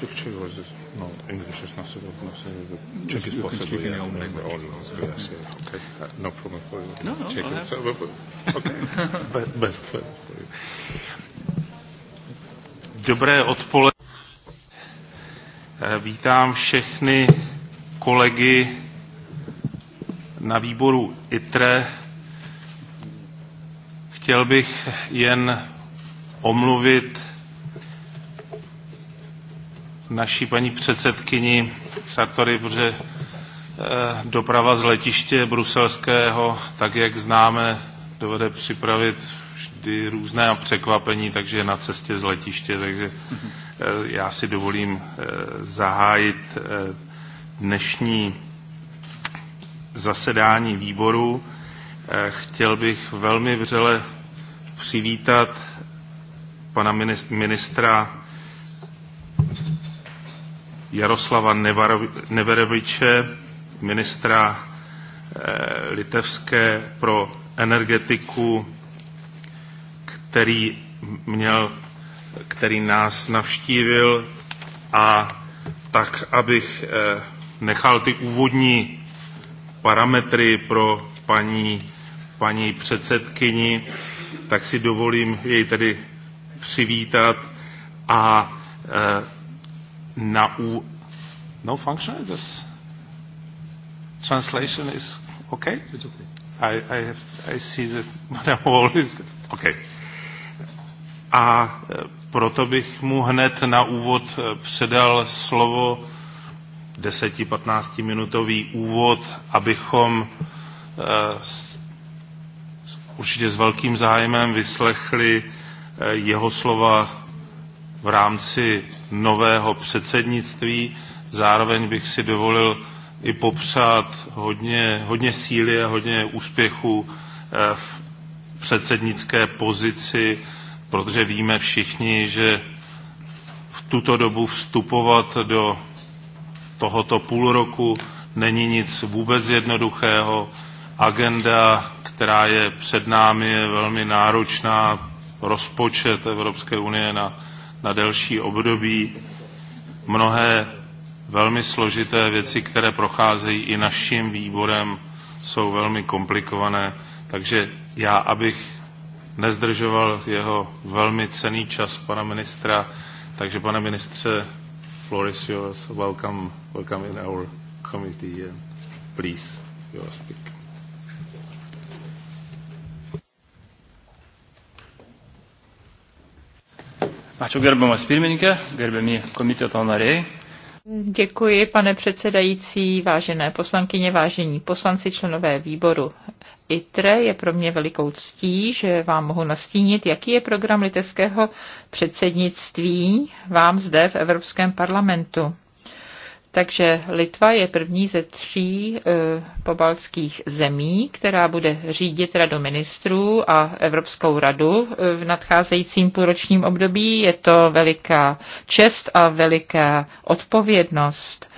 picture is this? No, English is not supposed to the Czech is possible. Yeah, yeah, yes, yeah. Okay. Uh, no problem for you. No, no, Czech I'll have... okay. Best for you. Dobré odpole. Vítám všechny kolegy na výboru ITRE. Chtěl bych jen omluvit naší paní předsedkyni Sartory, protože eh, doprava z letiště bruselského, tak jak známe, dovede připravit vždy různé překvapení, takže na cestě z letiště, takže eh, já si dovolím eh, zahájit dnešní zasedání výboru. Chtěl bych velmi vřele přivítat pana ministra Jaroslava Nevereviče, ministra eh, litevské pro energetiku, který, měl, který nás navštívil a tak, abych eh, nechal ty úvodní parametry pro paní, paní předsedkyni, tak si dovolím jej tedy přivítat a eh, na u no function? This translation is okay? It's okay. I, I, have, I see that Madame Wall is okay. A eh, proto bych mu hned na úvod eh, předal slovo 10-15 minutový úvod, abychom eh, určitě s velkým zájmem vyslechli jeho slova v rámci nového předsednictví. Zároveň bych si dovolil i popřát hodně, hodně síly a hodně úspěchu eh, v předsednické pozici, protože víme všichni, že v tuto dobu vstupovat do tohoto půl roku není nic vůbec jednoduchého. Agenda, která je před námi, je velmi náročná. Rozpočet Evropské unie na na delší období mnohé velmi složité věci, které procházejí i naším výborem, jsou velmi komplikované, takže já, abych nezdržoval jeho velmi cený čas pana ministra, takže pane ministře, floor is yours. Welcome, welcome in our committee. Please, you speak. Ačiū gerbiamas pirmininkė, gerbiami komiteto nariai. Děkuji, pane předsedající, vážené poslankyně, vážení poslanci, členové výboru ITRE. Je pro mě velikou ctí, že vám mohu nastínit, jaký je program litevského předsednictví vám zde v Evropském parlamentu. Takže Litva je první ze tří e, pobaltských zemí, která bude řídit Radu ministrů a Evropskou radu e, v nadcházejícím půlročním období. Je to veliká čest a veliká odpovědnost.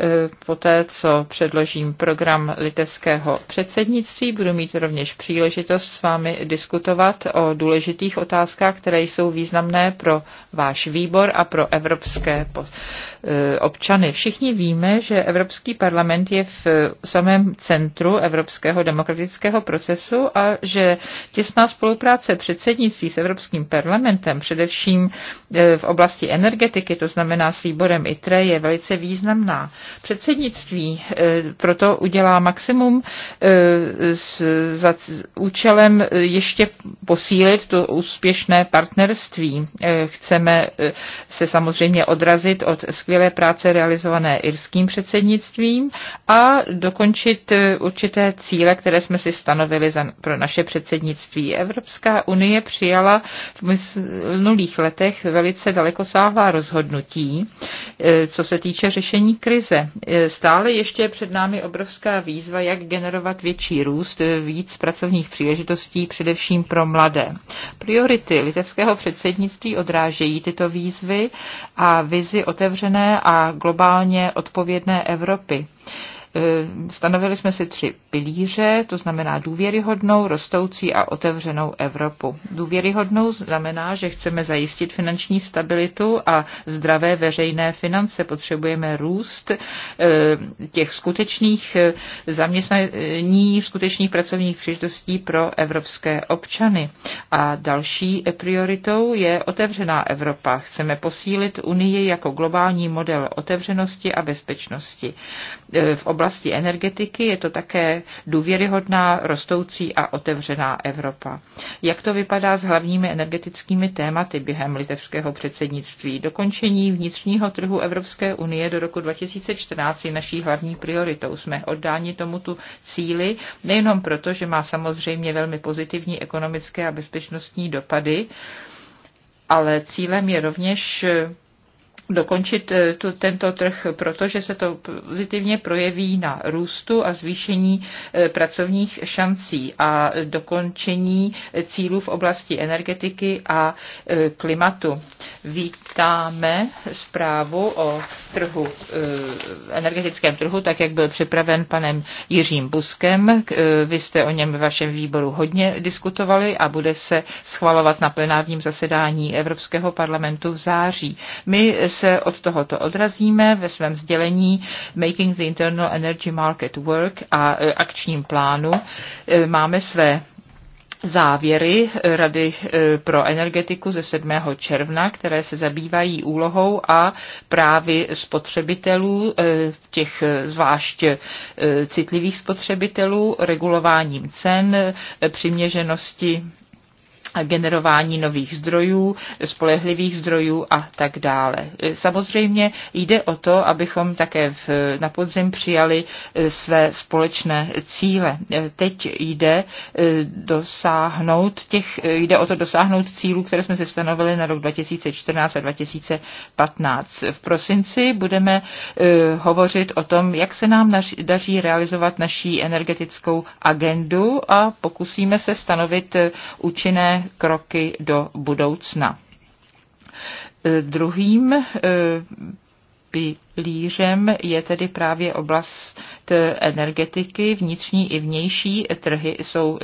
Eh, poté, co předložím program litevského předsednictví, budu mít rovněž příležitost s vámi diskutovat o důležitých otázkách, které jsou významné pro váš výbor a pro evropské eh, občany. Všichni víme, že Evropský parlament je v samém centru evropského demokratického procesu a že těsná spolupráce předsednictví s Evropským parlamentem, především eh, v oblasti energetiky, to znamená s výborem ITRE, je velice významná předsednictví eh, proto udělá maximum eh, s, za účelem eh, ještě posílit to úspěšné partnerství. Chceme se samozřejmě odrazit od skvělé práce realizované irským předsednictvím a dokončit určité cíle, které jsme si stanovili za, pro naše předsednictví. Evropská unie přijala v minulých letech velice dalekosáhlá rozhodnutí, co se týče řešení krize krize. Stále ještě je před námi obrovská výzva, jak generovat větší růst, víc pracovních příležitostí, především pro mladé. Priority litevského předsednictví odrážejí tyto výzvy a vizi otevřené a globálně odpovědné Evropy. Eh, stanovili jsme si tři pilíře, to znamená důvěryhodnou, rostoucí a otevřenou Evropu. Důvěryhodnou znamená, že chceme zajistit finanční stabilitu a zdravé veřejné finance. Potřebujeme růst eh, těch skutečných eh, zaměstnaní, skutečných pracovních příležitostí pro evropské občany. A další prioritou je otevřená Evropa. Chceme posílit Unii jako globální model otevřenosti a bezpečnosti v oblasti oblasti energetiky je to také důvěryhodná, rostoucí a otevřená Evropa. Jak to vypadá s hlavními energetickými tématy během litevského předsednictví? Dokončení vnitřního trhu Evropské unie do roku 2014 je naší hlavní prioritou. Jsme oddáni tomuto cíli nejenom proto, že má samozřejmě velmi pozitivní ekonomické a bezpečnostní dopady, ale cílem je rovněž dokončit eh, tu, tento trh, protože se to pozitivně projeví na růstu a zvýšení eh, pracovních šancí a dokončení cílů v oblasti energetiky a eh, klimatu vítáme zprávu o trhu, e, energetickém trhu, tak jak byl připraven panem Jiřím Buskem. E, vy jste o něm ve vašem výboru hodně diskutovali a bude se schvalovat na plenárním zasedání Evropského parlamentu v září. My se od tohoto odrazíme ve svém sdělení Making the Internal Energy Market Work a e, akčním plánu. Máme své závěry Rady eh, pro energetiku ze 7. června, které se zabývají úlohou a právy spotřebitelů, eh, těch eh, zvlášť citlivých spotřebitelů, regulováním cen, přiměřenosti generování nových zdrojů, spolehlivých zdrojů a tak dále. Samozřejmě jde o to, abychom také v, na podzim přijali e, své společné cíle. E, teď jde e, dosáhnout těch, jde o to dosáhnout cílů, které jsme se stanovili na rok 2014 a 2015. V prosinci budeme hovořit o tom, jak se nám daří realizovat naší energetickou agendu a pokusíme se stanovit účinné kroky do budoucna. Eh, druhým eh, by pilířem je tedy právě oblast energetiky, vnitřní i vnější trhy jsou,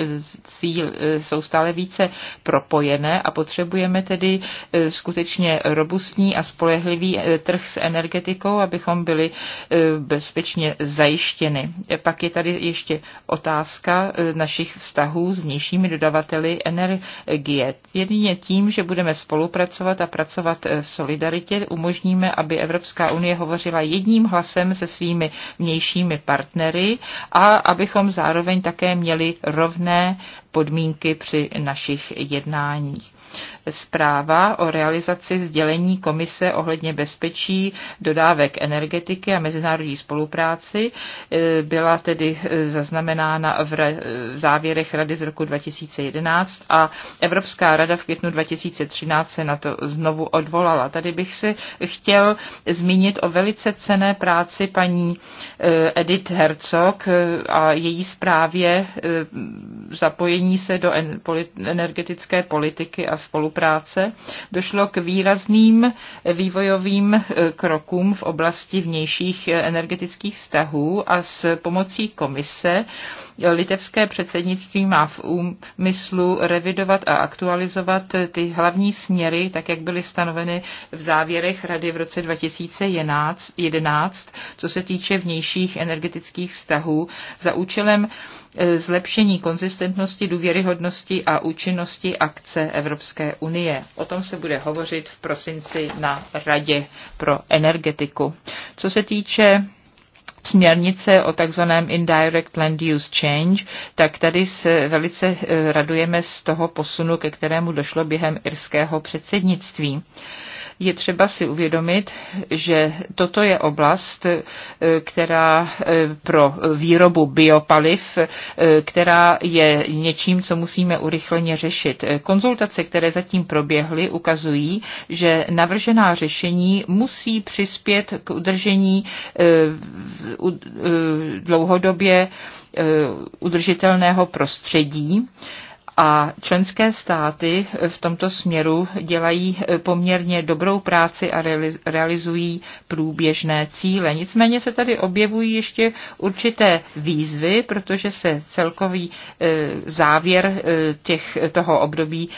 cíl, jsou stále více propojené a potřebujeme tedy eh, skutečně robustní a spolehlivý eh, trh s energetikou, abychom byli eh, bezpečně zajištěny. Pak je tady ještě otázka našich vztahů s vnějšími dodavateli energie. Jedině tím, že budeme spolupracovat a pracovat v solidaritě, umožníme, aby Evropská unie hovořila hovořila jedním hlasem se svými vnějšími partnery a abychom zároveň také měli rovné podmínky při našich jednáních zpráva o realizaci sdělení komise ohledně bezpečí dodávek energetiky a mezinárodní spolupráci e, byla tedy e, zaznamenána v závěrech Rady z roku 2011 a Evropská rada v květnu 2013 se na to znovu odvolala. Tady bych se chtěl zmínit o velice cené práci paní e, Edith Herzog a její zprávě zapojení se do energetické politiky a spolupráce spolupráce došlo k výrazným vývojovým eh, krokům v oblasti vnějších eh, energetických vztahů a s pomocí komise litevské předsednictví má v úmyslu revidovat a aktualizovat eh, ty hlavní směry, tak jak byly stanoveny v závěrech Rady v roce 2011, co se týče vnějších energetických vztahů za účelem zlepšení konzistentnosti, důvěryhodnosti a účinnosti akce Evropské unie. O tom se bude hovořit v prosinci na Radě pro energetiku. Co se týče směrnice o takzvaném indirect land use change, tak tady se velice eh, radujeme z toho posunu, ke kterému došlo během irského předsednictví je třeba si uvědomit, že toto je oblast, eh, která eh, pro výrobu biopaliv, eh, která je něčím, co musíme urychleně řešit. Konzultace, které zatím proběhly, ukazují, že navržená řešení musí přispět k udržení dlouhodobě udržitelného prostředí a členské státy v tomto směru dělají eh, poměrně dobrou práci a realizují průběžné cíle. Nicméně se tady objevují ještě určité výzvy, protože se celkový eh, závěr eh, těch, toho období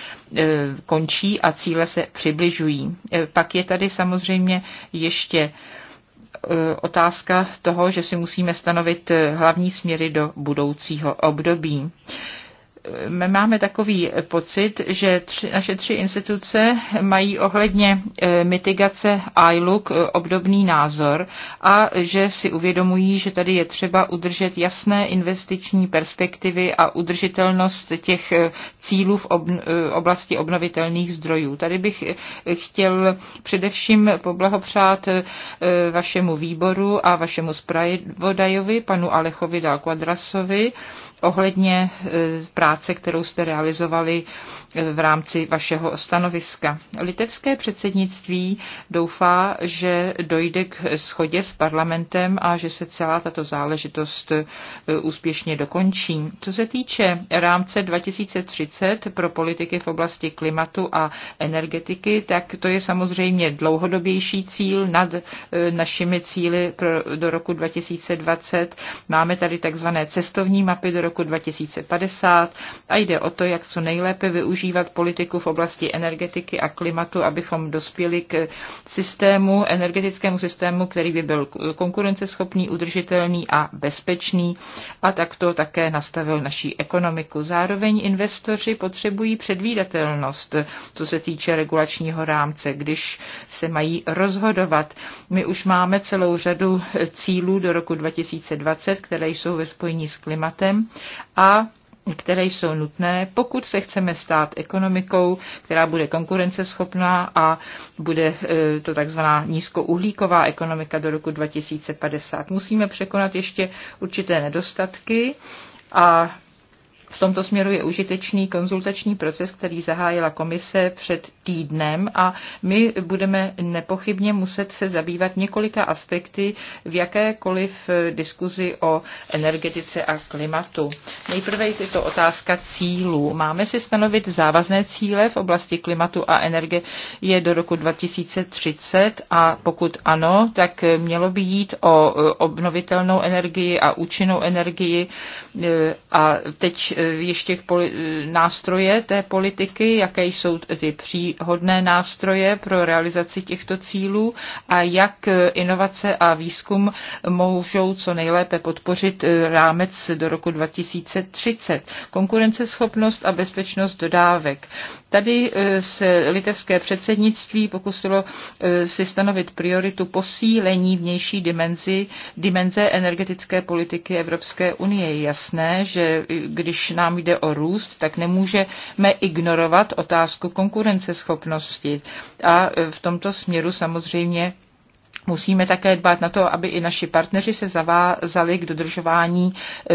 končí a cíle se přibližují. Pak je tady samozřejmě ještě otázka toho, že si musíme stanovit hlavní směry do budoucího období máme takový pocit, že tři, naše tři instituce mají ohledně eh, mitigace ILUC eh, obdobný názor a že si uvědomují, že tady je třeba udržet jasné investiční perspektivy a udržitelnost těch eh, cílů v oblasti obnovitelných zdrojů. Tady bych chtěl především poblahopřát vašemu výboru a vašemu zpravodajovi, panu Alechovi Dal ohledně práce práce, kterou jste realizovali eh, v rámci vašeho stanoviska. Litevské předsednictví doufá, že dojde k schodě s parlamentem a že se celá tato záležitost eh, úspěšně dokončí. Co se týče rámce 2030 pro politiky v oblasti klimatu a energetiky, tak to je samozřejmě dlouhodobější cíl nad eh, našimi cíly pro, do roku 2020. Máme tady takzvané cestovní mapy do roku 2050, a jde o to, jak co nejlépe využívat politiku v oblasti energetiky a klimatu, abychom dospěli k systému, energetickému systému, který by byl konkurenceschopný, udržitelný a bezpečný a tak to také nastavil naší ekonomiku. Zároveň investoři potřebují předvídatelnost, co se týče regulačního rámce, když se mají rozhodovat. My už máme celou řadu cílů do roku 2020, které jsou ve spojení s klimatem a které jsou nutné, pokud se chceme stát ekonomikou, která bude konkurenceschopná a bude e, to takzvaná nízkouhlíková ekonomika do roku 2050. Musíme překonat ještě určité nedostatky a v tomto směru je užitečný konzultační proces, který zahájila komise před týdnem a my budeme nepochybně muset se zabývat několika aspekty v jakékoliv eh, diskuzi o energetice a klimatu. Nejprve je to otázka cílů. Máme si stanovit závazné cíle v oblasti klimatu a energie je do roku 2030 a pokud ano, tak mělo by jít o eh, obnovitelnou energii a účinnou energii eh, a teď Eh, ještě těch eh, nástroje té politiky, jaké jsou ty příhodné nástroje pro realizaci těchto cílů a jak eh, inovace a výzkum můžou co nejlépe podpořit rámec do roku 2030. Konkurenceschopnost a bezpečnost dodávek. Tady se litevské předsednictví pokusilo si stanovit prioritu posílení vnější dimenzi, dimenze energetické politiky Evropské unie. Je jasné, že když nám jde o růst, tak nemůžeme ignorovat otázku konkurenceschopnosti. A e, v tomto směru samozřejmě Musíme také dbát na to, aby i naši partneři se zavázali k dodržování e,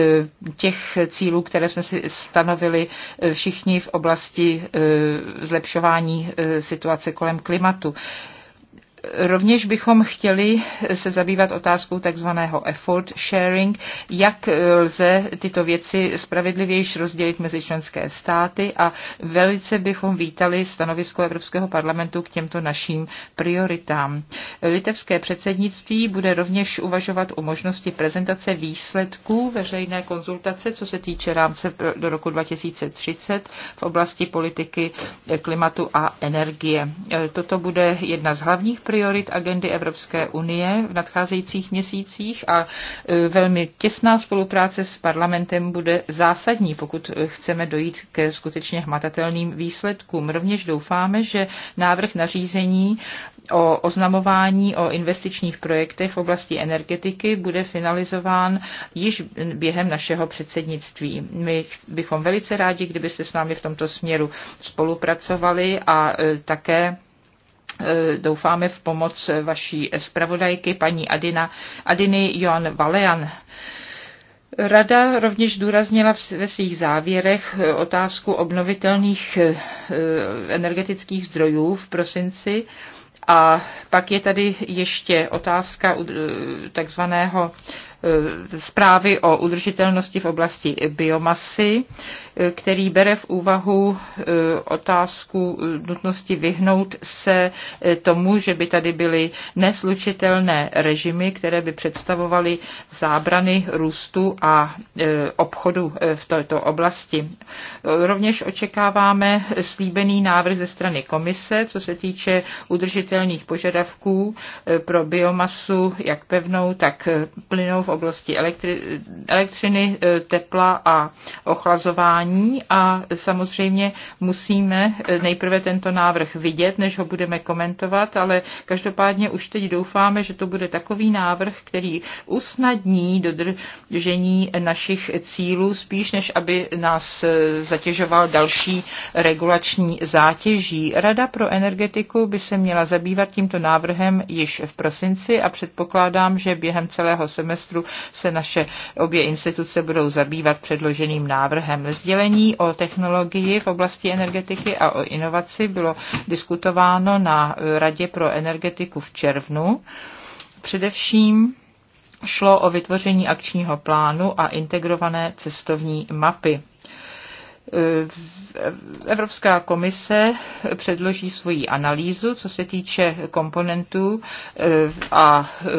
těch cílů, které jsme si stanovili e, všichni v oblasti zlepšování situace kolem klimatu. Rovněž bychom chtěli se zabývat otázkou takzvaného effort sharing, jak lze tyto věci spravedlivěji rozdělit mezi členské státy a velice bychom vítali stanovisko Evropského parlamentu k těmto naším prioritám. Litevské předsednictví bude rovněž uvažovat o možnosti prezentace výsledků veřejné konzultace, co se týče rámce do roku 2030 v oblasti politiky klimatu a energie. Toto bude jedna z hlavních priorit agendy Evropské unie v nadcházejících měsících a e, velmi těsná spolupráce s parlamentem bude zásadní, pokud e, chceme dojít ke skutečně hmatatelným výsledkům. Rovněž doufáme, že návrh nařízení o oznamování o investičních projektech v oblasti energetiky bude finalizován již během našeho předsednictví. My bychom velice rádi, kdybyste s námi v tomto směru spolupracovali a e, také Eh, doufáme v pomoc vaší zpravodajky, paní Adina, Adiny Joan Valean. Rada rovněž důraznila ve svých závěrech eh, otázku obnovitelných eh, energetických zdrojů v prosinci a pak je tady ještě otázka takzvaného Eh, zprávy o udržitelnosti v oblasti biomasy, eh, který bere v úvahu eh, otázku nutnosti vyhnout se tomu, že by tady byly neslučitelné režimy, které by představovaly zábrany růstu a obchodu v této oblasti. Rovněž očekáváme slíbený návrh ze strany komise, co se týče udržitelných požadavků pro biomasu, jak pevnou, tak plynou v oblasti elektri- elektřiny, e, tepla a ochlazování a samozřejmě musíme e, nejprve tento návrh vidět, než ho budeme komentovat, ale každopádně už teď doufáme, že to bude takový návrh, který usnadní dodržení našich cílů, spíš než aby nás e, zatěžoval další regulační zátěží. Rada pro energetiku by se měla zabývat tímto návrhem již v prosinci a předpokládám, že během celého semestru listopadu se naše obě instituce budou zabývat předloženým návrhem. Sdělení o technologii v oblasti energetiky a o inovaci bylo diskutováno na Radě pro energetiku v červnu. Především šlo o vytvoření akčního plánu a integrované cestovní mapy. Evropská komise předloží svoji analýzu, co se týče komponentů eh, a eh,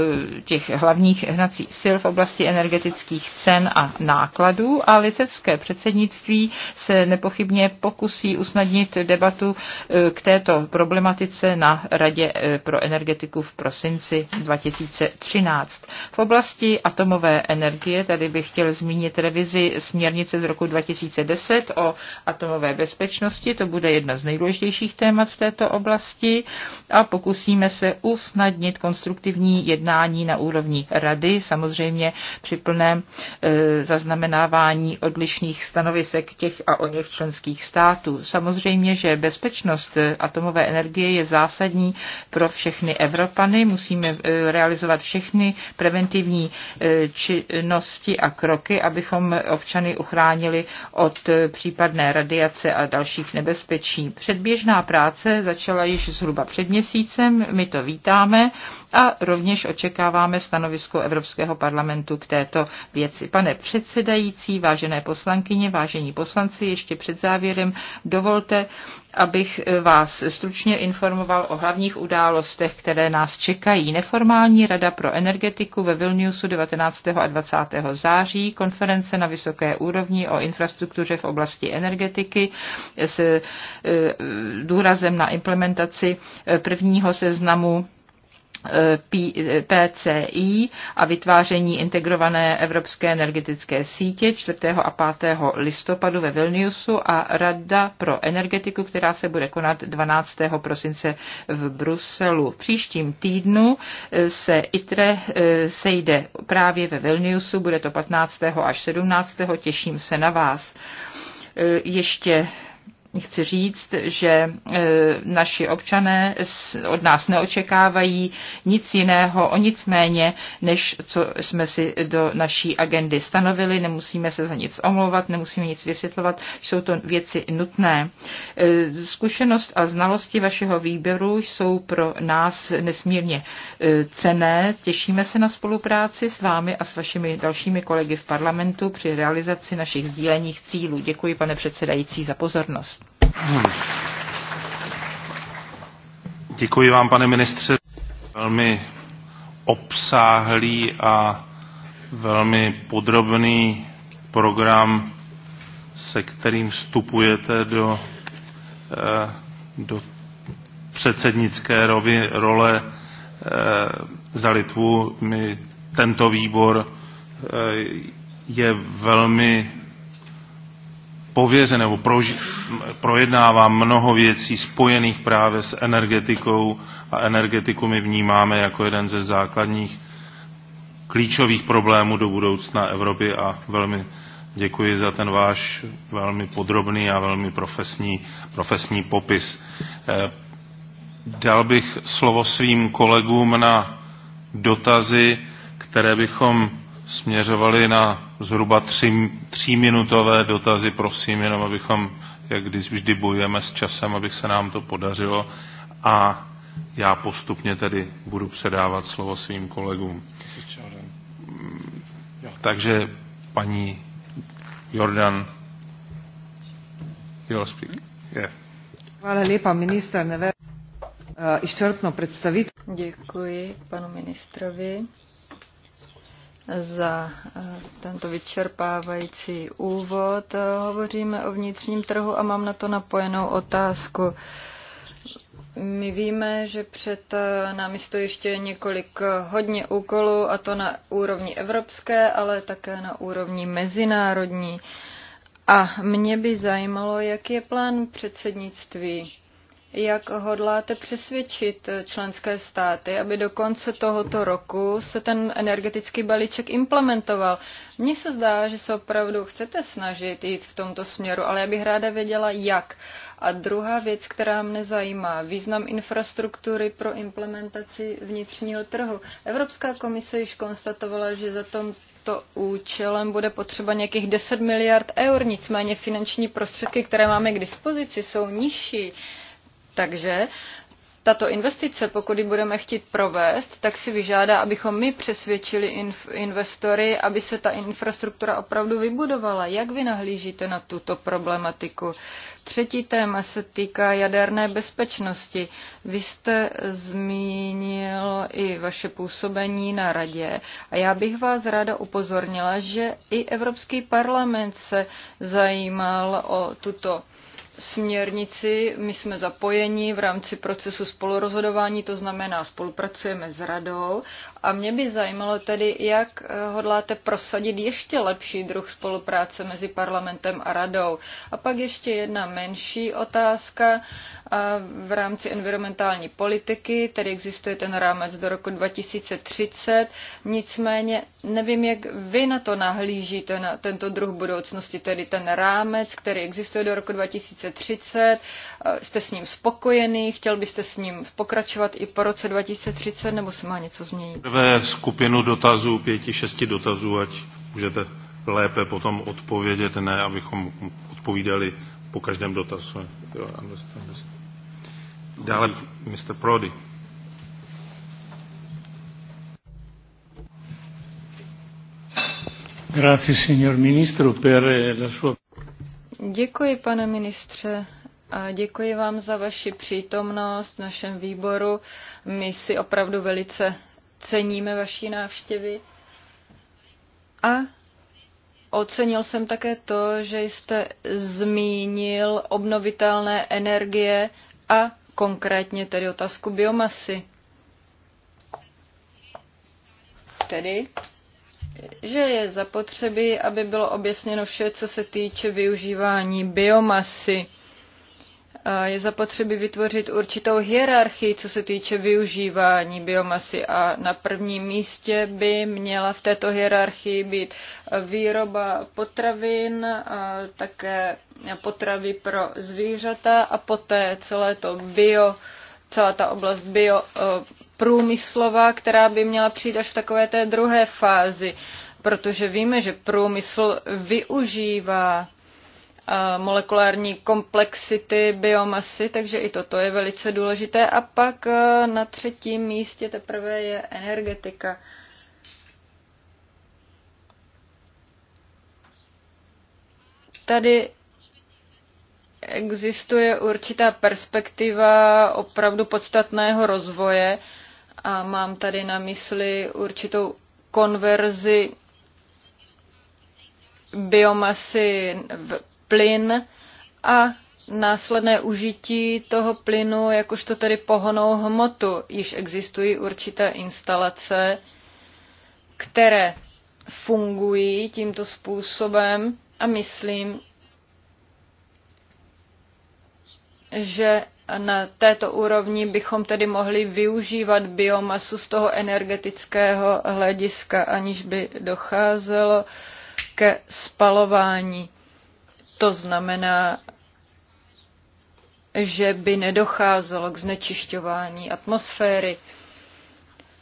těch hlavních hnacích sil v oblasti energetických cen a nákladů a litevské předsednictví se nepochybně pokusí usnadnit debatu eh, k této problematice na Radě pro energetiku v prosinci 2013. V oblasti atomové energie tady bych chtěl zmínit revizi směrnice z roku 2010 o atomové bezpečnosti, to bude jedna z nejdůležitějších témat v této oblasti a pokusíme se usnadnit konstruktivní jednání na úrovni rady, samozřejmě při plném e, zaznamenávání odlišných stanovisek těch a o něch členských států. Samozřejmě, že bezpečnost atomové energie je zásadní pro všechny Evropany. Musíme e, realizovat všechny preventivní e, činnosti a kroky, abychom občany uchránili od e, případů případné radiace a dalších nebezpečí. Předběžná práce začala již zhruba před měsícem, my to vítáme a rovněž očekáváme stanovisko Evropského parlamentu k této věci. Pane předsedající, vážené poslankyně, vážení poslanci, ještě před závěrem dovolte, abych eh, vás stručně informoval o hlavních událostech, které nás čekají. Neformální rada pro energetiku ve Vilniusu 19. a 20. září, konference na vysoké úrovni o infrastruktuře v oblasti energetiky s eh, důrazem na implementaci eh, prvního seznamu PCI a vytváření integrované evropské energetické sítě 4. a 5. listopadu ve Vilniusu a Rada pro energetiku, která se bude konat 12. prosince v Bruselu. V příštím týdnu eh, se ITRE eh, sejde právě ve Vilniusu, bude to 15. až 17. těším se na vás. Eh, ještě chci říct, že e, naši občané od nás neočekávají nic jiného, o nic méně, než co jsme si do naší agendy stanovili. Nemusíme se za nic omlouvat, nemusíme nic vysvětlovat, jsou to věci nutné. E, zkušenost a znalosti vašeho výběru jsou pro nás nesmírně e, cené. Těšíme se na spolupráci s vámi a s vašimi dalšími kolegy v parlamentu při realizaci našich sdílených cílů. Děkuji, pane předsedající, za pozornost. Děkuji vám, pane ministře, velmi obsáhlý a velmi podrobný program, se kterým vstupujete do, eh, do předsednické rovi, role eh, za Litvu. My, tento výbor eh, je velmi pověřen nebo proži, projednává mnoho věcí spojených právě s energetikou a energetiku my vnímáme jako jeden ze základních klíčových problémů do budoucna Evropy a velmi děkuji za ten váš velmi podrobný a velmi profesní, profesní popis. Eh, dal bych slovo svým kolegům na dotazy, které bychom směřovali na zhruba tři, tříminutové dotazy. Prosím jenom, abychom jak když vždy bojujeme s časem, abych se nám to podařilo a já postupně tedy budu předávat slovo svým kolegům. Takže paní Jordan, you'll Hvala lepa, minister, ne eh, izčrpno představit. Děkuji panu ministrovi za eh, tento vyčerpávající úvod. Hovoříme o vnitřním trhu a mám na to napojenou otázku. My víme, že před eh, námi stojí ještě několik eh, hodně úkolů, a to na úrovni evropské, ale také na úrovni mezinárodní. A mě by zajímalo, jak je plán předsednictví jak hodláte přesvědčit členské státy, aby do konce tohoto roku se ten energetický balíček implementoval. Mně se zdá, že se opravdu chcete snažit jít v tomto směru, ale já bych ráda věděla, jak. A druhá věc, která mne zajímá, význam infrastruktury pro implementaci vnitřního trhu. Evropská komise již konstatovala, že za tom účelem bude potřeba nějakých 10 miliard eur, nicméně finanční prostředky, které máme k dispozici, jsou nižší. Takže tato investice, pokud ji budeme chtít provést, tak si vyžádá, abychom my přesvědčili investory, aby se ta infrastruktura opravdu vybudovala. Jak vy nahlížíte na tuto problematiku? Třetí téma se týká jaderné bezpečnosti. Vy jste zmínil i vaše působení na radě a já bych vás ráda upozornila, že i Evropský parlament se zajímal o tuto směrnici. My jsme zapojeni v rámci procesu spolurozhodování, to znamená spolupracujeme s radou. A mě by zajímalo tedy, jak eh, hodláte prosadit ještě lepší druh spolupráce mezi parlamentem a radou. A pak ještě jedna menší otázka eh, v rámci environmentální politiky, tedy existuje ten rámec do roku 2030. Nicméně nevím, jak vy na to nahlížíte, na tento druh budoucnosti, tedy ten rámec, který existuje do roku 2030, 2030, eh, jste s ním spokojený, chtěl byste s ním pokračovat i po roce 2030, nebo se má něco změnit? Prvé skupinu dotazů, pěti, šesti dotazů, ať můžete lépe potom odpovědět, ne abychom odpovídali po každém dotazu. Jo, Dále Mr. Prody. Grazie signor Ministro per eh, la sua... Děkuji, pane ministře. A děkuji vám za vaši přítomnost v našem výboru. My si opravdu velice ceníme vaší návštěvy. A ocenil jsem také to, že jste zmínil obnovitelné energie a konkrétně tedy otázku biomasy. Tedy že je zapotřebí, aby bylo objasněno vše, co se týče využívání biomasy. Je zapotřebí vytvořit určitou hierarchii, co se týče využívání biomasy a na prvním místě by měla v této hierarchii být výroba potravin, také potravy pro zvířata a poté celé to bio celá ta oblast bio eh, průmyslová, která by měla přijít až v takové té druhé fázi, protože víme, že průmysl využívá eh, molekulární komplexity biomasy, takže i toto je velice důležité. A pak eh, na třetím místě teprve je energetika. Tady existuje určitá perspektiva opravdu podstatného rozvoje a mám tady na mysli určitou konverzi biomasy v plyn a následné užití toho plynu jakožto tedy pohonou hmotu. Již existují určité instalace, které fungují tímto způsobem a myslím, že na této úrovni bychom tedy mohli využívat biomasu z toho energetického hlediska, aniž by docházelo ke spalování. To znamená, že by nedocházelo k znečišťování atmosféry.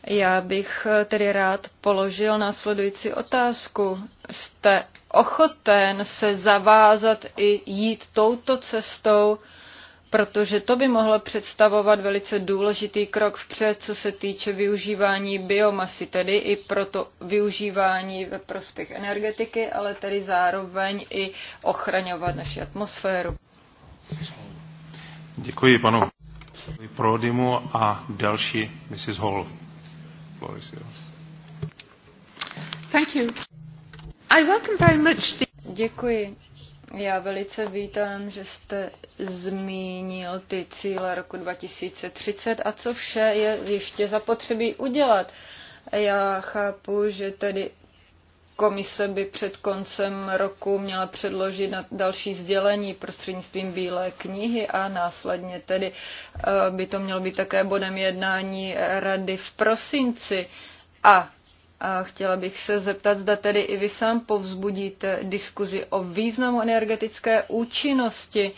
Já bych tedy rád položil následující otázku. Jste ochoten se zavázat i jít touto cestou, protože to by mohlo představovat velice důležitý krok vpřed, co se týče využívání biomasy, tedy i proto využívání ve prospěch energetiky, ale tedy zároveň i ochraňovat naši atmosféru. Děkuji panu Prodimu a další Mrs. Hall. Thank you. I welcome very much the... Děkuji. Já velice vítám, že jste zmínil ty cíle roku 2030 a co vše je ještě zapotřebí udělat. Já chápu, že tedy komise by před koncem roku měla předložit na další sdělení prostřednictvím Bílé knihy a následně tedy eh, by to mělo být také bodem jednání rady v prosinci. A a chtěla bych se zeptat, zda tedy i vy sám povzbudíte diskuzi o významu energetické účinnosti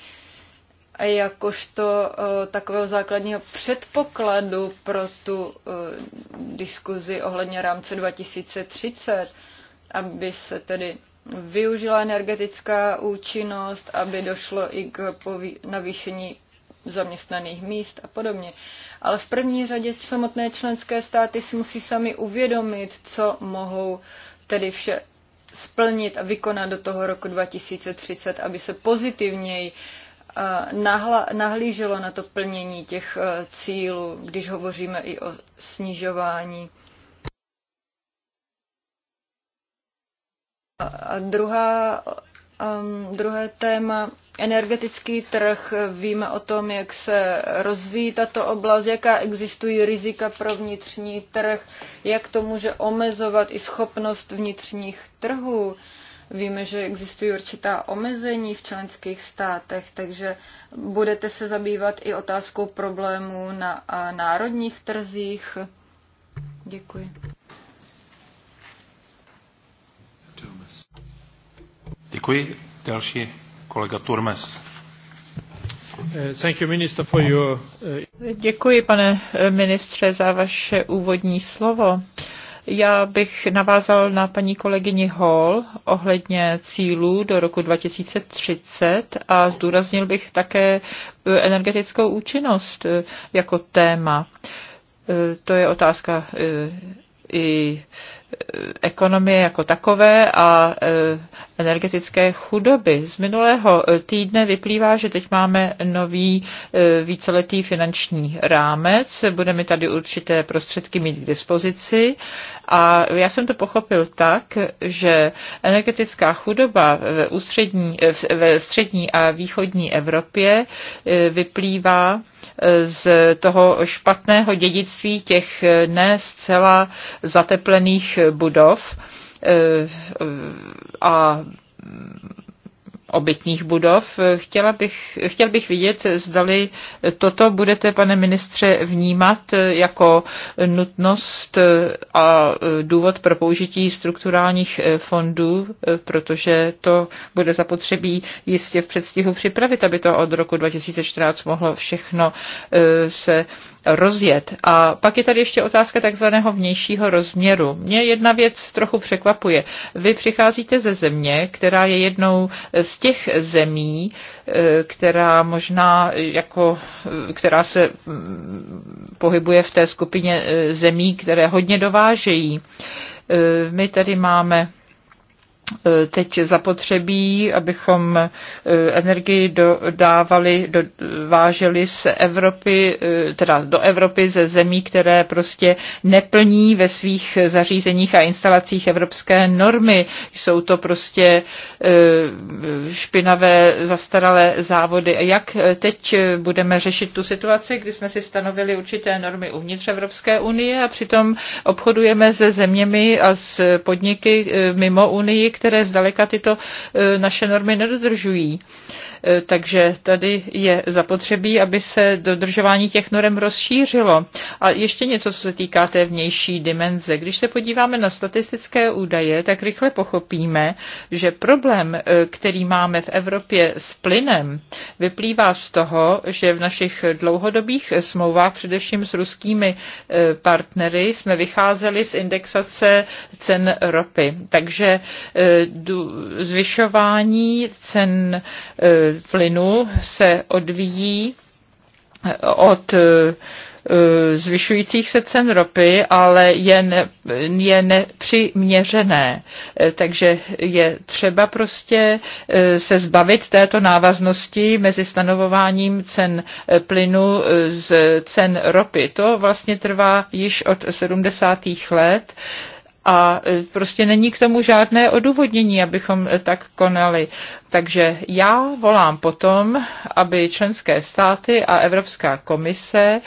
jakožto e, takového základního předpokladu pro tu e, diskuzi ohledně rámce 2030, aby se tedy využila energetická účinnost, aby došlo i k navýšení zaměstnaných míst a podobně. Ale v první řadě samotné členské státy si musí sami uvědomit, co mohou tedy vše splnit a vykonat do toho roku 2030, aby se pozitivněji nahlíželo na to plnění těch e, cílů, když hovoříme i o snižování. A druhá, e, um, druhé téma energetický trh, víme o tom, jak se rozvíjí tato oblast, jaká existují rizika pro vnitřní trh, jak to může omezovat i schopnost vnitřních trhů. Víme, že existují určitá omezení v členských státech, takže budete se zabývat i otázkou problémů na národních trzích. Děkuji. Děkuji. Další kolega Turmes. Eh, your... Eh, Děkuji, pane eh, ministře, za vaše úvodní slovo. Já bych navázal na paní kolegyni Hall ohledně cílů do roku 2030 a zdůraznil bych také energetickou účinnost jako téma. To je otázka i ekonomie jako takové a e, energetické chudoby. Z minulého e, týdne vyplývá, že teď máme nový e, víceletý finanční rámec, budeme tady určité prostředky mít k dispozici a já jsem to pochopil tak, že energetická chudoba ve, ústřední, ve střední a východní Evropě vyplývá z toho špatného dědictví těch eh, ne zcela zateplených budov eh, a obytných budov. Chtěla bych, chtěl bych vidět, zdali toto budete, pane ministře, vnímat jako nutnost a důvod pro použití strukturálních fondů, protože to bude zapotřebí jistě v předstihu připravit, aby to od roku 2014 mohlo všechno eh, se rozjet. A pak je tady ještě otázka takzvaného vnějšího rozměru. Mě jedna věc trochu překvapuje. Vy přicházíte ze země, která je jednou z těch zemí, eh, která možná jako, eh, která se mm, pohybuje v té skupině eh, zemí, které hodně dovážejí. My tady máme teď zapotřebí, abychom e, energii dodávali, dováželi z Evropy, e, teda do Evropy ze zemí, které prostě neplní ve svých zařízeních a instalacích evropské normy. Jsou to prostě e, špinavé, zastaralé závody. jak teď budeme řešit tu situaci, kdy jsme si stanovili určité normy uvnitř Evropské unie a přitom obchodujeme se zeměmi a s podniky mimo Unii, které zdaleka tyto e, naše normy nedodržují. Eh, takže tady je zapotřebí, aby se dodržování těch norem rozšířilo. A ještě něco, co se týká té vnější dimenze. Když se podíváme na statistické údaje, tak rychle pochopíme, že problém, eh, který máme v Evropě s plynem, vyplývá z toho, že v našich dlouhodobých smlouvách, především s ruskými eh, partnery, jsme vycházeli z indexace cen ropy. Takže zvyšování cen plynu se odvíjí od eh, eh, zvyšujících se cen ropy, ale je, ne, je nepřiměřené. Eh, takže je třeba prostě se zbavit této návaznosti mezi stanovováním cen plynu z cen ropy. To vlastně trvá již od 70. let a e, prostě není k tomu žádné odůvodnění, abychom e, tak konali. Takže já volám potom, aby členské státy a Evropská komise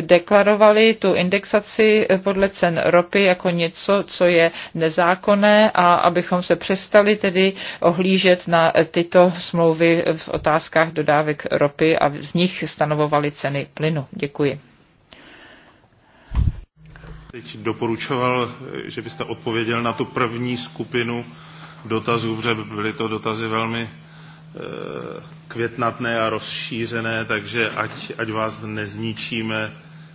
deklarovali tu indexaci e, podle cen ropy jako něco, co je nezákonné a abychom se přestali tedy ohlížet na tyto smlouvy v otázkách dodávek ropy a z nich stanovovali ceny plynu. Děkuji. Teď doporučoval, že byste odpověděl na tu první skupinu dotazů, protože byly to dotazy velmi eh, květnatné a rozšířené, takže ať, ať vás nezničíme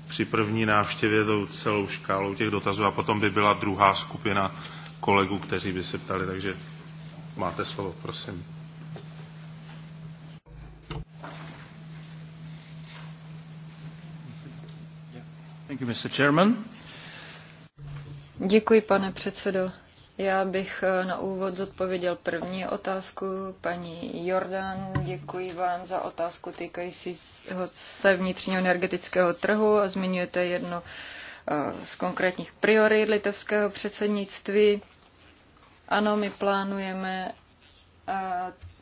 při první návštěvě tou celou škálou těch dotazů a potom by byla druhá skupina kolegů, kteří by se ptali, takže máte slovo, prosím. Thank you, Mr. Chairman. Děkuji, pane předsedo. Já bych eh, na úvod zodpověděl první otázku. Paní Jordan, děkuji vám za otázku týkající se vnitřního energetického trhu a zmiňujete jedno eh, z konkrétních priorit litevského předsednictví. Ano, my plánujeme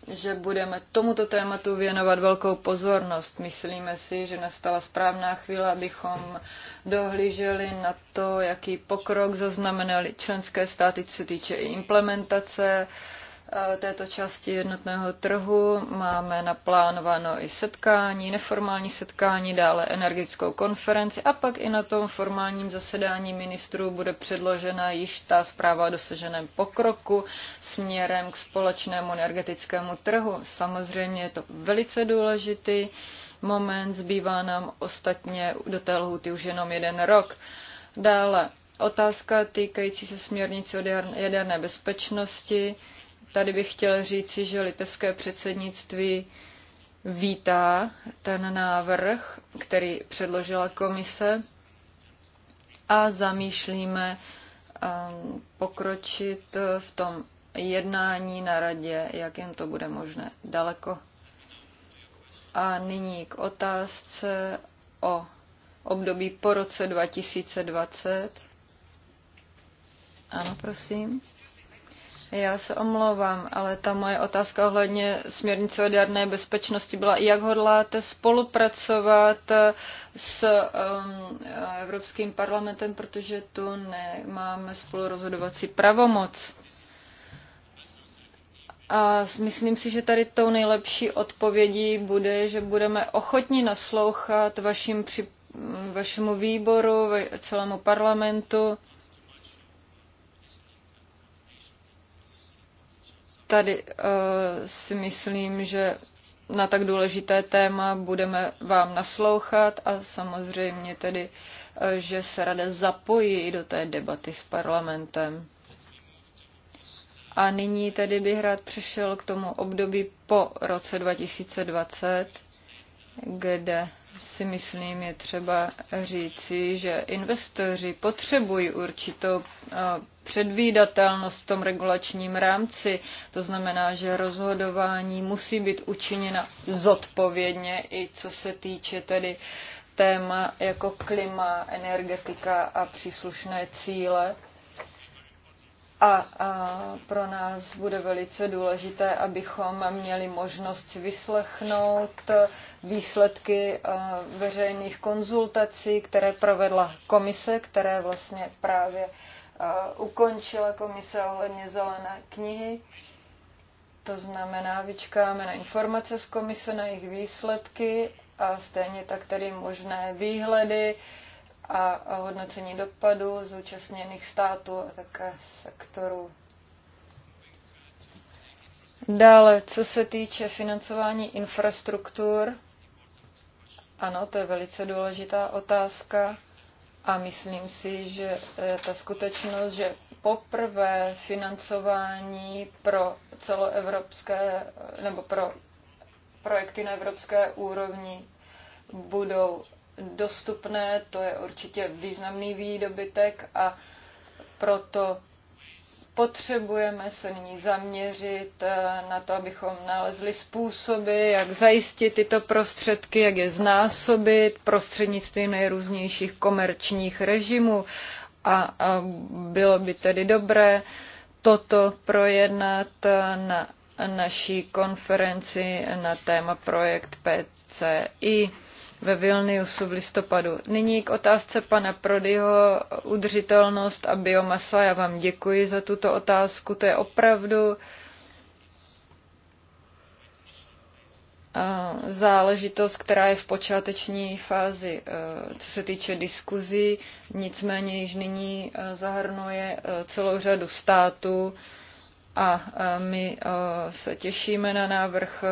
že budeme tomuto tématu věnovat velkou pozornost. Myslíme si, že nastala správná chvíle, abychom dohlíželi na to, jaký pokrok zaznamenaly členské státy, co se týče implementace uh, Eh, této části jednotného trhu. Máme naplánováno i setkání, neformální setkání, dále energetickou konferenci a pak i na tom formálním zasedání ministrů bude předložena již ta zpráva o dosaženém pokroku směrem k společnému energetickému trhu. Samozřejmě je to velice důležitý moment, zbývá nám ostatně do té lhuty už jenom jeden rok. Dále otázka týkající se směrnice o jaderné bezpečnosti Tady bych chtěl říci, že litevské předsednictví vítá ten návrh, který předložila komise a zamýšlíme um, pokročit v tom jednání na radě, jak jen to bude možné daleko. A nyní k otázce o období po roce 2020. Ano, prosím. Já se omlouvám, ale ta moje otázka ohledně směrnice o jaderné bezpečnosti byla, jak hodláte spolupracovat s um, Evropským parlamentem, protože tu nemáme spolurozhodovací pravomoc. A myslím si, že tady tou nejlepší odpovědí bude, že budeme ochotni naslouchat vašim při, vašemu výboru, celému parlamentu Tady eh, si myslím, že na tak důležité téma budeme vám naslouchat a samozřejmě tedy, eh, že se rada zapojí i do té debaty s parlamentem. A nyní tedy bych rád přešel k tomu období po roce 2020, kde si myslím, je třeba říci, že investoři potřebují určitou eh, předvídatelnost v tom regulačním rámci. To znamená, že rozhodování musí být učiněna zodpovědně, i co se týče tedy téma jako klima, energetika a příslušné cíle a, a pro nás bude velice důležité, abychom měli možnost vyslechnout výsledky veřejných konzultací, které provedla komise, které vlastně právě ukončila komise ohledně zelené knihy. To znamená, vyčkáme na informace z komise, na jejich výsledky a stejně tak tedy možné výhledy, uh, a hodnocení dopadu zúčastněných států a také sektorů. Dále, co se týče financování infrastruktur, ano, to je velice důležitá otázka a myslím si, že ta skutečnost, že poprvé financování pro celoevropské nebo pro projekty na evropské úrovni budou dostupné, to je určitě významný výdobytek a proto potřebujeme se nyní zaměřit eh, na to, abychom nalezli způsoby, jak zajistit tyto prostředky, jak je znásobit prostřednictvím nejrůznějších komerčních režimů. A, a bylo by tedy dobré toto projednat eh, na naší konferenci na téma projekt PCI ve Vilniusu v listopadu. Nyní k otázce pana Prodyho, udržitelnost a biomasa. Já vám děkuji za tuto otázku. To je opravdu záležitost, která je v počáteční fázi, e, co se týče diskuzí, nicméně již nyní e, zahrnuje e, celou řadu států a my se těšíme na návrh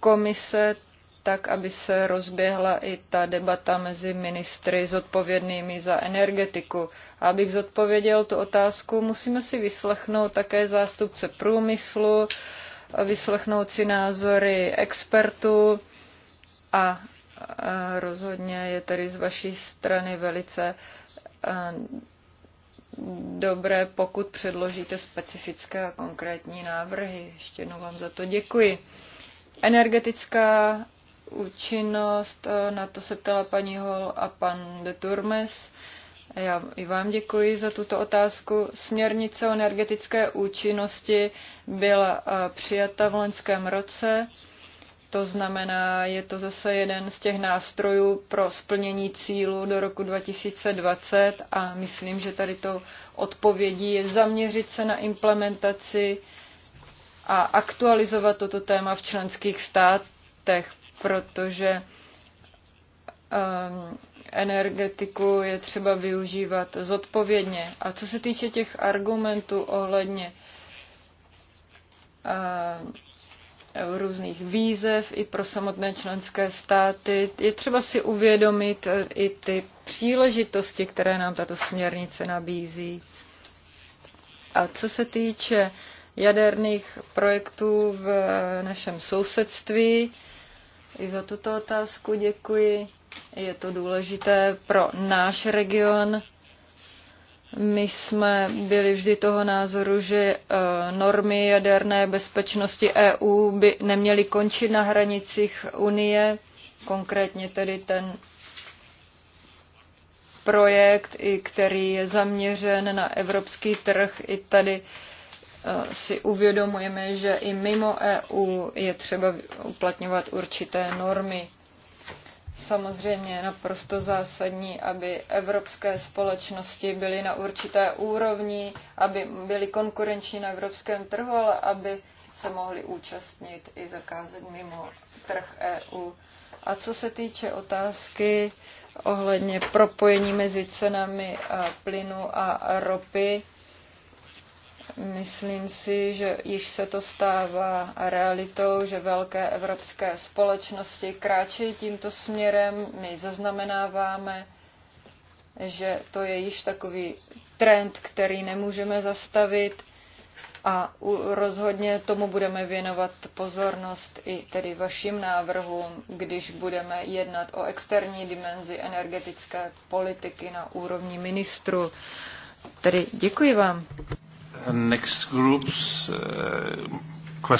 komise, tak, aby se rozběhla i ta debata mezi ministry zodpovědnými za energetiku. A abych zodpověděl tu otázku, musíme si vyslechnout také zástupce průmyslu, vyslechnout si názory expertů a rozhodně je tedy z vaší strany velice dobré, pokud předložíte specifické a konkrétní návrhy. Ještě jednou vám za to děkuji. Energetická účinnost, eh, na to se ptala paní Hol a pan de Turmes. Já i vám děkuji za tuto otázku. Směrnice o energetické účinnosti byla eh, přijata v loňském roce. To znamená, je to zase jeden z těch nástrojů pro splnění cílu do roku 2020 a myslím, že tady to odpovědí je zaměřit se na implementaci a aktualizovat toto téma v členských státech protože ehm, energetiku je třeba využívat zodpovědně. A co se týče těch argumentů ohledně ehm, různých výzev i pro samotné členské státy. Je třeba si uvědomit e, i ty příležitosti, které nám tato směrnice nabízí. A co se týče jaderných projektů v e, našem sousedství, i za tuto otázku děkuji. Je to důležité pro náš region. My jsme byli vždy toho názoru, že eh, normy jaderné bezpečnosti EU by neměly končit na hranicích Unie, konkrétně tedy ten projekt, který je zaměřen na evropský trh, i tady si uvědomujeme, že i mimo EU je třeba uplatňovat určité normy. Samozřejmě je naprosto zásadní, aby evropské společnosti byly na určité úrovni, aby byly konkurenční na evropském trhu, ale aby se mohly účastnit i zakázek mimo trh EU. A co se týče otázky ohledně propojení mezi cenami plynu a ropy, Myslím si, že již se to stává realitou, že velké evropské společnosti kráčejí tímto směrem. My zaznamenáváme, že to je již takový trend, který nemůžeme zastavit a rozhodně tomu budeme věnovat pozornost i tedy vašim návrhům, když budeme jednat o externí dimenzi energetické politiky na úrovni ministru. Tedy děkuji vám. Next groups, uh,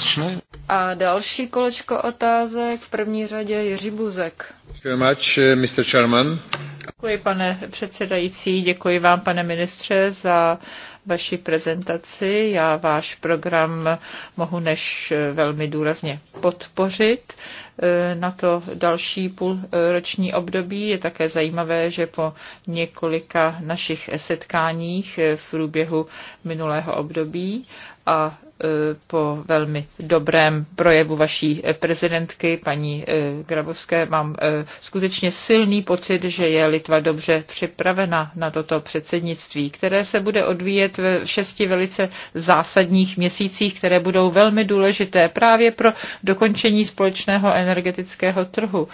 A další kolečko otázek, v první řadě Jiří Buzek. much, uh, Mr. Chairman. Děkuji, pane předsedající, děkuji vám, pane ministře, za vaši prezentaci. Já váš program mohu než eh, velmi důrazně podpořit. Eh, na to další půlroční období. Je také zajímavé, že po několika našich setkáních eh, v průběhu minulého období a eh, po velmi dobrém projevu vaší prezidentky, paní Grabovské, mám skutečně silný pocit, že je Litva dobře připravena na toto předsednictví, které se bude odvíjet v šesti velice zásadních měsících, které budou velmi důležité právě pro dokončení společného energetického trhu.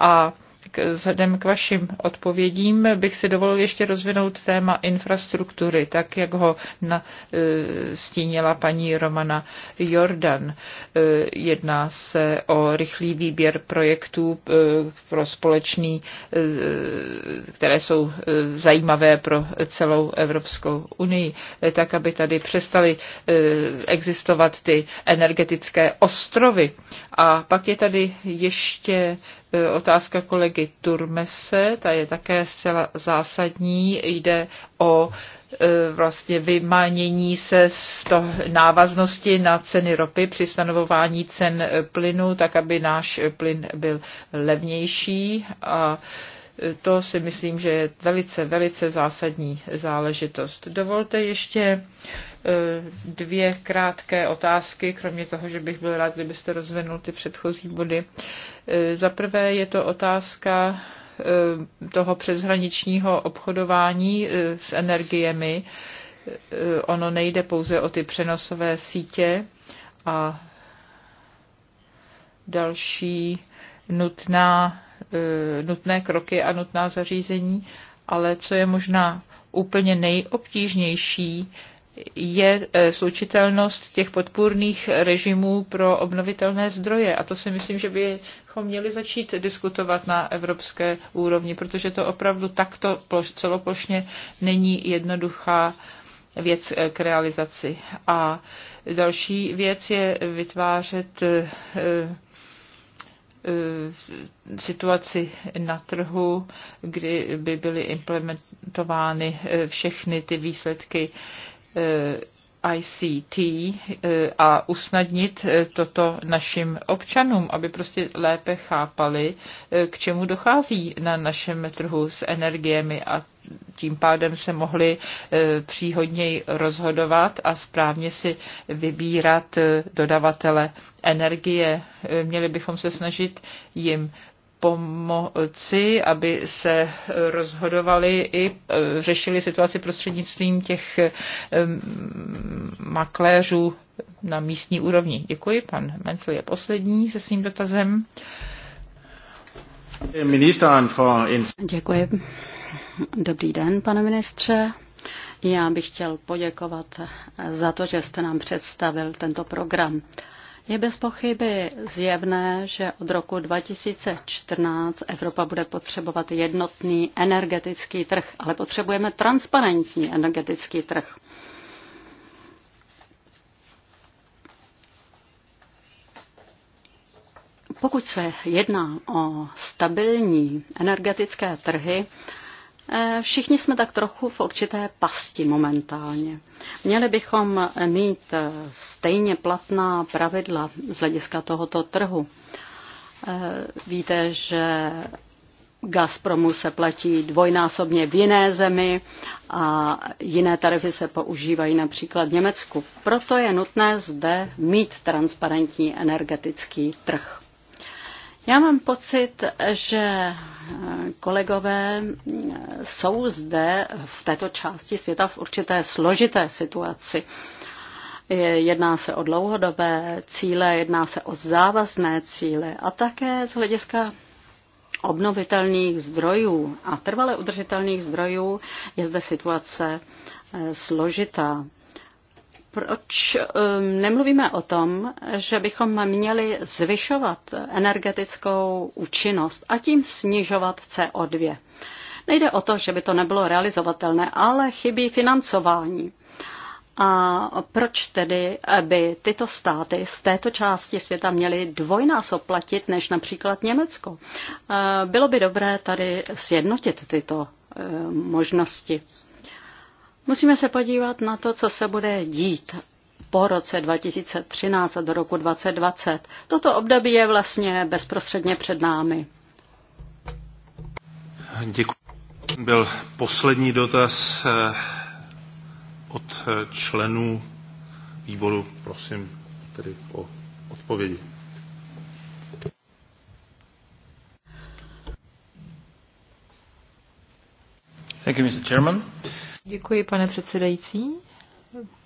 A vzhledem k vašim odpovědím bych si dovolil ještě rozvinout téma infrastruktury, tak jak ho na, e, stínila paní Romana Jordan. E, jedná se o rychlý výběr projektů e, pro společný, které jsou zajímavé pro celou Evropskou unii, tak aby tady přestaly existovat ty energetické ostrovy. A pak je tady ještě E, otázka kolegy Turmese, ta je také zcela zásadní. Jde o e, vlastně vymanění se z toho návaznosti na ceny ropy při stanovování cen plynu, tak aby náš plyn byl levnější a to si myslím, že je velice, velice zásadní záležitost. Dovolte ještě eh, dvě krátké otázky, kromě toho, že bych byl rád, kdybyste rozvinul ty předchozí body. Eh, za prvé je to otázka eh, toho přeshraničního obchodování s energiemi. Ono nejde pouze o ty přenosové sítě a další nutná E, nutné kroky a nutná zařízení, ale co je možná úplně nejobtížnější, je e, slučitelnost těch podpůrných režimů pro obnovitelné zdroje. A to si myslím, že bychom měli začít diskutovat na evropské úrovni, protože to opravdu takto celoplošně není jednoduchá věc k realizaci. A další věc je vytvářet e, situaci na trhu, kdy by byly implementovány eh, všechny ty výsledky eh, ICT eh, a usnadnit eh, toto našim občanům, aby prostě lépe chápali, eh, k čemu dochází na našem trhu s energiemi a tím pádem se mohli příhodněji rozhodovat a správně si vybírat dodavatele energie. Měli bychom se snažit jim pomoci, aby se rozhodovali i e, řešili situaci prostřednictvím těch e, makléřů na místní úrovni. Děkuji, pan Mencel je poslední se svým dotazem. Děkuji. Dobrý den, pane ministře. Já bych chtěl poděkovat za to, že jste nám představil tento program. Je bez pochyby zjevné, že od roku 2014 Evropa bude potřebovat jednotný energetický trh, ale potřebujeme transparentní energetický trh. Pokud se jedná o stabilní energetické trhy, Eh, všichni jsme tak trochu v určité pasti momentálně. Měli bychom mít eh, stejně platná pravidla z hlediska tohoto trhu. Eh, víte, že Gazpromu se platí dvojnásobně v jiné zemi a jiné tarify se používají například v Německu. Proto je nutné zde mít transparentní energetický trh. Já mám pocit, že eh, kolegové eh, jsou zde v této části světa v určité složité situaci. Jedná se o dlouhodobé cíle, jedná se o závazné cíle a také z hlediska obnovitelných zdrojů a trvale udržitelných zdrojů je zde situace eh, složitá proč um, nemluvíme o tom, že bychom měli zvyšovat energetickou účinnost a tím snižovat CO2? Nejde o to, že by to nebylo realizovatelné, ale chybí financování. A proč tedy by tyto státy z této části světa měly dvojnásob platit než například Německo? Uh, bylo by dobré tady sjednotit tyto uh, možnosti. Musíme se podívat na to, co se bude dít po roce 2013 a do roku 2020. Toto období je vlastně bezprostředně před námi. Děkuji. Byl poslední dotaz eh, od členů výboru. Prosím tedy o odpovědi. Thank you, Mr. Chairman. Děkuji, pane předsedající.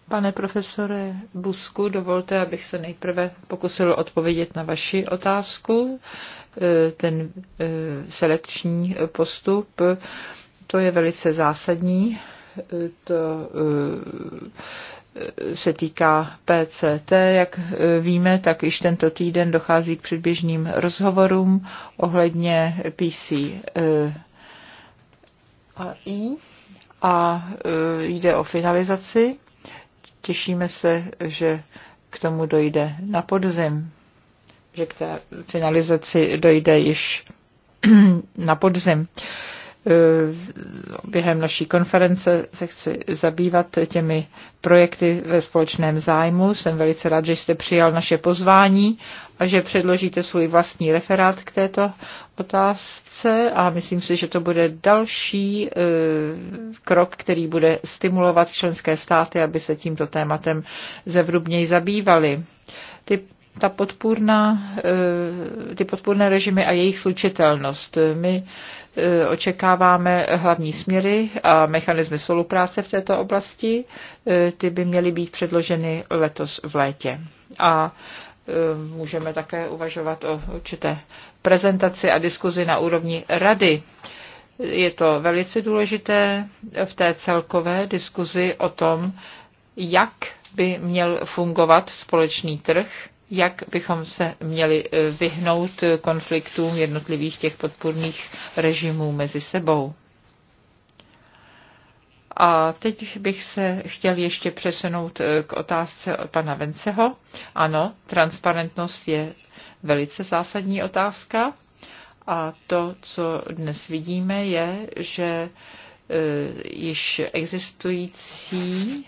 Pane profesore Busku, dovolte, abych se nejprve pokusil odpovědět na vaši otázku. E, ten e, selekční postup, to je velice zásadní. E, to se týká PCT, jak víme, tak již tento týden dochází k předběžným rozhovorům ohledně PC i a e, jde o finalizaci. Těšíme se, že k tomu dojde na podzim, že k té finalizaci dojde již na podzim. Eh, během naší konference se chci zabývat těmi projekty ve společném zájmu. Jsem velice rád, že jste přijal naše pozvání a že předložíte svůj vlastní referát k této otázce a myslím si, že to bude další eh, krok, který bude stimulovat členské státy, aby se tímto tématem zevrubněji zabývali. Ty ta podpůrná, eh, ty podpůrné režimy a jejich slučitelnost. My eh, očekáváme hlavní směry a mechanismy spolupráce v této oblasti. Eh, ty by měly být předloženy letos v létě. A můžeme také uvažovat o určité prezentaci a diskuzi na úrovni rady. Je to velice důležité v té celkové diskuzi o tom, jak by měl fungovat společný trh jak bychom se měli eh, vyhnout konfliktům jednotlivých těch podpůrných režimů mezi sebou. A teď bych se chtěl ještě přesunout eh, k otázce od pana Venceho. Ano, transparentnost je velice zásadní otázka. A to, co dnes vidíme, je, že eh, již existující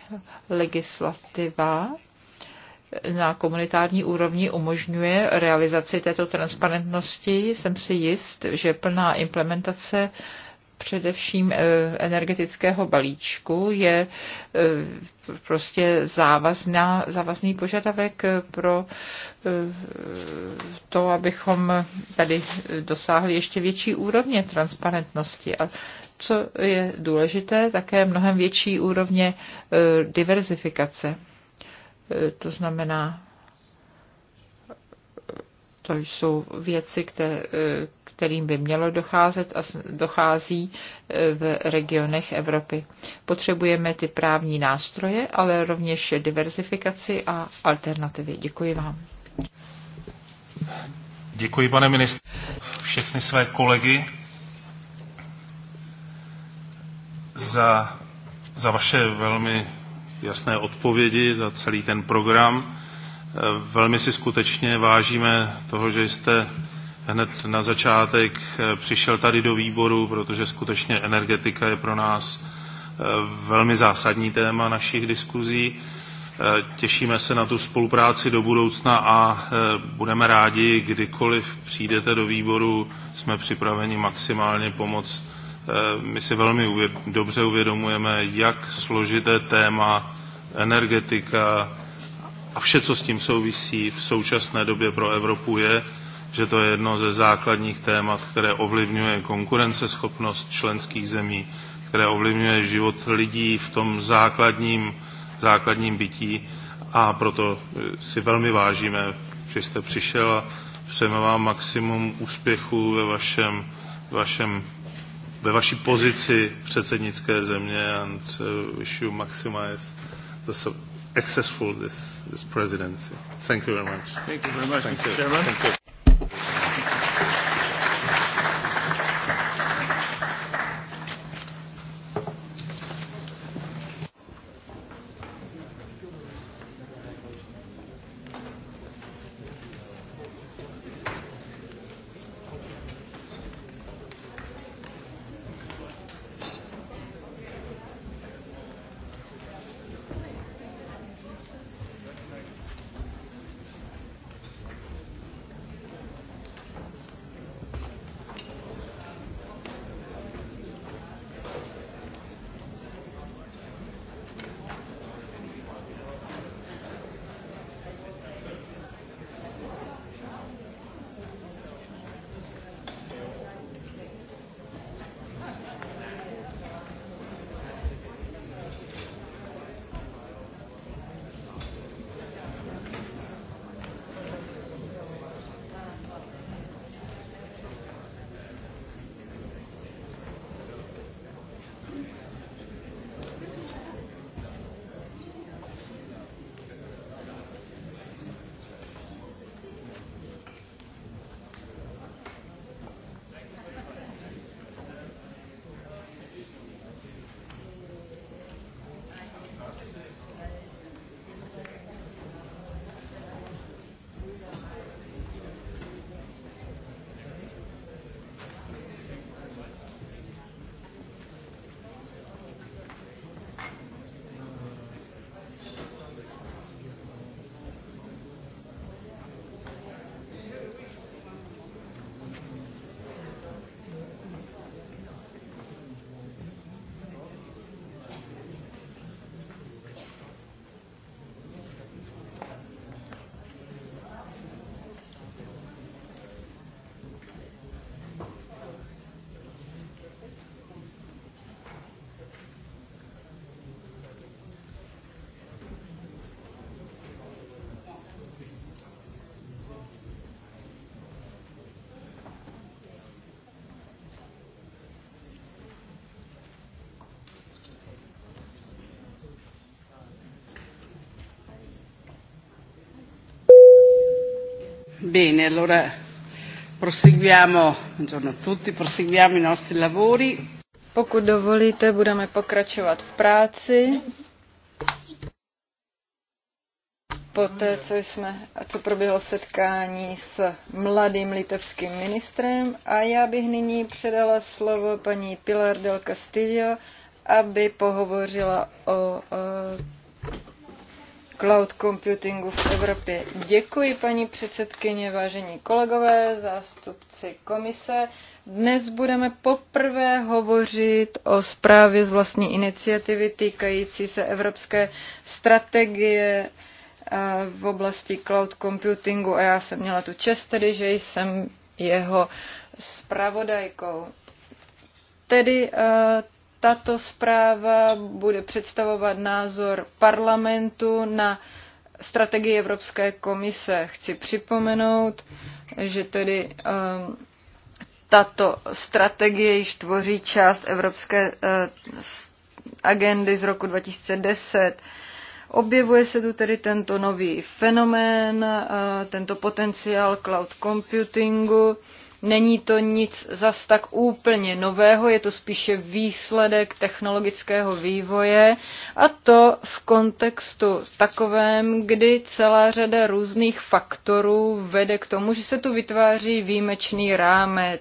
legislativa na komunitární úrovni umožňuje realizaci této transparentnosti. Jsem si jist, že plná implementace především eh, energetického balíčku je eh, prostě závazná, závazný požadavek pro eh, to, abychom tady dosáhli ještě větší úrovně transparentnosti. A co je důležité, také mnohem větší úrovně diverzifikace. Eh, to znamená, to jsou věci, které, eh, kterým by mělo docházet a dochází eh, v regionech Evropy. Potřebujeme ty právní nástroje, ale rovněž diverzifikaci a alternativy. Děkuji vám. Děkuji, pane ministře. Všechny své kolegy za, za vaše velmi jasné odpovědi, za celý ten program. E, velmi si skutečně vážíme toho, že jste hned na začátek e, přišel tady do výboru, protože skutečně energetika je pro nás e, velmi zásadní téma našich diskuzí. Těšíme se na tu spolupráci do budoucna a budeme rádi, kdykoliv přijdete do výboru, jsme připraveni maximálně pomoct Eh, my si velmi dobře uvědomujeme, jak složité téma energetika a vše, co s tím souvisí v současné době pro Evropu je, že to je jedno ze základních témat, které ovlivňuje konkurenceschopnost členských zemí, které ovlivňuje život lidí v tom základním, základním bytí a proto eh, si velmi vážíme, že jste přišel a přejeme vám maximum úspěchu ve vašem, vašem ve vaší pozici předsednické země and uh, wish you maximize the successful this, this presidency. Thank you very much. Thank you very much, Thank Mr. Chairman. Thank you. Bene, allora proseguiamo, buongiorno a tutti, proseguiamo i nostri lavori. Pokud dovolíte, budeme pokračovat v práci. Poté, co, jsme, co proběhlo setkání s mladým litevským ministrem a já bych nyní předala slovo paní Pilar del Castillo, aby pohovořila o cloud computingu v Evropě. Děkuji, paní předsedkyně, vážení kolegové, zástupci komise. Dnes budeme poprvé hovořit o zprávě z vlastní iniciativy týkající se evropské strategie eh, v oblasti cloud computingu a já jsem měla tu čest tedy, že jsem jeho spravodajkou. Tedy eh, tato zpráva bude představovat názor parlamentu na strategii Evropské komise. Chci připomenout, že tedy um, tato strategie již tvoří část Evropské uh, agendy z roku 2010. Objevuje se tu tedy tento nový fenomén, uh, tento potenciál cloud computingu. Uh, Není to nic zas tak úplně nového, je to spíše výsledek technologického vývoje a to v kontextu takovém, kdy celá řada různých faktorů vede k tomu, že se tu vytváří výjimečný rámec.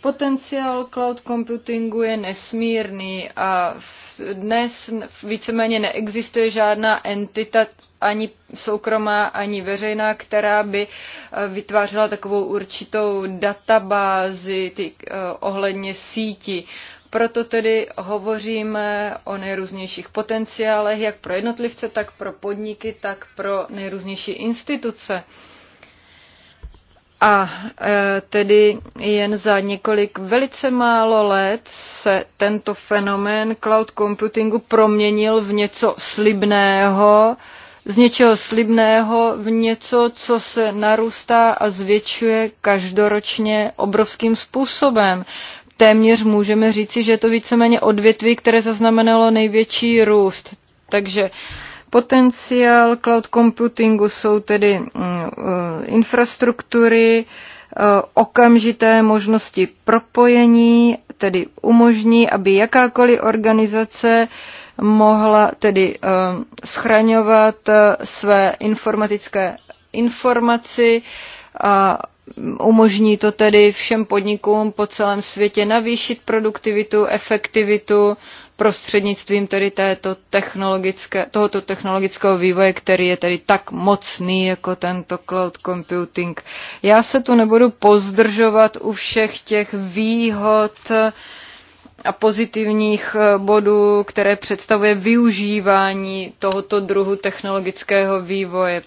Potenciál cloud computingu je nesmírný a v dnes víceméně neexistuje žádná entita, ani soukromá, ani veřejná, která by eh, vytvářela takovou určitou databázi ty, eh, ohledně síti. Proto tedy hovoříme o nejrůznějších potenciálech, jak pro jednotlivce, tak pro podniky, tak pro nejrůznější instituce. Uh, a e, tedy jen za několik velice málo let se tento fenomén cloud computingu proměnil v něco slibného, z něčeho slibného v něco, co se narůstá a zvětšuje každoročně obrovským způsobem. Téměř můžeme říci, že je to víceméně odvětví, které zaznamenalo největší růst. Takže Potenciál cloud computingu jsou tedy mm, eh, infrastruktury, eh, okamžité možnosti propojení, tedy umožní, aby jakákoliv organizace mohla tedy eh, schraňovat své informatické informaci a umožní to tedy všem podnikům po celém světě navýšit produktivitu, efektivitu, prostřednictvím tedy této technologické, tohoto technologického vývoje, který je tedy tak mocný jako tento cloud computing. Já se tu nebudu pozdržovat u všech těch výhod, a pozitivních eh, bodů, které představuje využívání tohoto druhu technologického vývoje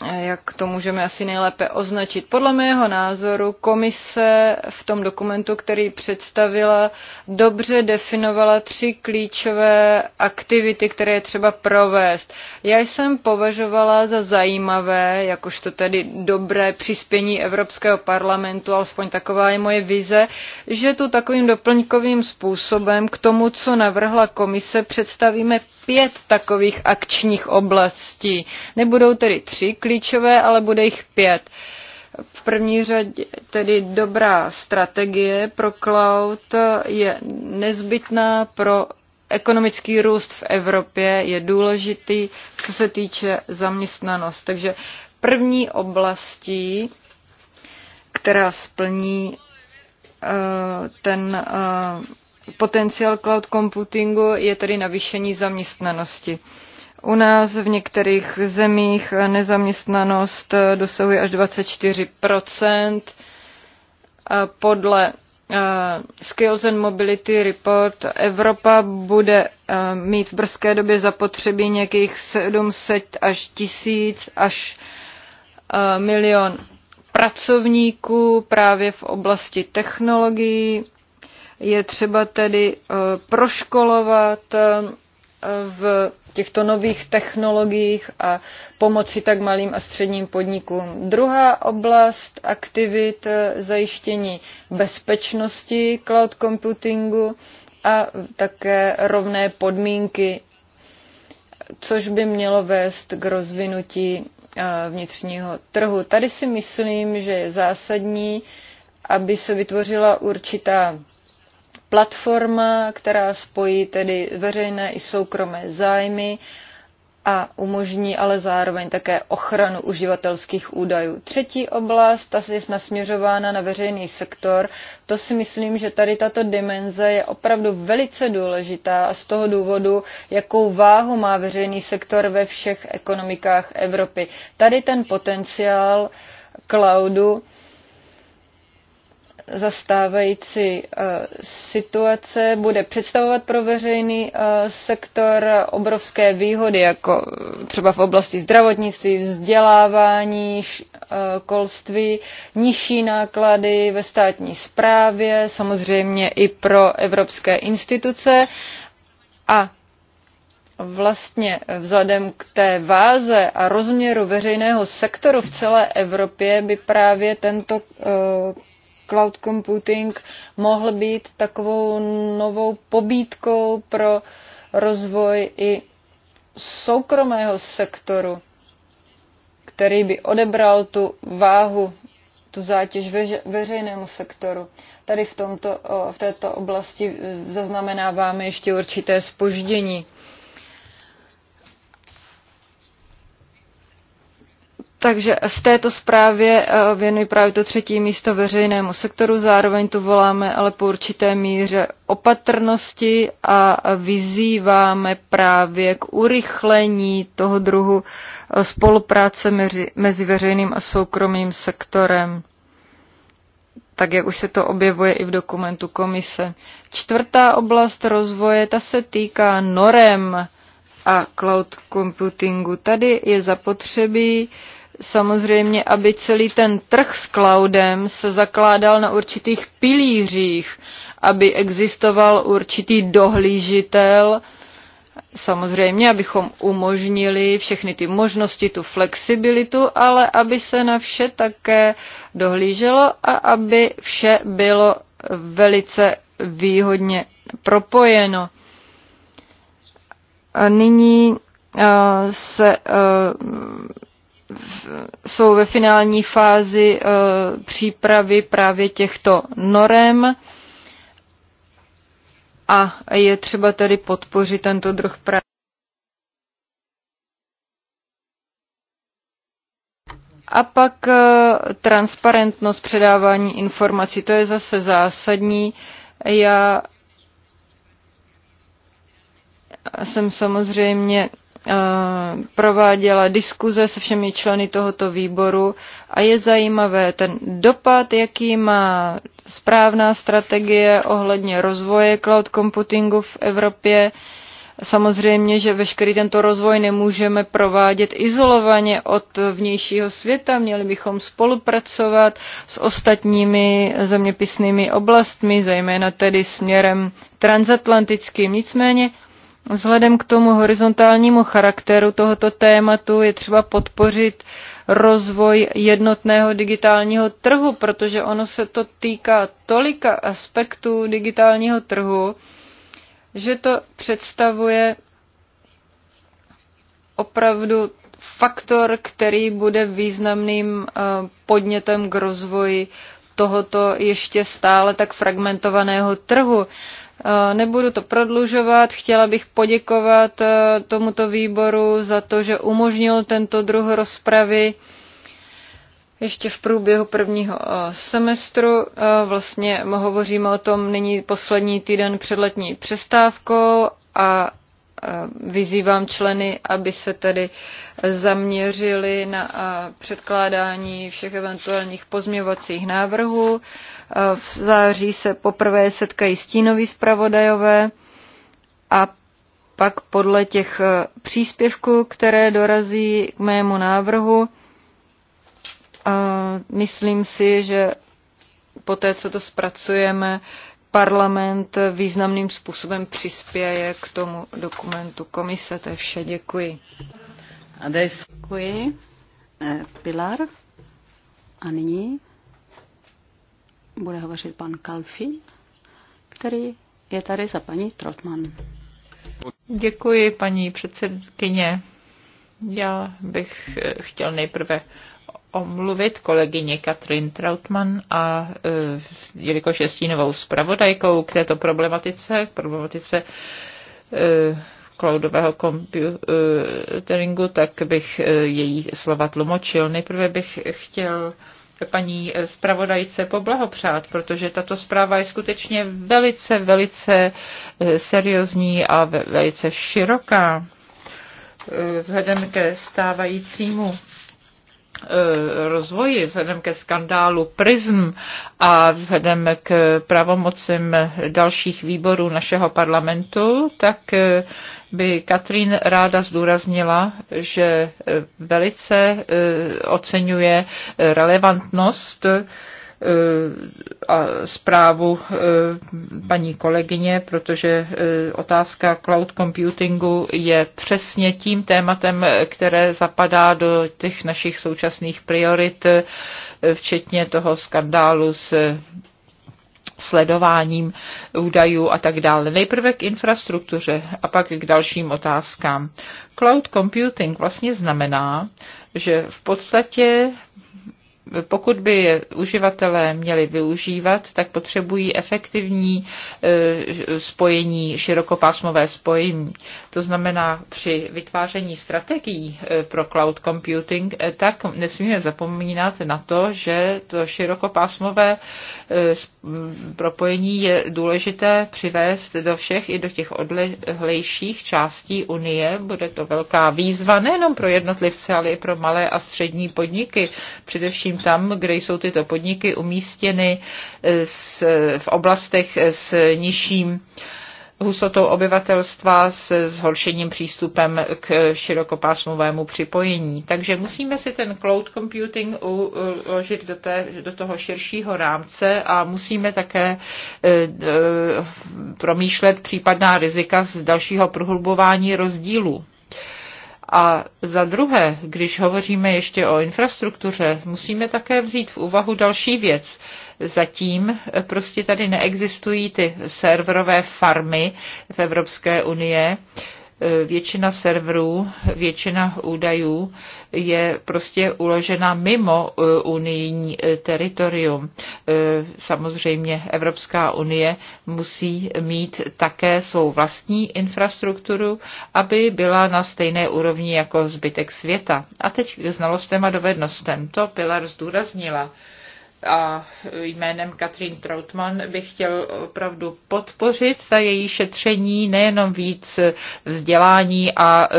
jak to můžeme asi nejlépe označit. Podle mého názoru komise v tom dokumentu, který představila, dobře definovala tři klíčové aktivity, které je třeba provést. Já jsem považovala za zajímavé, jakožto tedy dobré přispění Evropského parlamentu, alespoň taková je moje vize, že tu takovým doplňkovým způsobem k tomu, co navrhla komise, představíme pět takových akčních oblastí. Nebudou tedy tři klíčové, ale bude jich pět. V první řadě tedy dobrá strategie pro cloud je nezbytná pro ekonomický růst v Evropě, je důležitý, co se týče zaměstnanost. Takže první oblastí, která splní eh, ten eh, Potenciál cloud computingu je tedy navýšení zaměstnanosti. U nás v některých zemích nezaměstnanost dosahuje až 24 Podle Skills and Mobility Report Evropa bude mít v brzké době zapotřebí nějakých 700 až 1000 až milion pracovníků právě v oblasti technologií je třeba tedy eh, proškolovat eh, v těchto nových technologiích a pomoci tak malým a středním podnikům. Druhá oblast aktivit eh, zajištění bezpečnosti cloud computingu a také rovné podmínky, což by mělo vést k rozvinutí vnitřního trhu. Tady si myslím, že je zásadní, aby se vytvořila určitá platforma, která spojí tedy veřejné i soukromé zájmy a umožní ale zároveň také ochranu uživatelských údajů. Třetí oblast, ta je nasměřována na veřejný sektor. To si myslím, že tady tato dimenze je opravdu velice důležitá a z toho důvodu, jakou váhu má veřejný sektor ve všech ekonomikách Evropy. Tady ten potenciál cloudu zastávající eh, situace bude představovat pro veřejný eh, sektor obrovské výhody, jako eh, třeba v oblasti zdravotnictví, vzdělávání, školství, nižší náklady ve státní správě, samozřejmě i pro evropské instituce. A vlastně vzhledem k té váze a rozměru veřejného sektoru v celé Evropě by právě tento cloud computing mohl být takovou novou pobídkou pro rozvoj i soukromého sektoru, který by odebral tu váhu, tu zátěž veřejnému sektoru. Tady v, tomto, v této oblasti e, zaznamenáváme ještě určité spoždění. Takže v této zprávě eh, věnuji právě to třetí místo veřejnému sektoru, zároveň tu voláme ale po určité míře opatrnosti a vyzýváme právě k urychlení toho druhu eh, spolupráce mezi, mezi veřejným a soukromým sektorem tak jak už se to objevuje i v dokumentu komise. Čtvrtá oblast rozvoje, ta se týká norem a cloud computingu. Tady je zapotřebí uh, samozřejmě, aby celý ten trh s cloudem se zakládal na určitých pilířích, aby existoval určitý dohlížitel, samozřejmě, abychom umožnili všechny ty možnosti, tu flexibilitu, ale aby se na vše také dohlíželo a aby vše bylo velice výhodně propojeno. A nyní eh, se eh, jsou ve finální fázi eh, přípravy právě těchto norem a je třeba tedy podpořit tento druh práce. A pak eh, transparentnost předávání informací, to je zase zásadní. Já jsem samozřejmě Eh, prováděla diskuze se všemi členy tohoto výboru a je zajímavé ten dopad, jaký má správná strategie ohledně rozvoje cloud computingu v Evropě. Samozřejmě, že veškerý tento rozvoj nemůžeme provádět izolovaně od vnějšího světa, měli bychom spolupracovat s ostatními zeměpisnými oblastmi, zejména tedy směrem transatlantickým. Nicméně Vzhledem k tomu horizontálnímu charakteru tohoto tématu je třeba podpořit rozvoj jednotného digitálního trhu, protože ono se to týká tolika aspektů digitálního trhu, že to představuje opravdu faktor, který bude významným eh, podnětem k rozvoji tohoto ještě stále tak fragmentovaného trhu. Eh, nebudu to prodlužovat, chtěla bych poděkovat eh, tomuto výboru za to, že umožnil tento druh rozpravy ještě v průběhu prvního eh, semestru. Vlastně hovoříme o tom nyní poslední týden před letní přestávkou a vyzývám členy, aby se tedy zaměřili na předkládání všech eventuálních pozměvacích návrhů. V září se poprvé setkají stínoví zpravodajové a pak podle těch e, příspěvků, které dorazí k mému návrhu, e, myslím si, že po té, co to zpracujeme, parlament významným způsobem přispěje k tomu dokumentu komise. To je vše. Děkuji. Děkuji. Eh, Pilar. A nyní bude hovořit pan Kalfin, který je tady za paní Trotman. Děkuji, paní předsedkyně. Já bych eh, chtěl nejprve omluvit kolegyně Katrin Trautmann a e, jelikož je stínovou zpravodajkou k této problematice, k problematice e, cloudového computeringu, tak bych e, její slova tlumočil. Nejprve bych chtěl paní zpravodajce poblahopřát, protože tato zpráva je skutečně velice, velice seriózní a velice široká vzhledem ke stávajícímu Eh, rozvoji, vzhledem ke skandálu PRISM a vzhledem k pravomocím dalších výborů našeho parlamentu, tak eh, by Katrín ráda zdůraznila, že eh, velice oceňuje relevantnost Eh, a zprávu eh, paní kolegyně, protože eh, otázka cloud computingu je přesně tím tématem, které zapadá do těch našich současných priorit, včetně toho skandálu s sledováním údajů a tak dále. Nejprve k infrastruktuře a pak k dalším otázkám. Cloud computing vlastně znamená, že v podstatě pokud by je uživatelé měli využívat, tak potřebují efektivní e, spojení, širokopásmové spojení. To znamená, při vytváření strategií e, pro cloud computing, e, tak nesmíme zapomínat na to, že to širokopásmové propojení je důležité přivést do všech i do těch odlehlejších částí Unie. Bude to velká výzva nejenom pro jednotlivce, ale i pro malé a střední podniky, především především tam, kde jsou tyto podniky umístěny eh, v oblastech s nižším hustotou obyvatelstva s zhoršením přístupem k širokopásmovému připojení. Takže musíme si ten cloud computing uložit do, té, do toho širšího rámce a musíme také eh, eh, promýšlet případná rizika z dalšího prohlubování rozdílu. A za druhé, když hovoříme ještě o infrastruktuře, musíme také vzít v úvahu další věc. Zatím prostě tady neexistují ty serverové farmy v Evropské unie, většina serverů, většina údajů je prostě uložena mimo eh, unijní eh, teritorium. Eh, samozřejmě Evropská unie musí mít také svou vlastní infrastrukturu, aby byla na stejné úrovni jako zbytek světa. A teď k znalostem a dovednostem. To Pilar zdůraznila a jménem Katrin Trautmann bych chtěl opravdu podpořit za její šetření nejenom víc vzdělání a e,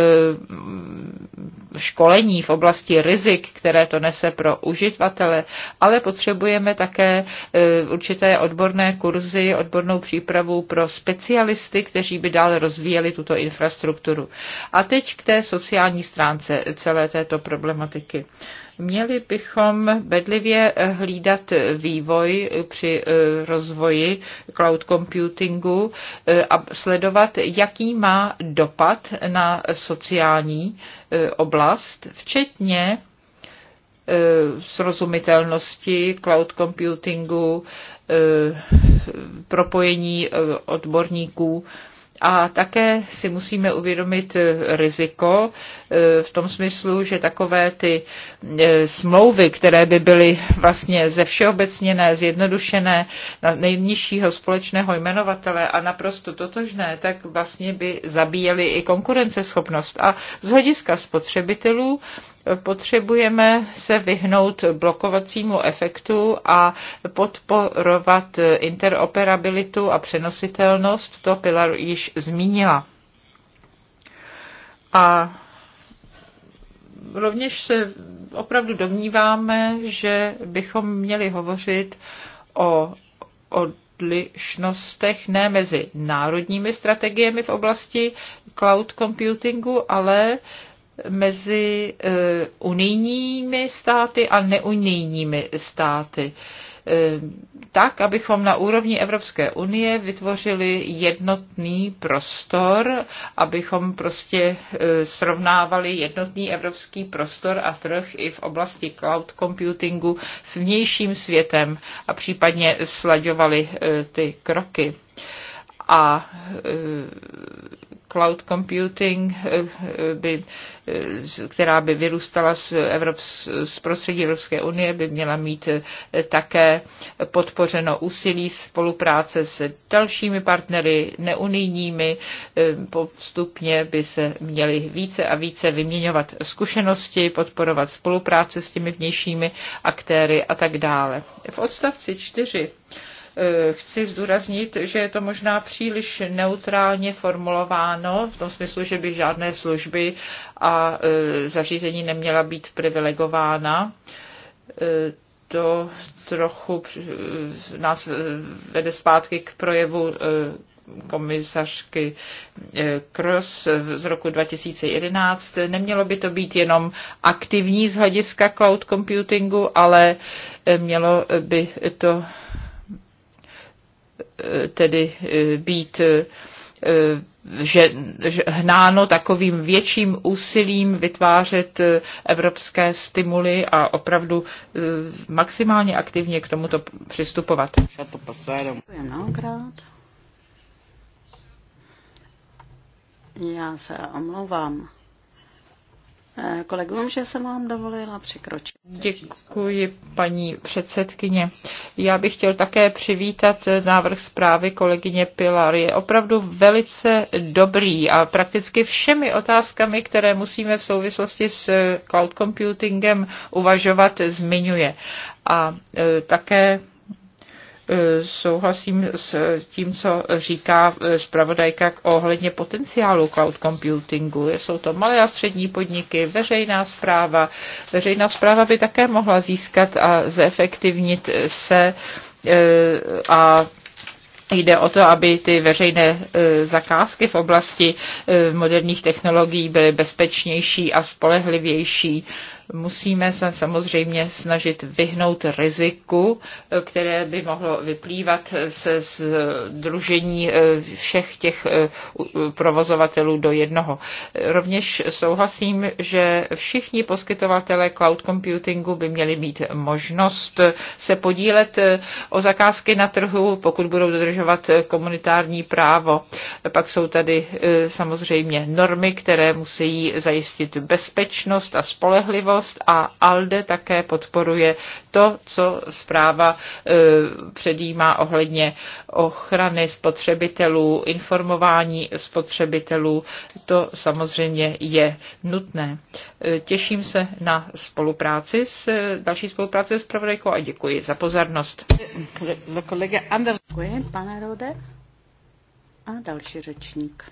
školení v oblasti rizik, které to nese pro uživatele, ale potřebujeme také e, určité odborné kurzy, odbornou přípravu pro specialisty, kteří by dále rozvíjeli tuto infrastrukturu. A teď k té sociální stránce celé této problematiky. Měli bychom bedlivě hlídat vývoj při eh, rozvoji cloud computingu eh, a sledovat, jaký má dopad na sociální eh, oblast, včetně srozumitelnosti cloud computingu, propojení odborníků a také si musíme uvědomit eh, riziko eh, v tom smyslu, že takové ty eh, smlouvy, které by byly vlastně ze všeobecněné, zjednodušené na nejnižšího společného jmenovatele a naprosto totožné, tak vlastně by zabíjely i konkurenceschopnost. A z hlediska spotřebitelů potřebujeme se vyhnout blokovacímu efektu a podporovat interoperabilitu a přenositelnost, to Pilar již zmínila. A rovněž se opravdu domníváme, že bychom měli hovořit o, o odlišnostech ne mezi národními strategiemi v oblasti cloud computingu, ale mezi eh, unijními státy a neunijními státy eh, tak, abychom na úrovni Evropské unie vytvořili jednotný prostor, abychom prostě eh, srovnávali jednotný evropský prostor a trh i v oblasti cloud computingu s vnějším světem a případně slaďovali ty kroky a e, cloud computing, e, e, by, která by vyrůstala z, Evrops, z prostředí Evropské unie, by měla mít také podpořeno úsilí spolupráce s dalšími partnery, neunijními. Postupně by se měly více a více vyměňovat zkušenosti, podporovat spolupráce s těmi vnějšími aktéry a tak dále. V odstavci 4 Eh, chci zdůraznit, že je to možná příliš neutrálně formulováno, v tom smyslu, že by žádné služby a eh, zařízení neměla být privilegována eh, to trochu nás vede zpátky k projevu komisařky Kros z roku 2011. Nemělo by to být jenom aktivní z hlediska cloud computingu, ale mělo by to tedy eh, být eh, že, že hnáno takovým větším úsilím vytvářet eh, evropské stimuly a opravdu maximálně aktivně k tomuto přistupovat. Já se omlouvám. Eh, kolegům, že jsem vám dovolila překročit. Děkuji, paní předsedkyně. Já bych chtěl také přivítat eh, návrh zprávy kolegyně Pilar. Je opravdu velice dobrý a prakticky všemi otázkami, které musíme v souvislosti s eh, cloud computingem uvažovat, zmiňuje. A také souhlasím s tím, co říká zpravodajka ohledně potenciálu cloud computingu. Jsou to malé a střední podniky, veřejná zpráva. Veřejná zpráva by také mohla získat a zefektivnit se eh, a Jde o to, aby ty veřejné eh, zakázky v oblasti eh, moderních technologií byly bezpečnější a spolehlivější musíme se samozřejmě snažit vyhnout riziku, které by mohlo vyplývat se združení eh, všech těch eh, provozovatelů do jednoho. Rovněž souhlasím, že všichni poskytovatelé cloud computingu by měli mít možnost se podílet eh, o zakázky na trhu, pokud budou dodržovat komunitární právo. Pak jsou tady samozřejmě normy, které musí zajistit bezpečnost a spolehlivost rychlost a ALDE také podporuje to, co zpráva e, předjímá ohledně ochrany spotřebitelů, informování spotřebitelů. To samozřejmě je nutné. E, těším se na spolupráci s e, další spolupráci s Pravodajkou a děkuji za pozornost. Děkuji, pane Rode. A další řečník.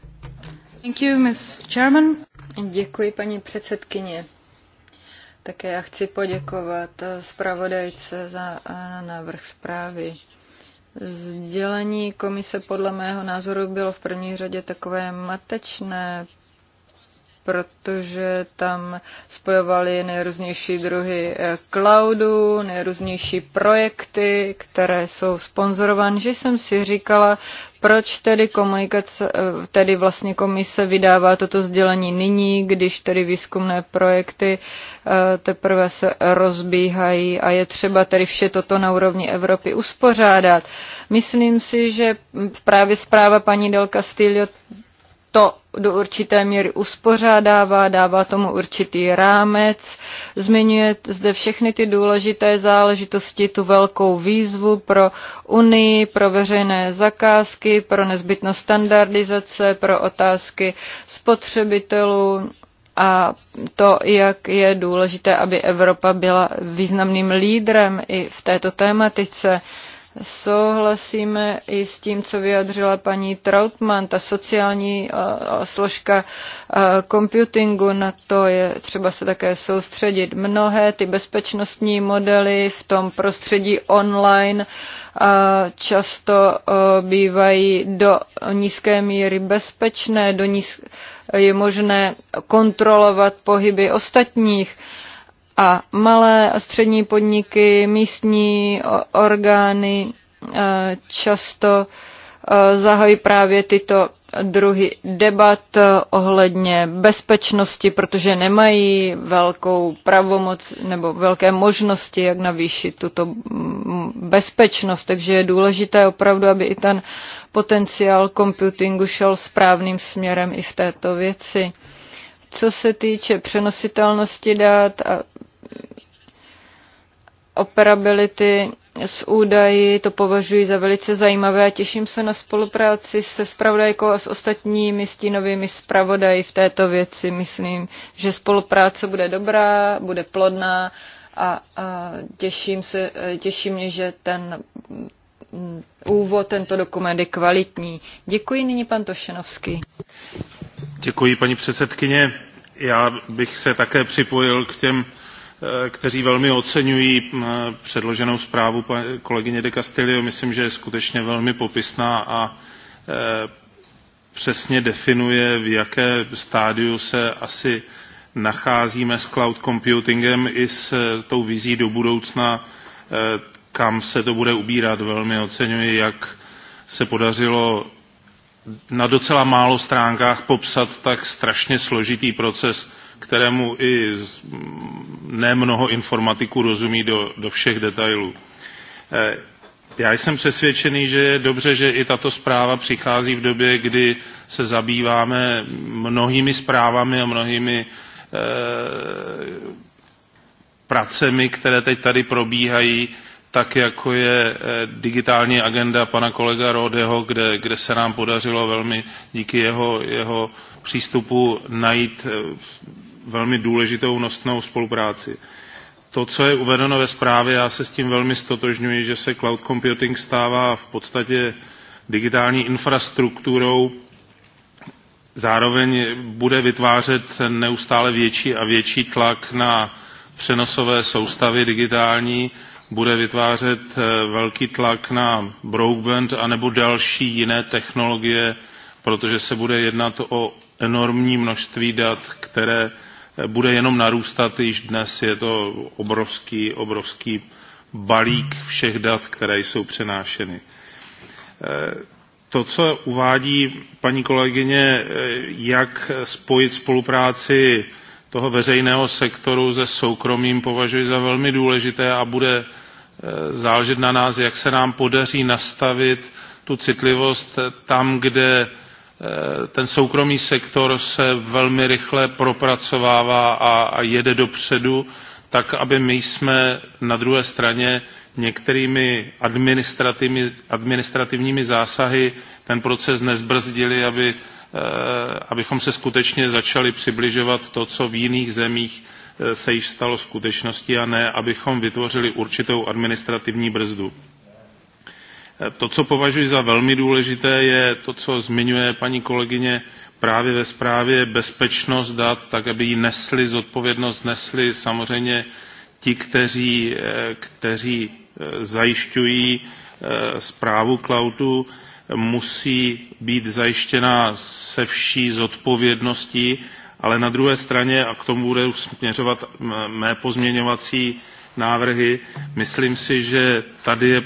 Thank you, Ms. Chairman. Děkuji, paní předsedkyně. Také já chci poděkovat zpravodajce za eh, návrh zprávy. Sdělení komise podle mého názoru bylo v první řadě takové matečné, protože tam spojovali nejrůznější druhy eh, cloudu, nejrůznější projekty, které jsou sponzorovány, že jsem si říkala, proč tedy komunikace, eh, tedy vlastně komise vydává toto sdělení nyní, když tedy výzkumné projekty eh, teprve se rozbíhají a je třeba tedy vše toto na úrovni Evropy uspořádat. Myslím si, že právě zpráva paní Del Castillo to do určité míry uspořádává, dává tomu určitý rámec, zmiňuje zde všechny ty důležité záležitosti, tu velkou výzvu pro Unii, pro veřejné zakázky, pro nezbytnost standardizace, pro otázky spotřebitelů a to, jak je důležité, aby Evropa byla významným lídrem i v této tématice. Souhlasíme i s tím, co vyjadřila paní Trautmann, ta sociální složka computingu, na to je třeba se také soustředit. Mnohé ty bezpečnostní modely v tom prostředí online často bývají do nízké míry bezpečné, do níz... je možné kontrolovat pohyby ostatních a malé a střední podniky, místní orgány eh, často eh, zahojí právě tyto druhy debat eh, ohledně bezpečnosti, protože nemají velkou pravomoc nebo velké možnosti, jak navýšit tuto mm, bezpečnost. Takže je důležité opravdu, aby i ten potenciál computingu šel správným směrem i v této věci. Co se týče přenositelnosti dat a operability s údaji, to považuji za velice zajímavé a těším se na spolupráci se spravodajkou a s ostatními stínovými spravodaji v této věci. Myslím, že spolupráce bude dobrá, bude plodná a, a těším, se, těší mě, že ten mm, úvod, tento dokument je kvalitní. Děkuji nyní pan Tošenovský. Děkuji paní předsedkyně. Já bych se také připojil k těm Eh, kteří velmi oceňují mm, eh, předloženou zprávu kolegyně de Castillo. Myslím, že je skutečně velmi popisná a eh, přesně definuje, v jaké stádiu se asi nacházíme s cloud computingem i s tou vizí do budoucna, kam se to bude ubírat. Velmi oceňuji, jak se podařilo na docela málo stránkách popsat tak strašně složitý proces kterému i mm, nemnoho informatiků rozumí do, do všech detailů. E, já jsem přesvědčený, že je dobře, že i tato zpráva přichází v době, kdy se zabýváme mnohými zprávami a mnohými e, pracemi, které teď tady probíhají, tak jako je e, digitální agenda pana kolega Rodeho, kde, kde se nám podařilo velmi díky jeho, jeho přístupu najít velmi důležitou nosnou spolupráci. To, co je uvedeno ve zprávě, já se s tím velmi stotožňuji, že se cloud computing stává v podstatě digitální infrastrukturou, zároveň bude vytvářet neustále větší a větší tlak na přenosové soustavy digitální, bude vytvářet eh, velký tlak na broadband anebo další jiné technologie, protože se bude jednat o enormní množství dat, které bude jenom narůstat. Již dnes je to obrovský, obrovský balík všech dat, které jsou přenášeny. Eh, to, co uvádí paní kolegyně, eh, jak spojit spolupráci toho veřejného sektoru se soukromým, považuji za velmi důležité a bude eh, záležet na nás, jak se nám podaří nastavit tu citlivost tam, kde Eh, ten soukromý sektor se velmi rychle propracovává a, a jede dopředu, tak aby my jsme na druhé straně některými administrativními zásahy ten proces nezbrzdili, aby, eh, abychom se skutečně začali přibližovat to, co v jiných zemích eh, se již stalo skutečností a ne, abychom vytvořili určitou administrativní brzdu. To, co považuji za velmi důležité, je to, co zmiňuje paní kolegyně právě ve zprávě bezpečnost dat, tak aby ji nesli zodpovědnost, nesli samozřejmě ti, kteří, eh, kteří eh, zajišťují eh, zprávu cloudu, musí být zajištěna se vší zodpovědností, ale na druhé straně, a k tomu bude směřovat mé pozměňovací návrhy, myslím si, že tady je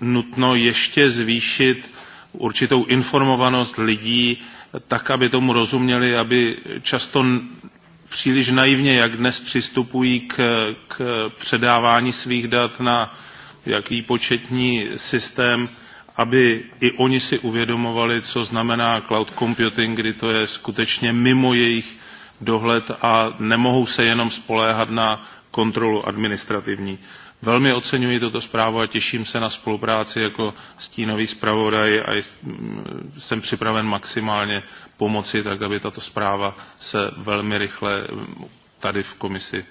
nutno ještě zvýšit určitou informovanost lidí, tak, aby tomu rozuměli, aby často příliš naivně, jak dnes přistupují k, k předávání svých dat na jaký početní systém, aby i oni si uvědomovali, co znamená cloud computing, kdy to je skutečně mimo jejich dohled a nemohou se jenom spoléhat na kontrolu administrativní. Velmi oceňuji tuto zprávu a těším se na spolupráci jako stínový zpravodaj a mm, jsem připraven maximálně pomoci, tak aby tato zpráva se velmi rychle mm, tady v komisi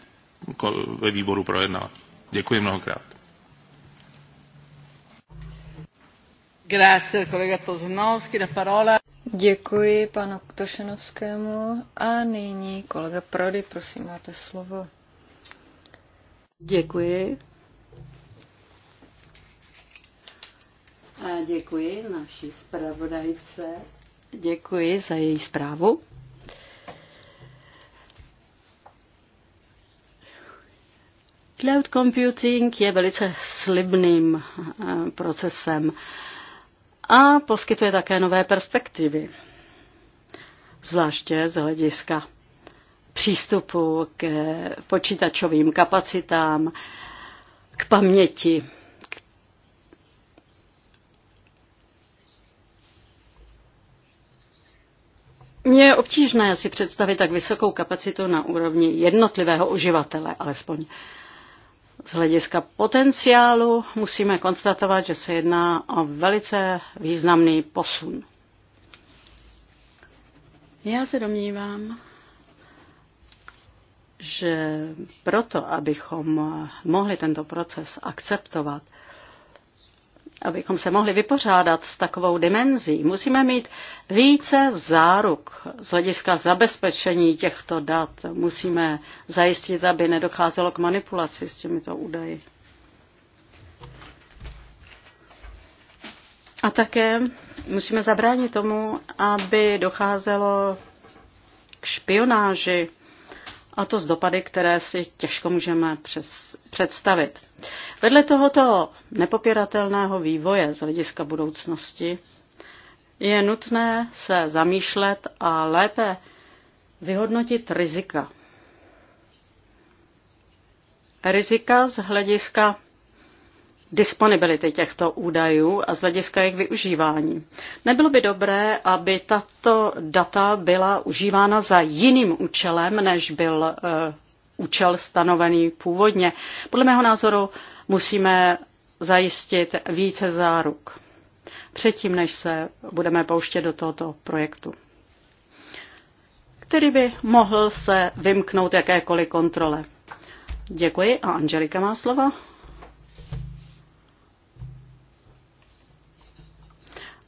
ve výboru projednala. Děkuji mnohokrát. Grazie, kolega Tozinovský, na parola. Děkuji panu Tošenovskému a nyní kolega Prody, prosím, máte slovo. Děkuji. A děkuji naší zpravodajce. Děkuji za její zprávu. Cloud computing je velice slibným eh, procesem a poskytuje také nové perspektivy, zvláště z hlediska přístupu k počítačovým kapacitám, k paměti. Mně je obtížné si představit tak vysokou kapacitu na úrovni jednotlivého uživatele, alespoň z hlediska potenciálu musíme konstatovat, že se jedná o velice významný posun. Já se domnívám, že proto, abychom mohli tento proces akceptovat, abychom se mohli vypořádat s takovou dimenzí, musíme mít více záruk z hlediska zabezpečení těchto dat. Musíme zajistit, aby nedocházelo k manipulaci s těmito údaji. A také musíme zabránit tomu, aby docházelo k špionáži a to s dopady, které si těžko můžeme představit. Vedle tohoto nepopiratelného vývoje z hlediska budoucnosti je nutné se zamýšlet a lépe vyhodnotit rizika. Rizika z hlediska disponibility těchto údajů a z hlediska jejich využívání. Nebylo by dobré, aby tato data byla užívána za jiným účelem, než byl e, účel stanovený původně. Podle mého názoru musíme zajistit více záruk předtím, než se budeme pouštět do tohoto projektu který by mohl se vymknout jakékoliv kontrole. Děkuji a Angelika má slova.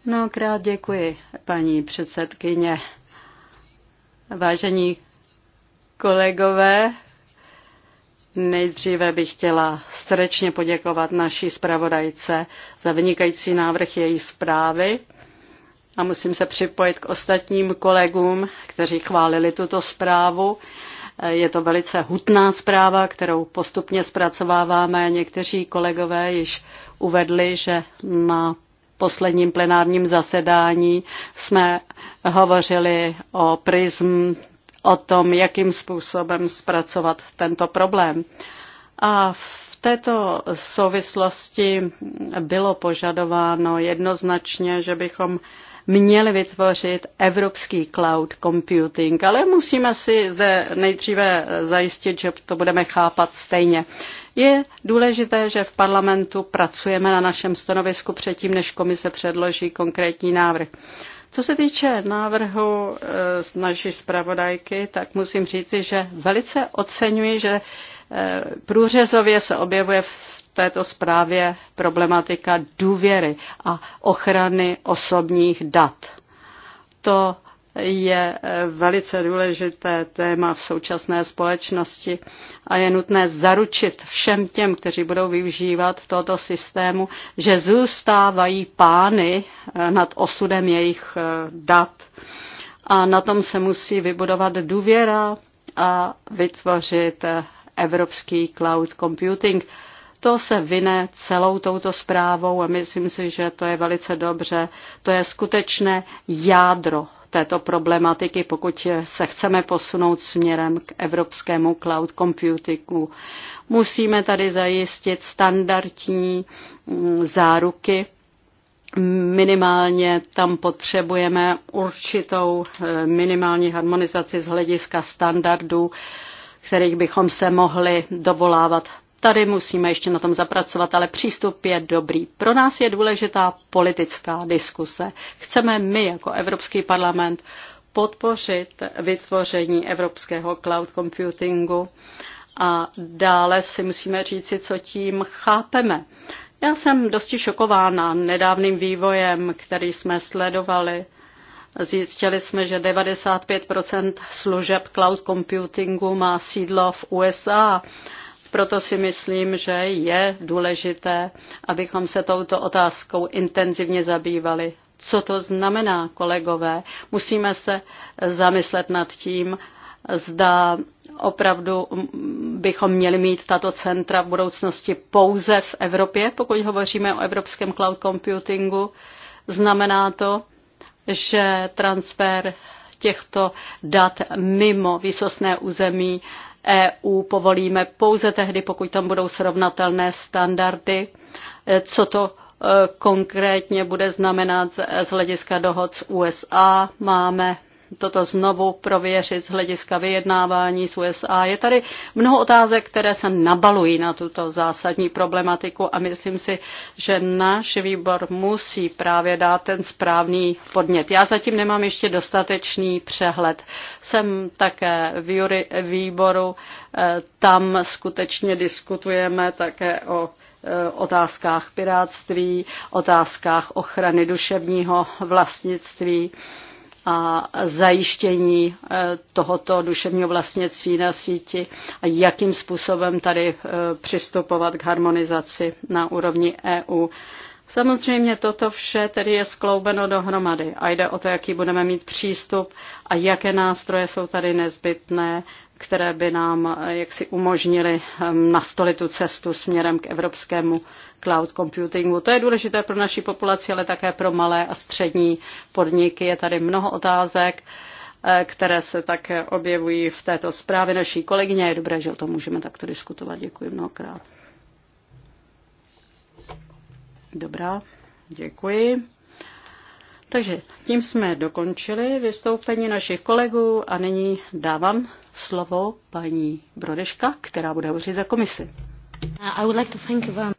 Mnohokrát děkuji, paní předsedkyně. Vážení kolegové, Nejdříve bych chtěla srdečně poděkovat naší zpravodajce za vynikající návrh její zprávy a musím se připojit k ostatním kolegům, kteří chválili tuto zprávu. Je to velice hutná zpráva, kterou postupně zpracováváme. Někteří kolegové již uvedli, že na posledním plenárním zasedání jsme hovořili o prism, o tom, jakým způsobem zpracovat tento problém. A v této souvislosti bylo požadováno jednoznačně, že bychom měli vytvořit evropský cloud computing, ale musíme si zde nejdříve zajistit, že to budeme chápat stejně. Je důležité, že v parlamentu pracujeme na našem stanovisku předtím, než komise předloží konkrétní návrh. Co se týče návrhu eh, z naší zpravodajky, tak musím říci, že velice oceňuji, že eh, průřezově se objevuje v této zprávě problematika důvěry a ochrany osobních dat. To je eh, velice důležité téma v současné společnosti a je nutné zaručit všem těm, kteří budou využívat tohoto systému, že zůstávají pány eh, nad osudem jejich eh, dat. A na tom se musí vybudovat důvěra a vytvořit evropský cloud computing. To se vyne celou touto zprávou a myslím si, že to je velice dobře. To je skutečné jádro této problematiky, pokud se chceme posunout směrem k evropskému cloud computingu. Musíme tady zajistit standardní mm, záruky minimálně tam potřebujeme určitou eh, minimální harmonizaci z hlediska standardů, kterých bychom se mohli dovolávat Tady musíme ještě na tom zapracovat, ale přístup je dobrý. Pro nás je důležitá politická diskuse. Chceme my jako Evropský parlament podpořit vytvoření evropského cloud computingu a dále si musíme říci, co tím chápeme. Já jsem dosti šokována nedávným vývojem, který jsme sledovali. Zjistili jsme, že 95 služeb cloud computingu má sídlo v USA proto si myslím, že je důležité, abychom se touto otázkou intenzivně zabývali. Co to znamená, kolegové? Musíme se zamyslet nad tím, zda opravdu bychom měli mít tato centra v budoucnosti pouze v Evropě, pokud hovoříme o evropském cloud computingu. Znamená to, že transfer těchto dat mimo výsostné území EU povolíme pouze tehdy, pokud tam budou srovnatelné standardy. E, co to e, konkrétně bude znamenat z hlediska dohod s USA? Máme toto znovu prověřit z hlediska vyjednávání s USA. Je tady mnoho otázek, které se nabalují na tuto zásadní problematiku a myslím si, že náš výbor musí právě dát ten správný podnět. Já zatím nemám ještě dostatečný přehled. Jsem také v jury, výboru, eh, tam skutečně diskutujeme také o eh, otázkách piráctví, otázkách ochrany duševního vlastnictví a zajištění eh, tohoto duševního vlastnictví na síti a jakým způsobem tady eh, přistupovat k harmonizaci na úrovni EU. Samozřejmě toto vše tedy je skloubeno dohromady a jde o to, jaký budeme mít přístup a jaké nástroje jsou tady nezbytné které by nám eh, jaksi umožnily ehm, nastolit tu cestu směrem k evropskému cloud computingu. To je důležité pro naši populaci, ale také pro malé a střední podniky. Je tady mnoho otázek, eh, které se také objevují v této zprávě naší kolegyně. Je dobré, že o tom můžeme takto diskutovat. Děkuji mnohokrát. Dobrá, děkuji. Takže tím jsme dokončili vystoupení našich kolegů a nyní dávám slovo paní Brodeška, která bude hovořit za komisi. Uh, I would like to thank you very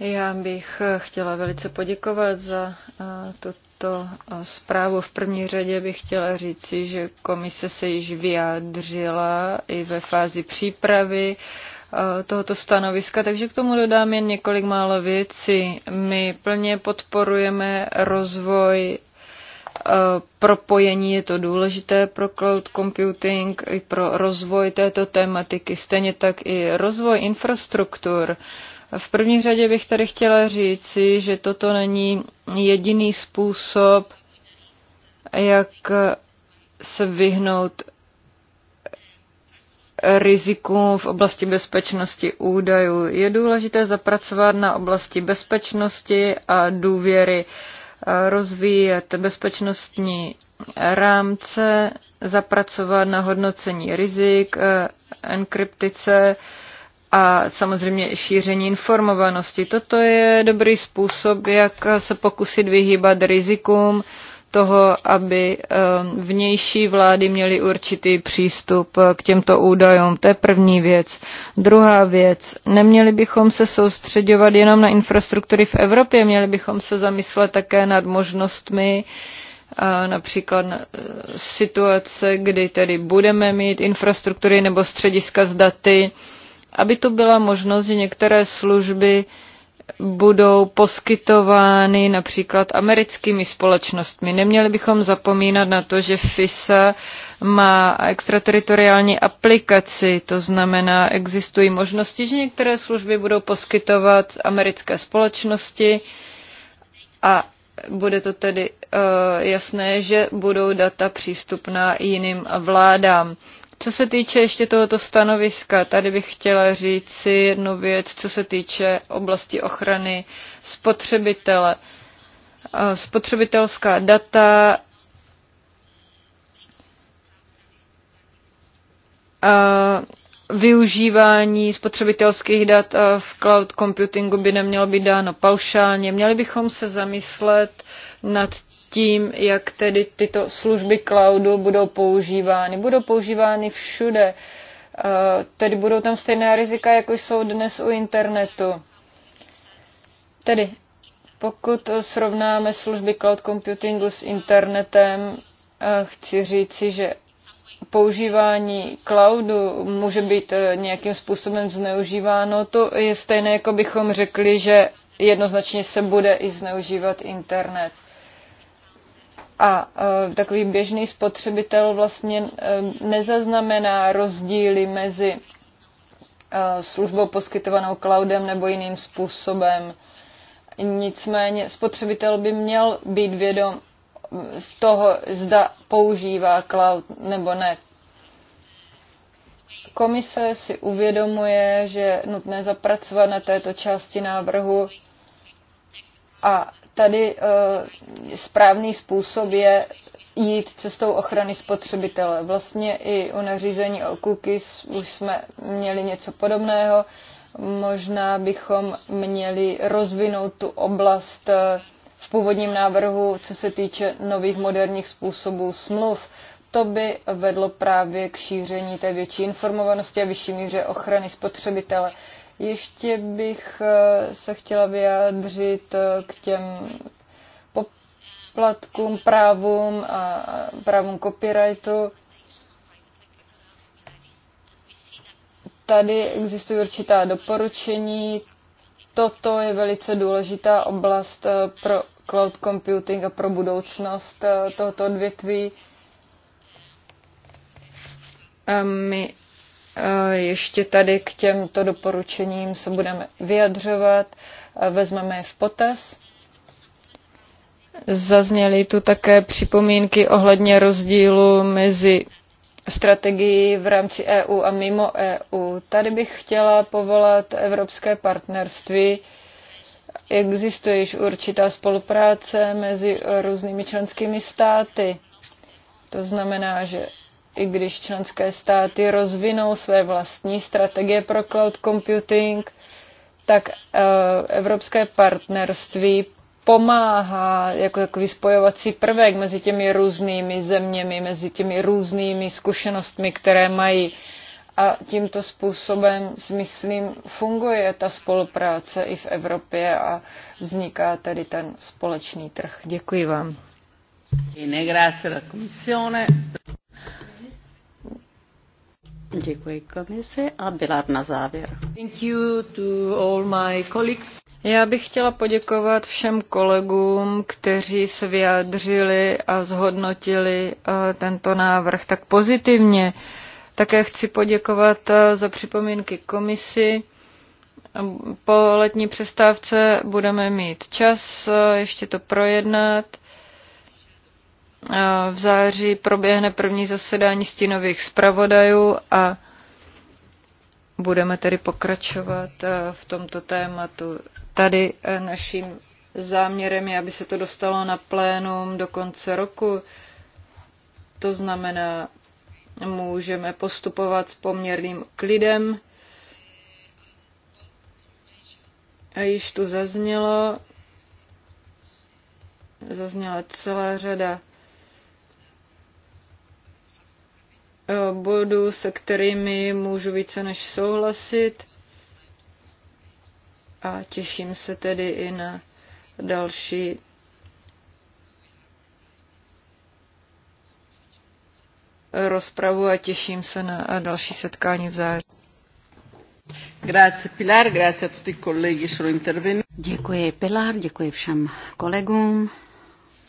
já bych chtěla velice poděkovat za uh, tuto uh, zprávu. V první řadě bych chtěla říci, že komise se již vyjádřila i ve fázi přípravy Eh, tohoto stanoviska, takže k tomu dodám jen několik málo věcí. My plně podporujeme rozvoj eh, propojení je to důležité pro cloud computing i pro rozvoj této tématiky, stejně tak i rozvoj infrastruktur. V první řadě bych tady chtěla říci, že toto není jediný způsob, jak se vyhnout rizikům v oblasti bezpečnosti údajů. Je důležité zapracovat na oblasti bezpečnosti a důvěry, eh, rozvíjet bezpečnostní rámce, zapracovat na hodnocení rizik, eh, enkryptice, a samozřejmě šíření informovanosti. Toto je dobrý způsob, jak se pokusit vyhýbat rizikům toho, aby ehm, vnější vlády měly určitý přístup eh, k těmto údajům. To je první věc. Druhá věc, neměli bychom se soustředovat jenom na infrastruktury v Evropě, měli bychom se zamyslet také nad možnostmi, eh, například eh, situace, kdy tedy budeme mít infrastruktury nebo střediska s daty, aby to byla možnost, že některé služby uh, budou poskytovány například americkými společnostmi. Neměli bychom zapomínat na to, že FISA má extrateritoriální aplikaci, to znamená, existují možnosti, že některé služby budou poskytovat americké společnosti a bude to tedy uh, jasné, že budou data přístupná jiným vládám. Co se týče ještě tohoto stanoviska, tady bych chtěla říct si jednu věc, co se týče oblasti ochrany spotřebitele. Spotřebitelská data a využívání spotřebitelských dat v cloud computingu by nemělo být dáno paušálně. Měli bychom se zamyslet nad tím, jak tedy tyto služby cloudu budou používány. Budou používány všude, eh, tedy budou tam stejná rizika, jako jsou dnes u internetu. Tedy pokud srovnáme služby cloud computingu s internetem, eh, chci říci, že používání cloudu může být eh, nějakým způsobem zneužíváno, to je stejné, jako bychom řekli, že jednoznačně se bude i zneužívat internet a e, takový běžný spotřebitel vlastně e, nezaznamená rozdíly mezi e, službou poskytovanou cloudem nebo jiným způsobem. Nicméně spotřebitel by měl být vědom z toho, zda používá cloud nebo ne. Komise si uvědomuje, že je nutné zapracovat na této části návrhu a tady eh, správný způsob je jít cestou ochrany spotřebitele. Vlastně i u nařízení o cookies už jsme měli něco podobného. Možná bychom měli rozvinout tu oblast eh, v původním návrhu, co se týče nových moderních způsobů smluv. To by vedlo právě k šíření té větší informovanosti a vyšší míře ochrany spotřebitele. Ještě bych eh, se chtěla vyjádřit eh, k těm poplatkům, právům a právům copyrightu. Tady existují určitá doporučení. Toto je velice důležitá oblast eh, pro cloud computing a pro budoucnost tohoto odvětví. My Eh, ještě tady k těmto doporučením se budeme vyjadřovat, eh, vezmeme je v potaz. Zazněly tu také připomínky ohledně rozdílu mezi strategií v rámci EU a mimo EU. Tady bych chtěla povolat Evropské partnerství. Existuje již určitá spolupráce mezi různými členskými státy. To znamená, že i když členské státy rozvinou své vlastní strategie pro cloud computing, tak eh, evropské partnerství pomáhá jako takový spojovací prvek mezi těmi různými zeměmi, mezi těmi různými zkušenostmi, které mají. A tímto způsobem, myslím, funguje ta spolupráce i v Evropě a vzniká tedy ten společný trh. Děkuji vám. Jiné grazie la Commissione. Děkuji komisi a Bilar na závěr. Thank you to all my colleagues. Já bych chtěla poděkovat všem kolegům, kteří se vyjádřili a zhodnotili eh, tento návrh tak pozitivně. Také chci poděkovat eh, za připomínky komisi. Po letní přestávce budeme mít čas eh, ještě to projednat v září proběhne první zasedání stínových zpravodajů a budeme tedy pokračovat e, v tomto tématu. Tady e, naším záměrem je, aby se to dostalo na plénum do konce roku. To znamená, můžeme postupovat s poměrným klidem. A již tu zaznělo, zazněla celá řada bodů, se kterými můžu více než souhlasit. A těším se tedy i na další rozpravu a těším se na další setkání v září. Grazie Pilar, grazie a tutti i colleghi sono intervenuti. Děkuji Pilar, děkuji všem kolegům,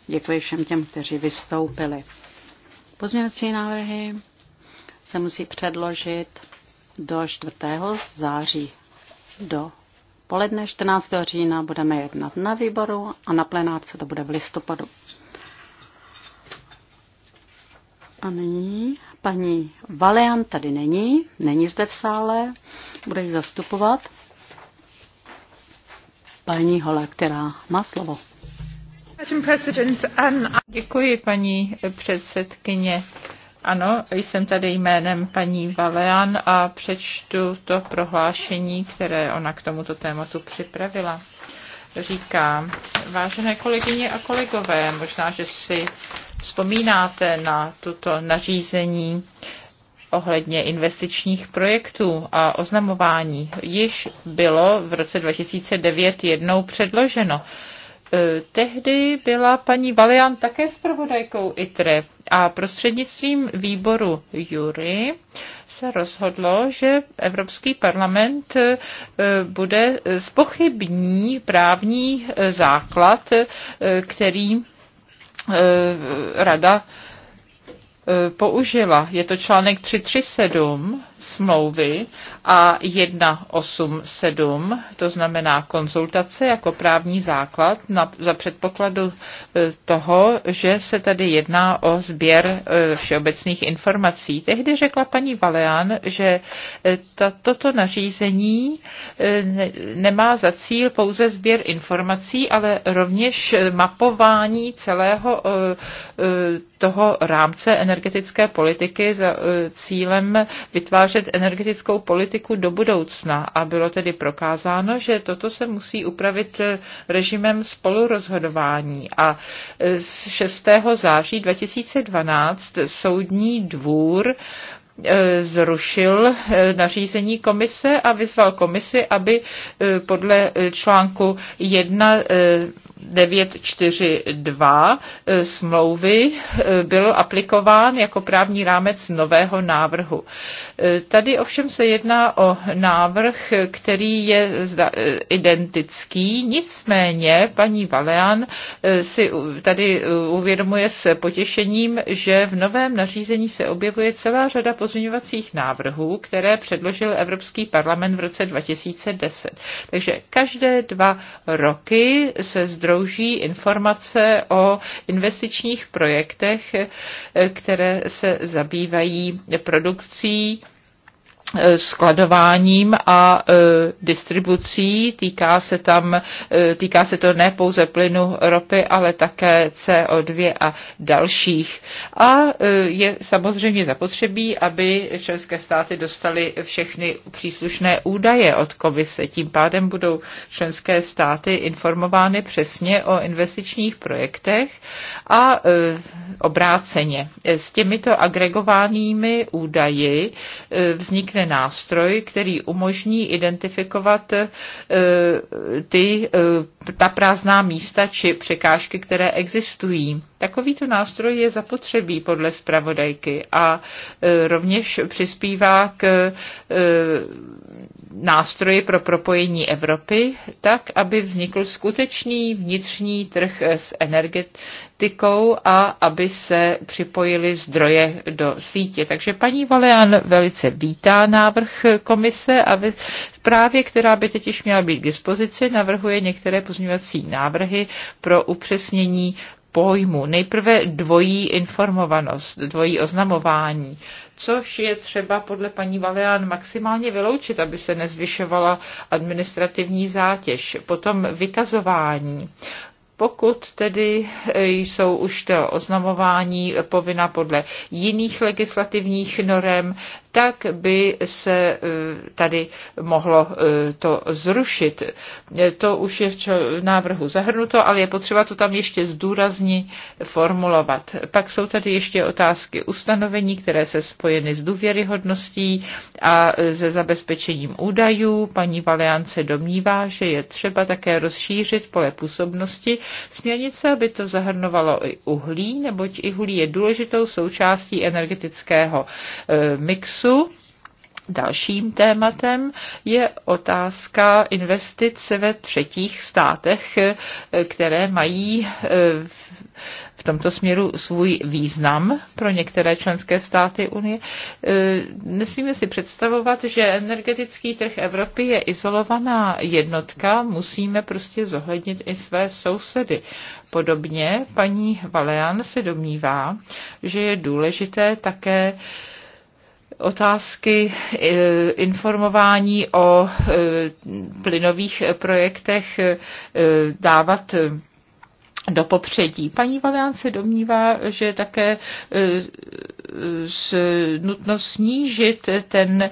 děkuji všem těm, kteří vystoupili. Pozměňovací návrhy se musí předložit do 4. září. Do poledne 14. října budeme jednat na výboru a na plenárce to bude v listopadu. A nyní paní Valian tady není, není zde v sále, bude ji zastupovat paní Hola, která má slovo. Um, Děkuji, paní předsedkyně. Ano, jsem tady jménem paní Valean a přečtu to prohlášení, které ona k tomuto tématu připravila. Říká, vážené kolegyně a kolegové, možná, že si vzpomínáte na tuto nařízení ohledně investičních projektů a oznamování již bylo v roce 2009 jednou předloženo. E, tehdy byla paní Valian také zpravodajkou ITRE a prostřednictvím výboru Jury se rozhodlo, že Evropský parlament e, bude spochybní právní e, základ, který rada použila. Je to článek 337 smlouvy a 187, to znamená konzultace jako právní základ na, za předpokladu e, toho, že se tady jedná o sběr e, všeobecných informací. Tehdy řekla paní Valean, že e, ta, toto nařízení nemá za cíl pouze sběr informací, ale rovněž mapování celého toho rámce energetické politiky za cílem vytvářet vytvářet energetickou politiku do budoucna a bylo tedy prokázáno, že toto se musí upravit eh, režimem spolurozhodování a eh, z 6. září 2012 soudní dvůr E, zrušil e, nařízení komise a vyzval komisi, aby e, podle článku 1942 smlouvy byl aplikován jako právní rámec nového návrhu. Tady ovšem se jedná o návrh, který je identický, nicméně paní Valean si tady uvědomuje s potěšením, že v novém nařízení se objevuje celá řada pozměňovacích návrhů, které předložil Evropský parlament v roce 2010. Takže každé dva roky se zdrouží informace o investičních projektech, eh, které se zabývají produkcí Eh, skladováním a eh, distribucí. Týká se, tam, eh, týká se to ne pouze plynu ropy, ale také CO2 a dalších. A je samozřejmě zapotřebí, aby členské státy dostaly všechny příslušné údaje od komise. Tím pádem budou členské státy informovány přesně o investičních projektech a obráceně. S těmito agregovanými údaji vznikne vlastně nástroj, který umožní identifikovat eh, ty, eh, ta prázdná místa či překážky, které existují. Takovýto nástroj je zapotřebí podle zpravodajky a eh, rovněž přispívá k nástroji pro propojení Evropy, tak, aby vznikl skutečný vnitřní trh s energetikou a aby se připojili zdroje do sítě. Takže paní Valean velice vítá návrh komise a ve která by teď měla být k dispozici, navrhuje některé pozměňovací návrhy pro upřesnění pojmu. Nejprve dvojí informovanost, dvojí oznamování, což je třeba podle paní Valean maximálně vyloučit, aby se nezvyšovala administrativní zátěž. Potom vykazování pokud tedy jsou už to oznamování povinna podle jiných legislativních norem, tak by se eh, tady mohlo eh, to zrušit. Eh, to už je v návrhu zahrnuto, ale je potřeba to tam ještě zdůrazně formulovat. Pak jsou tady ještě otázky ustanovení, které se spojeny s důvěryhodností a se zabezpečením údajů. Paní Valian se domnívá, že je třeba také rozšířit pole působnosti směrnice, aby to zahrnovalo i uhlí, neboť i uhlí je důležitou součástí energetického mixu času. Dalším tématem je otázka investic ve třetích státech, které mají eh, v tomto směru svůj význam pro některé členské státy Unie. Eh, nesmíme si představovat, že energetický trh Evropy je izolovaná jednotka, musíme prostě zohlednit i své sousedy. Podobně paní Valean se domnívá, že je důležité také otázky eh, informování o eh, plynových projektech eh, dávat do popředí. Paní Valián se domnívá, že také nutno snížit ten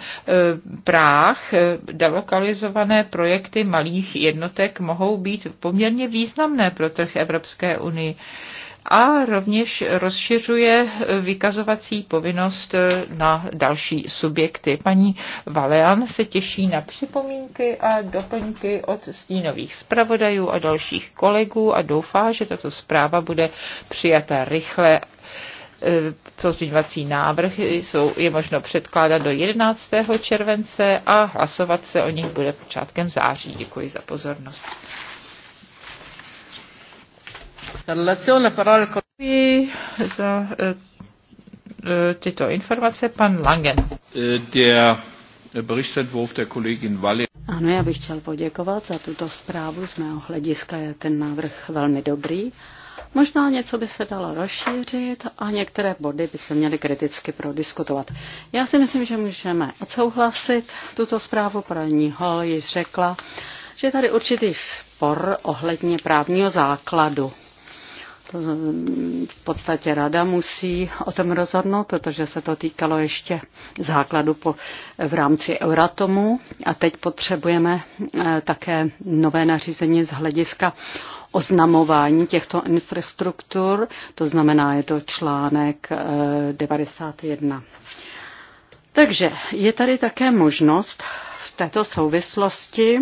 práh. Delokalizované projekty malých jednotek mohou být poměrně významné pro trh Evropské unii a rovněž rozšiřuje vykazovací povinnost na další subjekty. Paní Valean se těší na připomínky a doplňky od stínových zpravodajů a dalších kolegů a doufá, že tato zpráva bude přijata rychle e, pozměňovací návrh jsou, je možno předkládat do 11. července a hlasovat se o nich bude počátkem září. Děkuji za pozornost. Děkuji za eh, eh, tyto informace. Pan Langen. Eh, der Berichtsentwurf der Kollegin Walle. Ano, já bych chtěl poděkovat za tuto zprávu. Z mého hlediska je ten návrh velmi dobrý. Možná něco by se dalo rozšířit a některé body by se měly kriticky prodiskutovat. Já si myslím, že můžeme odsouhlasit tuto zprávu. Paní ho již řekla, že je tady určitý spor ohledně právního základu v podstatě rada musí o tom rozhodnout, protože se to týkalo ještě základu po, v rámci Euratomu a teď potřebujeme eh, také nové nařízení z hlediska oznamování těchto infrastruktur, to znamená, je to článek 91. Eh, Takže je tady také možnost v této souvislosti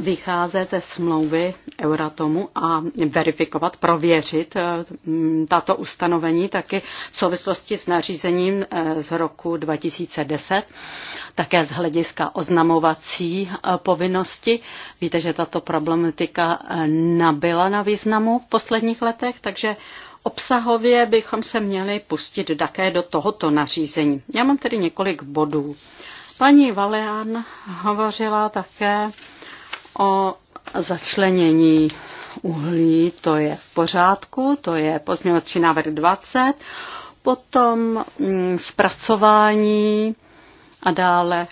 vycházet ze smlouvy Euratomu a verifikovat, prověřit eh, tato ustanovení taky v souvislosti s nařízením eh, z roku 2010, také z hlediska oznamovací eh, povinnosti. Víte, že tato problematika nabyla na významu v posledních letech, takže obsahově bychom se měli pustit také do tohoto nařízení. Já mám tedy několik bodů. Paní Valian hovořila také o začlenění uhlí, to je v pořádku, to je pozměňovací návrh 20, potom mm, zpracování a dále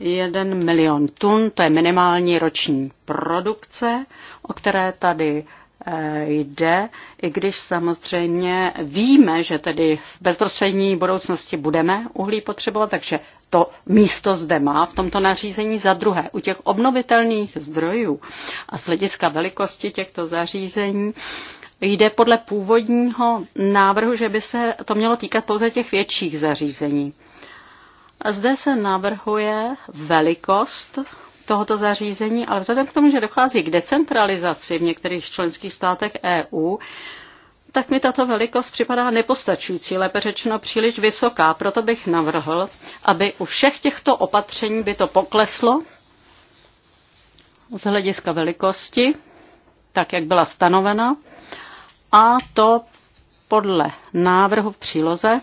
1 milion tun, to je minimální roční produkce, o které tady Eh, jde, i když samozřejmě víme, že tedy v bezprostřední budoucnosti budeme uhlí potřebovat, takže to místo zde má v tomto nařízení. Za druhé, u těch obnovitelných zdrojů a z hlediska velikosti těchto zařízení jde podle původního návrhu, že by se to mělo týkat pouze těch větších zařízení. Zde se navrhuje velikost tohoto zařízení, ale vzhledem k tomu, že dochází k decentralizaci v některých členských státech EU, tak mi tato velikost připadá nepostačující, lépe řečeno příliš vysoká. Proto bych navrhl, aby u všech těchto opatření by to pokleslo z hlediska velikosti, tak jak byla stanovena, a to podle návrhu v příloze,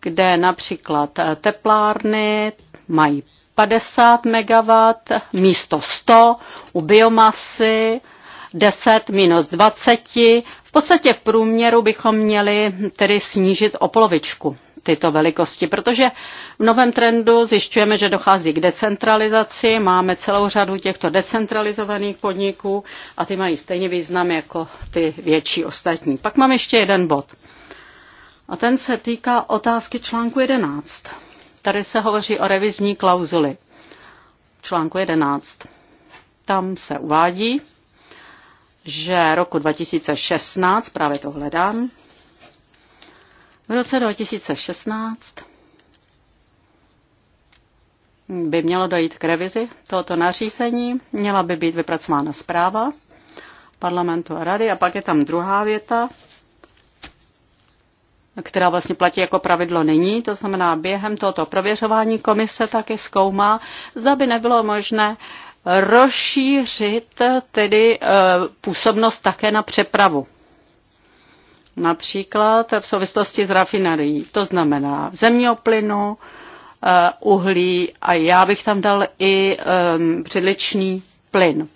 kde například teplárny mají 50 MW místo 100, u biomasy 10 minus 20. V podstatě v průměru bychom měli tedy snížit o polovičku tyto velikosti, protože v novém trendu zjišťujeme, že dochází k decentralizaci, máme celou řadu těchto decentralizovaných podniků a ty mají stejně význam jako ty větší ostatní. Pak mám ještě jeden bod. A ten se týká otázky článku 11. Tady se hovoří o revizní klauzuli článku 11. Tam se uvádí, že roku 2016, právě to hledám, v roce 2016 by mělo dojít k revizi tohoto nařízení, měla by být vypracována zpráva parlamentu a rady a pak je tam druhá věta, která vlastně platí jako pravidlo nyní, to znamená během tohoto prověřování komise taky zkoumá, zda by nebylo možné rozšířit tedy eh, působnost také na přepravu. Například v souvislosti s rafinerií, to znamená zemního eh, uhlí a já bych tam dal i předličný eh, plyn.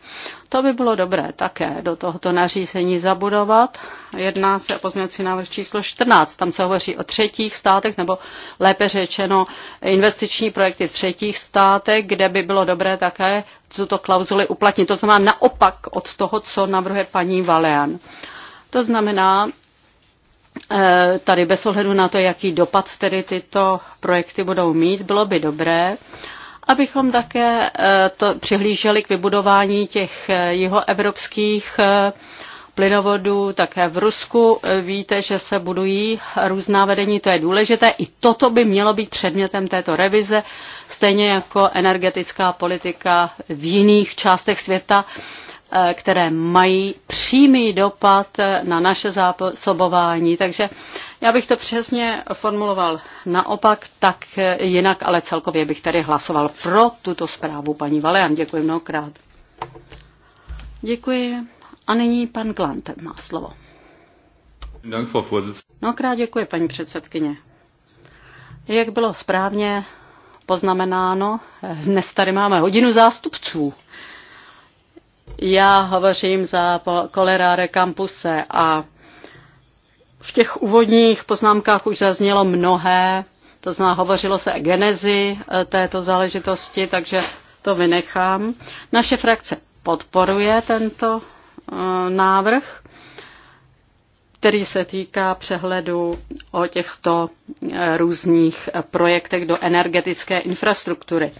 To by bylo dobré také do tohoto nařízení zabudovat. Jedná se o pozměňovací návrh číslo 14. Tam se hovoří o třetích státech, nebo lépe řečeno investiční projekty v třetích státech, kde by bylo dobré také tuto klauzuli uplatnit. To znamená naopak od toho, co navrhuje paní Valean. To znamená, eh, tady bez ohledu na to, jaký dopad tedy tyto projekty budou mít, bylo by dobré, abychom také eh, to přihlíželi k vybudování těch eh, jihoevropských eh, plynovodů také v Rusku. Víte, že se budují různá vedení, to je důležité. I toto by mělo být předmětem této revize, stejně jako energetická politika v jiných částech světa, Eh, které mají přímý dopad na naše zásobování. Takže já bych to přesně formuloval naopak, tak jinak, ale celkově bych tady hlasoval pro tuto zprávu, paní Valean. Děkuji mnohokrát. Děkuji. A nyní pan Glante má slovo. Mnohokrát děkuji, paní předsedkyně. Jak bylo správně poznamenáno, dnes tady máme hodinu zástupců já hovořím za Koleráre Campuse a v těch úvodních poznámkách už zaznělo mnohé, to znamená, hovořilo se o genezi eh, této záležitosti, takže to vynechám. Naše frakce podporuje tento eh, návrh, který se týká přehledu o těchto eh, různých projektech do energetické infrastruktury.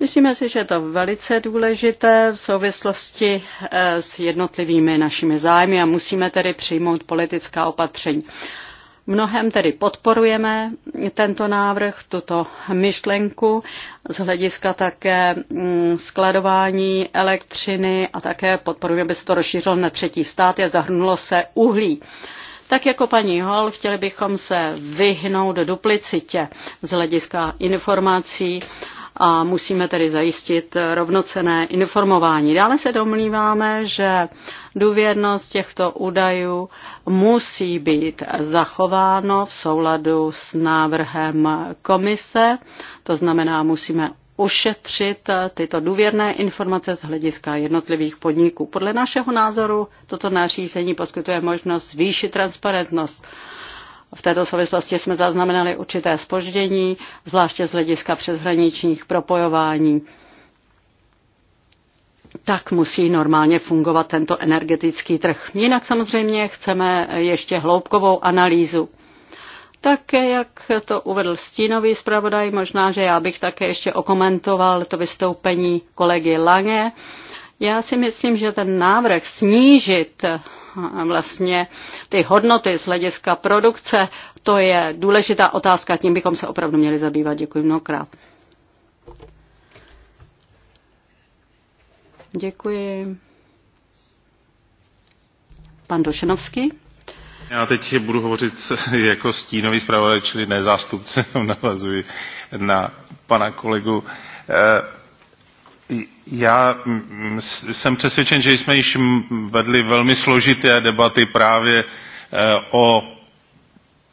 Myslíme si, že je to velice důležité v souvislosti eh, s jednotlivými našimi zájmy a musíme tedy přijmout politická opatření. Mnohem tedy podporujeme tento návrh, tuto myšlenku z hlediska také mm, skladování elektřiny a také podporujeme, aby se to rozšířilo na třetí státy a zahrnulo se uhlí. Tak jako paní Hol, chtěli bychom se vyhnout duplicitě z hlediska informací a musíme tedy zajistit rovnocené informování. Dále se domníváme, že důvěrnost těchto údajů musí být zachováno v souladu s návrhem komise, to znamená, musíme ušetřit tyto důvěrné informace z hlediska jednotlivých podniků. Podle našeho názoru toto nařízení poskytuje možnost zvýšit transparentnost v této souvislosti jsme zaznamenali určité spoždění, zvláště z hlediska přeshraničních propojování. Tak musí normálně fungovat tento energetický trh. Jinak samozřejmě chceme ještě hloubkovou analýzu. Také, jak to uvedl stínový zpravodaj, možná, že já bych také ještě okomentoval to vystoupení kolegy Lange. Já si myslím, že ten návrh snížit vlastně ty hodnoty z hlediska produkce, to je důležitá otázka, tím bychom se opravdu měli zabývat. Děkuji mnohokrát. Děkuji. Pan Došenovský. Já teď budu hovořit jako stínový zpravodaj, čili ne zástupce, navazuji na pana kolegu. Eh, já mm, mm, jsem přesvědčen, že jsme již vedli velmi složité debaty právě eh, o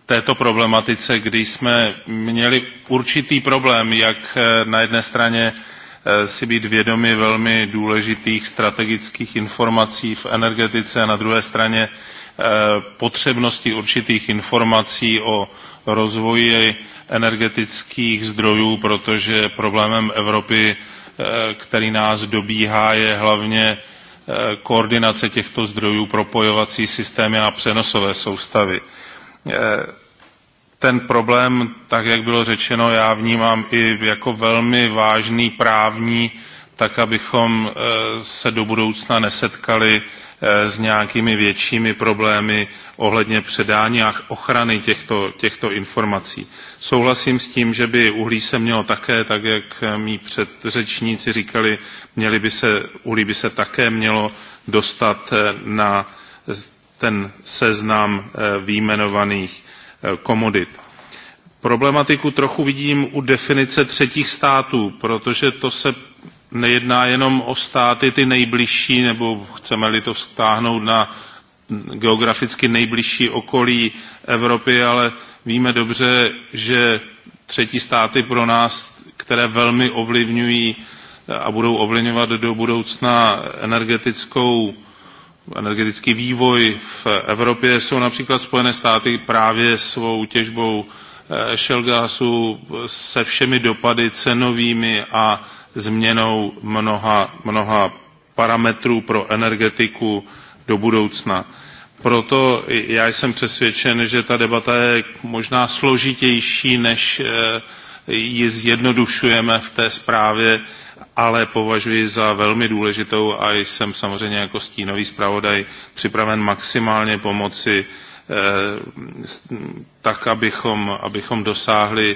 této problematice, kdy jsme měli určitý problém, jak eh, na jedné straně eh, si být vědomi velmi důležitých strategických informací v energetice a na druhé straně potřebnosti určitých informací o rozvoji energetických zdrojů, protože problémem Evropy Eh, který nás dobíhá, je hlavně eh, koordinace těchto zdrojů, propojovací systémy a přenosové soustavy. Eh, ten problém, tak jak bylo řečeno, já vnímám i jako velmi vážný právní tak abychom eh, se do budoucna nesetkali eh, s nějakými většími problémy ohledně předání a ochrany těchto, těchto informací. Souhlasím s tím, že by uhlí se mělo také, tak jak mý předřečníci říkali, měli by se, uhlí by se také mělo dostat eh, na ten seznam výjmenovaných komodit. Problematiku trochu vidím u definice třetích států, protože to se nejedná jenom o státy ty nejbližší, nebo chceme-li to vztáhnout na geograficky nejbližší okolí Evropy, ale víme dobře, že třetí státy pro nás, které velmi ovlivňují a budou ovlivňovat do budoucna energetickou, energetický vývoj v Evropě, jsou například Spojené státy právě svou těžbou shell eh, gasu se všemi dopady cenovými a změnou mnoha, mnoha parametrů pro energetiku do budoucna. Proto já jsem přesvědčen, že ta debata je možná složitější, než eh, ji zjednodušujeme v té zprávě, ale považuji za velmi důležitou a jsem samozřejmě jako stínový zpravodaj připraven maximálně pomoci eh, tak, abychom, abychom dosáhli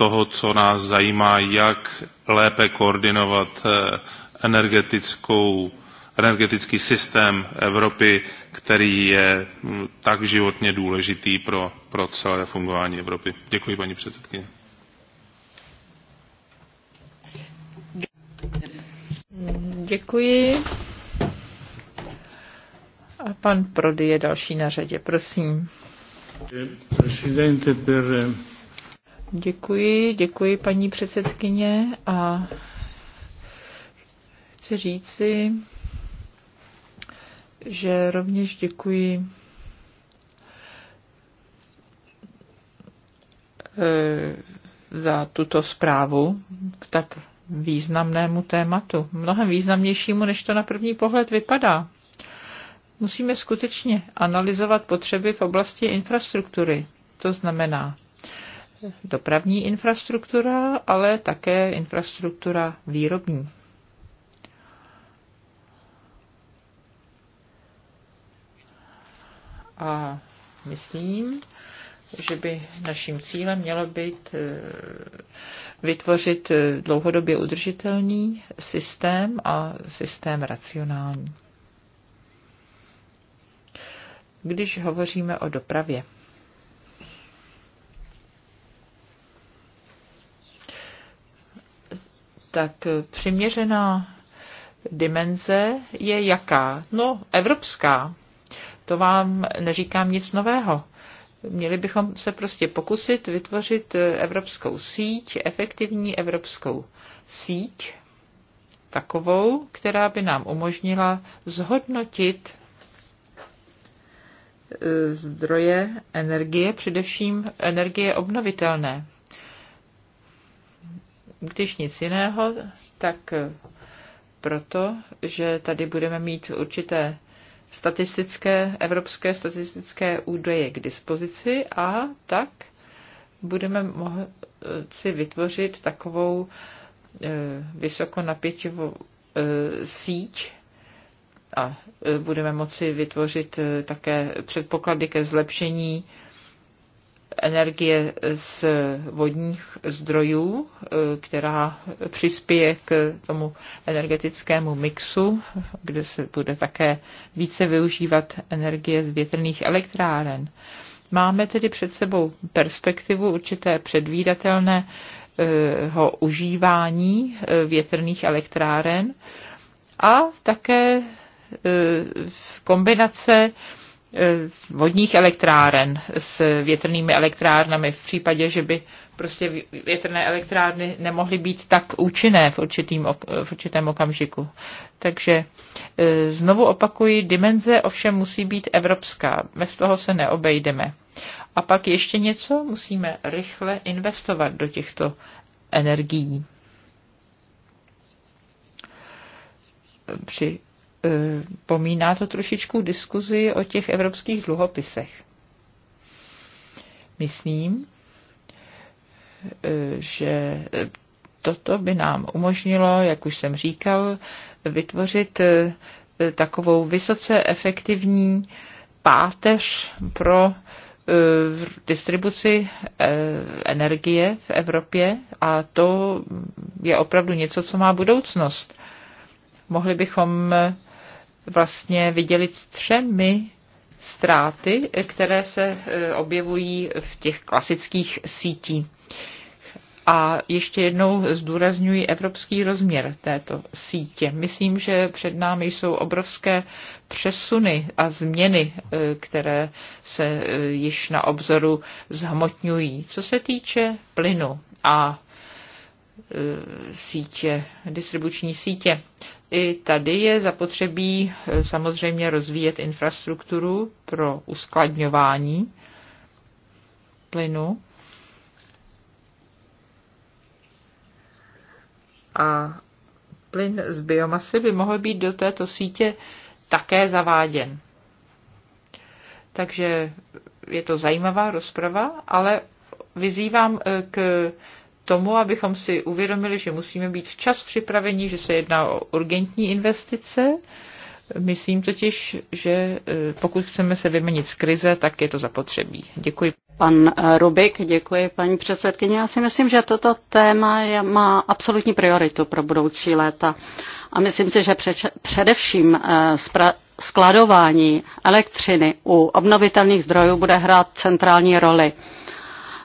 toho, co nás zajímá, jak lépe koordinovat eh, energetickou, energetický systém Evropy, který je hm, tak životně důležitý pro, pro celé fungování Evropy. Děkuji, paní předsedkyně. Děkuji. A pan Prody je další na řadě, prosím. Presidente, per Děkuji, děkuji paní předsedkyně a chci říci, že rovněž děkuji eh, za tuto zprávu k tak významnému tématu. Mnohem významnějšímu, než to na první pohled vypadá. Musíme skutečně analyzovat potřeby v oblasti infrastruktury. To znamená dopravní infrastruktura, ale také infrastruktura výrobní. A myslím, že by naším cílem mělo být eh, vytvořit eh, dlouhodobě udržitelný systém a systém racionální. Když hovoříme o dopravě, tak přiměřená dimenze je jaká? No, evropská. To vám neříkám nic nového. Měli bychom se prostě pokusit vytvořit evropskou síť, efektivní evropskou síť, takovou, která by nám umožnila zhodnotit eh, zdroje energie, především energie obnovitelné když nic jiného, tak proto, že tady budeme mít určité statistické, evropské statistické údaje k dispozici a tak budeme moci vytvořit takovou eh, vysokonapěťovou eh, síť a eh, budeme moci vytvořit také předpoklady ke zlepšení energie z vodních zdrojů, eh, která přispěje k tomu energetickému mixu, kde se bude také více využívat energie z větrných elektráren. Máme tedy před sebou perspektivu určité předvídatelného eh, užívání eh, větrných elektráren a také v kombinace Eh, vodních elektráren s větrnými elektrárnami v případě, že by prostě větrné elektrárny nemohly být tak účinné v, určitým, v určitém okamžiku. Takže eh, znovu opakuji, dimenze ovšem musí být evropská, bez toho se neobejdeme. A pak ještě něco musíme rychle investovat do těchto energií. Při pomíná to trošičku diskuzi o těch evropských dluhopisech. Myslím, že toto by nám umožnilo, jak už jsem říkal, vytvořit eh, takovou vysoce efektivní páteř pro eh, distribuci eh, energie v Evropě a to je opravdu něco, co má budoucnost. Mohli bychom vlastně vydělit třemi ztráty, které se e, objevují v těch klasických sítí. A ještě jednou zdůrazňuji evropský rozměr této sítě. Myslím, že před námi jsou obrovské přesuny a změny, e, které se e, již na obzoru zhmotňují. Co se týče plynu a sítě, distribuční sítě. I tady je zapotřebí eh, samozřejmě rozvíjet infrastrukturu pro uskladňování plynu. A plyn z biomasy by mohl být do této sítě také zaváděn. Takže je to zajímavá rozprava, ale vyzývám eh, k tomu, abychom si uvědomili, že musíme být včas připraveni, že se jedná o urgentní investice. Myslím totiž, že e, pokud chceme se vymenit z krize, tak je to zapotřebí. Děkuji. Pan e, Rubik, děkuji paní předsedkyně. Já si myslím, že toto téma je, má absolutní prioritu pro budoucí léta. A myslím si, že přeč, především e, skladování elektřiny u obnovitelných zdrojů bude hrát centrální roli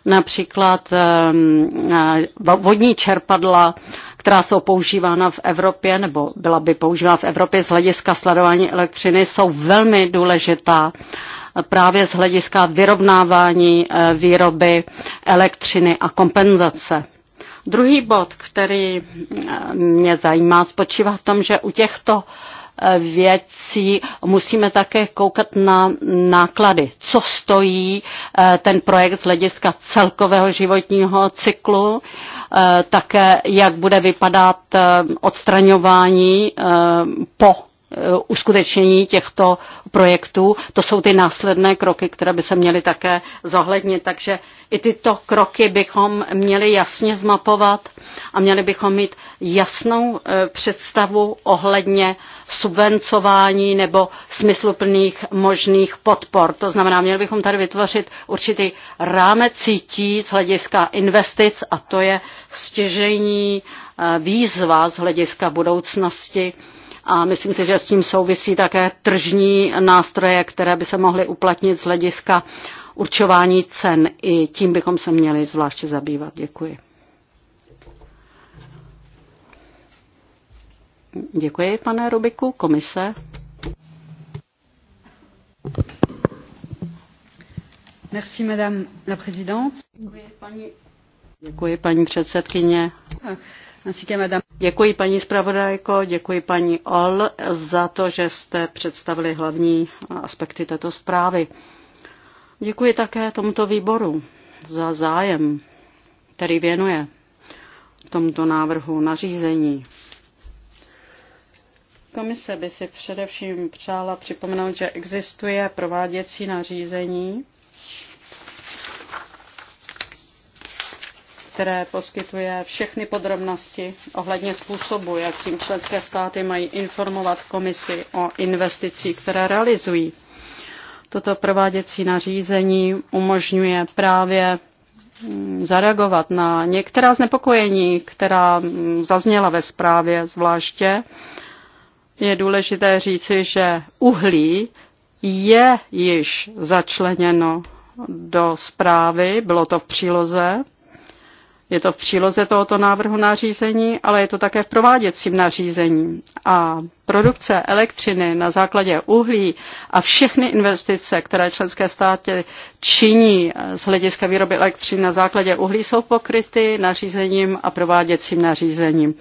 například ehm, eh, vodní čerpadla, která jsou používána v Evropě, nebo byla by používána v Evropě z hlediska sledování elektřiny, jsou velmi důležitá právě z hlediska vyrovnávání eh, výroby elektřiny a kompenzace. Druhý bod, který eh, mě zajímá, spočívá v tom, že u těchto Eh, věcí musíme také koukat na náklady. Co stojí eh, ten projekt z hlediska celkového životního cyklu, eh, také jak bude vypadat odstraňování po Eh, uskutečnění těchto projektů. To jsou ty následné kroky, které by se měly také zohlednit. Takže i tyto kroky bychom měli jasně zmapovat a měli bychom mít jasnou eh, představu ohledně subvencování nebo smysluplných možných podpor. To znamená, měli bychom tady vytvořit určitý rámec sítí z hlediska investic a to je stěžení eh, výzva z hlediska budoucnosti a myslím si, že s tím souvisí také tržní nástroje, které by se mohly uplatnit z hlediska určování cen. I tím bychom se měli zvláště zabývat. Děkuji. Děkuji, pane Rubiku. Komise. Merci, madame la présidente. Děkuji, paní, Děkuji, paní předsedkyně. Ah, Děkuji paní zpravodajko, děkuji paní Ol za to, že jste představili hlavní aspekty této zprávy. Děkuji také tomuto výboru za zájem, který věnuje tomuto návrhu nařízení. Komise by si především přála připomenout, že existuje prováděcí nařízení které poskytuje všechny podrobnosti ohledně způsobu, jakým členské státy mají informovat komisi o investicích, které realizují. Toto prováděcí nařízení umožňuje právě mm, zareagovat na některá znepokojení, která mm, zazněla ve zprávě zvláště. Je důležité říci, že uhlí je již začleněno do zprávy, bylo to v příloze je to v příloze tohoto návrhu nařízení, ale je to také v prováděcím nařízení. A produkce elektřiny na základě uhlí a všechny investice, které členské státy činí eh, z hlediska výroby elektřiny na základě uhlí, jsou pokryty nařízením a prováděcím nařízením.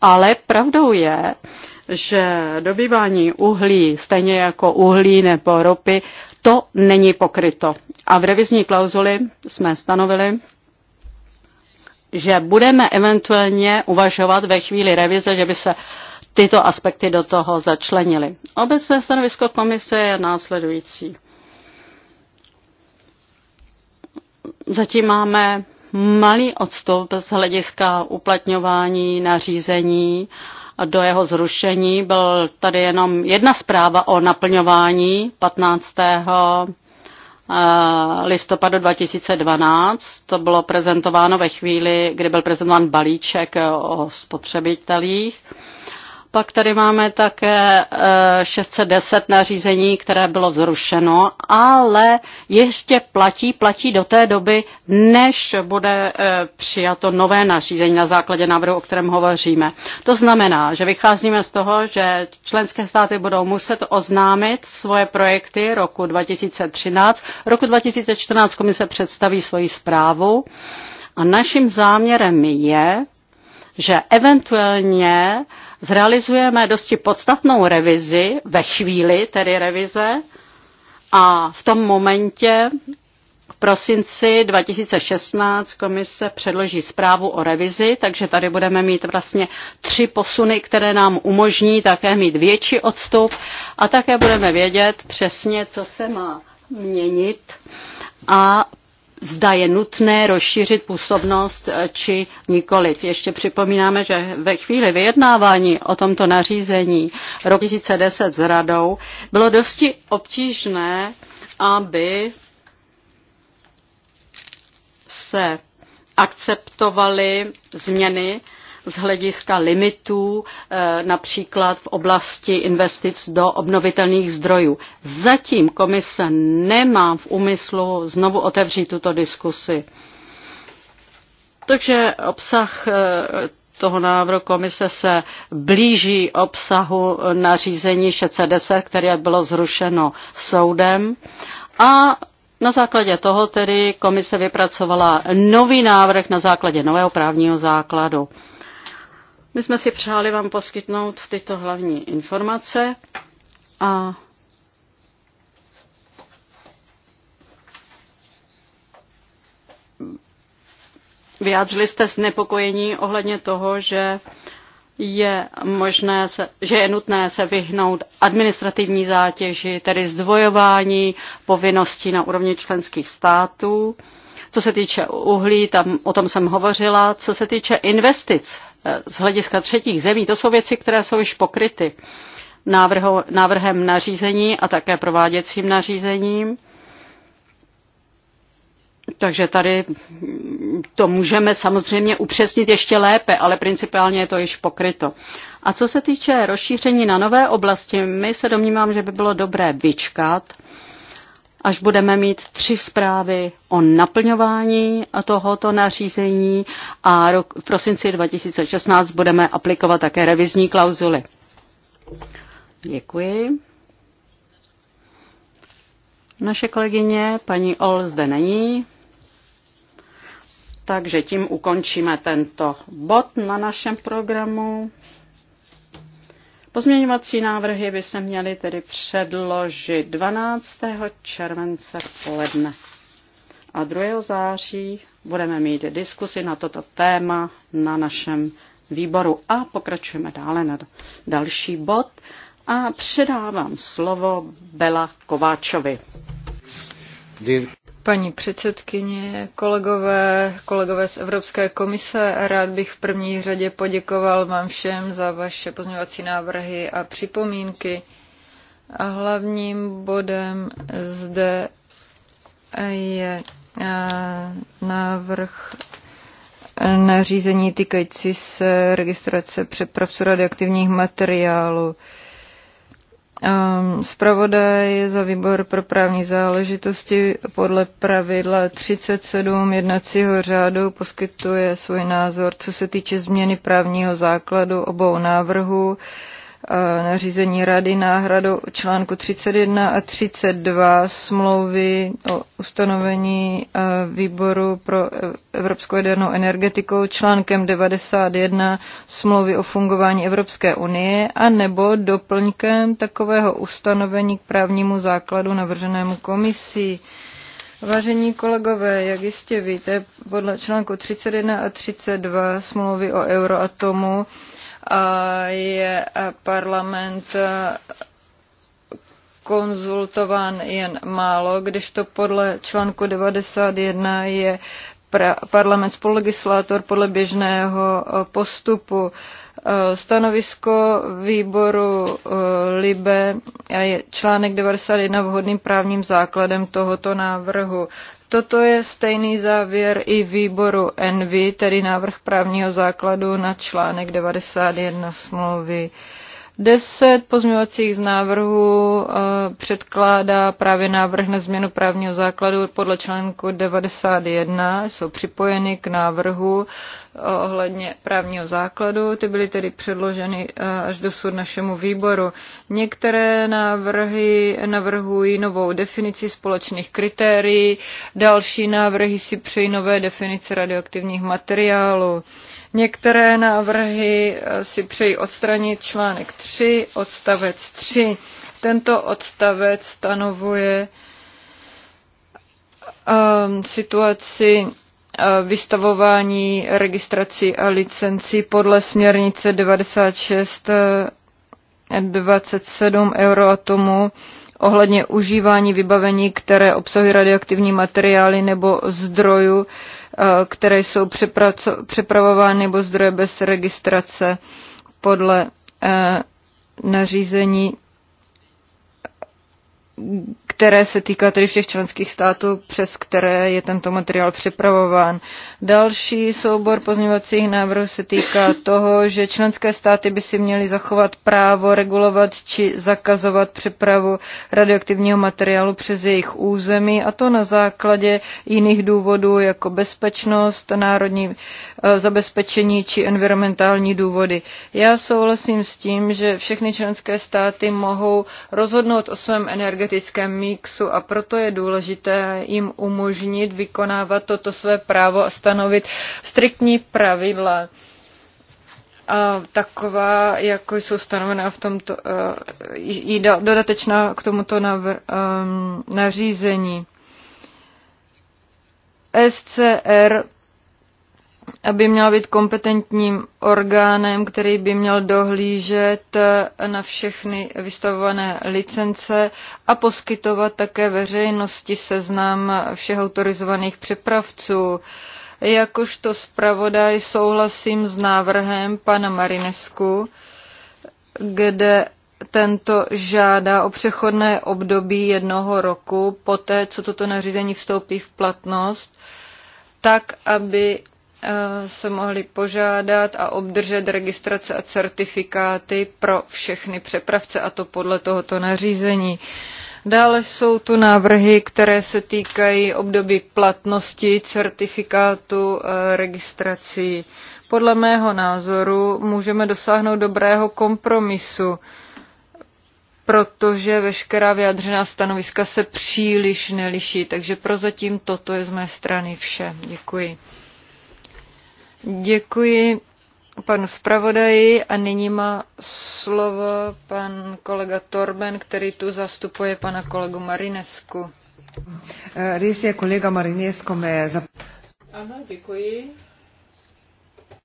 Ale pravdou je, že dobývání uhlí, stejně jako uhlí nebo ropy, to není pokryto. A v revizní klauzuli jsme stanovili, že budeme eventuálně uvažovat ve chvíli revize, že by se tyto aspekty do toho začlenily. Obecné stanovisko komise je následující. Zatím máme malý odstup z hlediska uplatňování nařízení do jeho zrušení. Byl tady jenom jedna zpráva o naplňování 15 listopadu 2012. To bylo prezentováno ve chvíli, kdy byl prezentován balíček eh, o spotřebitelích. Pak tady máme také 610 eh, nařízení, které bylo zrušeno, ale ještě platí, platí do té doby, než bude eh, přijato nové nařízení na základě návrhu, o kterém hovoříme. To znamená, že vycházíme z toho, že členské státy budou muset oznámit svoje projekty roku 2013. Roku 2014 komise představí svoji zprávu a naším záměrem je, že eventuálně zrealizujeme dosti podstatnou revizi, ve chvíli tedy revize, a v tom momentě v prosinci 2016 komise předloží zprávu o revizi, takže tady budeme mít vlastně tři posuny, které nám umožní také mít větší odstup a také budeme vědět přesně, co se má měnit a zda je nutné rozšířit působnost eh, či nikoliv. Ještě připomínáme, že ve chvíli vyjednávání o tomto nařízení roku 2010 s radou bylo dosti obtížné, aby se akceptovaly změny z hlediska limitů eh, například v oblasti investic do obnovitelných zdrojů. Zatím komise nemá v úmyslu znovu otevřít tuto diskusi. Takže obsah eh, toho návrhu komise se blíží obsahu nařízení 610, které bylo zrušeno soudem. A na základě toho tedy komise vypracovala nový návrh na základě nového právního základu. My jsme si přáli vám poskytnout tyto hlavní informace a vyjádřili jste znepokojení ohledně toho, že je možné, se, že je nutné se vyhnout administrativní zátěži, tedy zdvojování povinností na úrovni členských států. Co se týče uhlí, tam o tom jsem hovořila. Co se týče investic eh, z hlediska třetích zemí, to jsou věci, které jsou již pokryty návrhu, návrhem nařízení a také prováděcím nařízením. Takže tady to můžeme samozřejmě upřesnit ještě lépe, ale principiálně je to již pokryto. A co se týče rozšíření na nové oblasti, my se domnívám, že by bylo dobré vyčkat až budeme mít tři zprávy o naplňování tohoto nařízení a rok, v prosinci 2016 budeme aplikovat také revizní klauzuly. Děkuji. Naše kolegyně paní Ol zde není, takže tím ukončíme tento bod na našem programu. Pozměňovací návrhy by se měly tedy předložit 12. července v poledne. A 2. září budeme mít diskusi na toto téma na našem výboru a pokračujeme dále na další bod a předávám slovo Bela Kováčovi paní předsedkyně, kolegové, kolegové z Evropské komise. Rád bych v první řadě poděkoval vám všem za vaše pozměňovací návrhy a připomínky. A hlavním bodem zde je návrh nařízení týkající se registrace přepravců radioaktivních materiálů. Ehm, zpravodaj za výbor pro právní záležitosti podle pravidla 37 jednacího řádu poskytuje svůj názor, co se týče změny právního základu obou návrhů. Uh, Eh, nařízení rady náhradu článku 31 a 32 smlouvy o ustanovení eh, výboru pro eh, Evropskou jadernou energetikou článkem 91 smlouvy o fungování Evropské unie a nebo doplňkem takového ustanovení k právnímu základu navrženému komisí. Vážení kolegové, jak jistě víte, podle článku 31 a 32 smlouvy o Euroatomu je parlament konzultován jen málo, když to podle článku 91 je parlament spolegislátor podle běžného postupu. Uh, Eh, stanovisko výboru eh, LIBE je článek 91 vhodným právním základem tohoto návrhu. Toto je stejný závěr i výboru ENVY, tedy návrh právního základu na článek 91 smlouvy. Deset pozměňovacích z návrhů eh, předkládá právě návrh na změnu právního základu podle článku 91, jsou připojeny k návrhu eh, ohledně právního základu. Ty byly tedy předloženy eh, až dosud našemu výboru. Některé návrhy navrhují novou definici společných kritérií, další návrhy si přejí nové definice radioaktivních materiálů. Některé návrhy eh, si přejí odstranit článek 3, odstavec 3. Tento odstavec stanovuje um, situaci eh, vystavování, registraci a licenci podle směrnice 96 27 euroatomu ohledně užívání vybavení, které obsahují radioaktivní materiály nebo zdrojů, Eh, které jsou přepravovány nebo zdroje bez registrace podle eh, nařízení které se týká tedy všech členských států, přes které je tento materiál připravován. Další soubor pozměňovacích návrhů se týká toho, že členské státy by si měly zachovat právo regulovat či zakazovat přepravu radioaktivního materiálu přes jejich území, a to na základě jiných důvodů, jako bezpečnost, národní eh, zabezpečení či environmentální důvody. Já souhlasím s tím, že všechny členské státy mohou rozhodnout o svém energetickém politickém mixu a proto je důležité jim umožnit vykonávat toto své právo a stanovit striktní pravidla. A taková, jako jsou stanovená v tomto, i eh, dodatečná k tomuto navr, um, nařízení. SCR aby měla být kompetentním orgánem, který by měl dohlížet eh, na všechny vystavované licence a poskytovat také veřejnosti seznam všech autorizovaných přepravců. Jakožto zpravodaj souhlasím s návrhem pana Marinesku, kde tento žádá o přechodné období jednoho roku poté, co toto nařízení vstoupí v platnost, tak, aby Eh, se mohli požádat a obdržet registrace a certifikáty pro všechny přepravce, a to podle tohoto nařízení. Dále jsou tu návrhy, které se týkají období platnosti certifikátu eh, registrací. Podle mého názoru můžeme dosáhnout dobrého kompromisu, protože veškerá vyjadřená stanoviska se příliš neliší. Takže prozatím toto je z mé strany vše. Děkuji. Děkuji panu zpravodaji a nyní má slovo pan kolega Torben, který tu zastupuje pana kolegu Marinesku. Eh, Rys je, kolega Marinesko mé za... Ano, děkuji.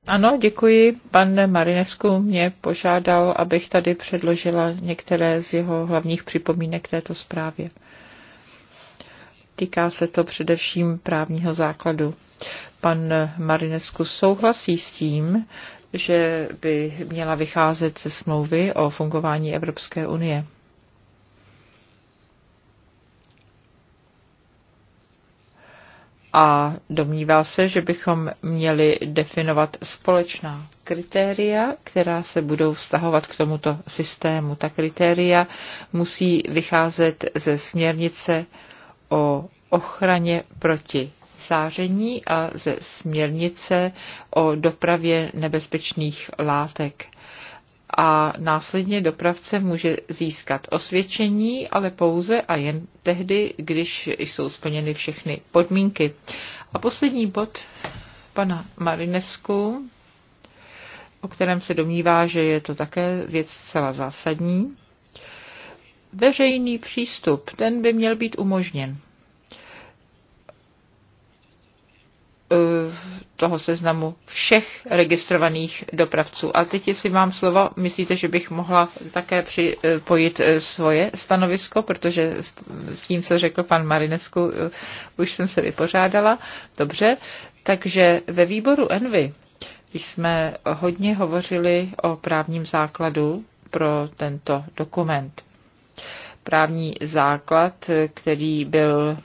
Ano, děkuji. Pan Marinesku mě požádal, abych tady předložila některé z jeho hlavních připomínek této zprávě. Týká se to především právního základu Pan Marinescu souhlasí s tím, že by měla vycházet ze smlouvy o fungování Evropské unie. a domnívá se, že bychom měli definovat společná kritéria, která se budou vztahovat k tomuto systému. Ta kritéria musí vycházet ze směrnice o ochraně proti záření a ze směrnice o dopravě nebezpečných látek. A následně dopravce může získat osvědčení, ale pouze a jen tehdy, když jsou splněny všechny podmínky. A poslední bod pana Marinesku, o kterém se domnívá, že je to také věc zcela zásadní. Veřejný přístup, ten by měl být umožněn. E, toho seznamu všech registrovaných dopravců. A teď, jestli mám slovo, myslíte, že bych mohla také připojit e, svoje stanovisko, protože s tím, co řekl pan Marinesku, e, už jsem se vypořádala. Dobře, takže ve výboru Envy jsme hodně hovořili o právním základu pro tento dokument. Právní základ, který byl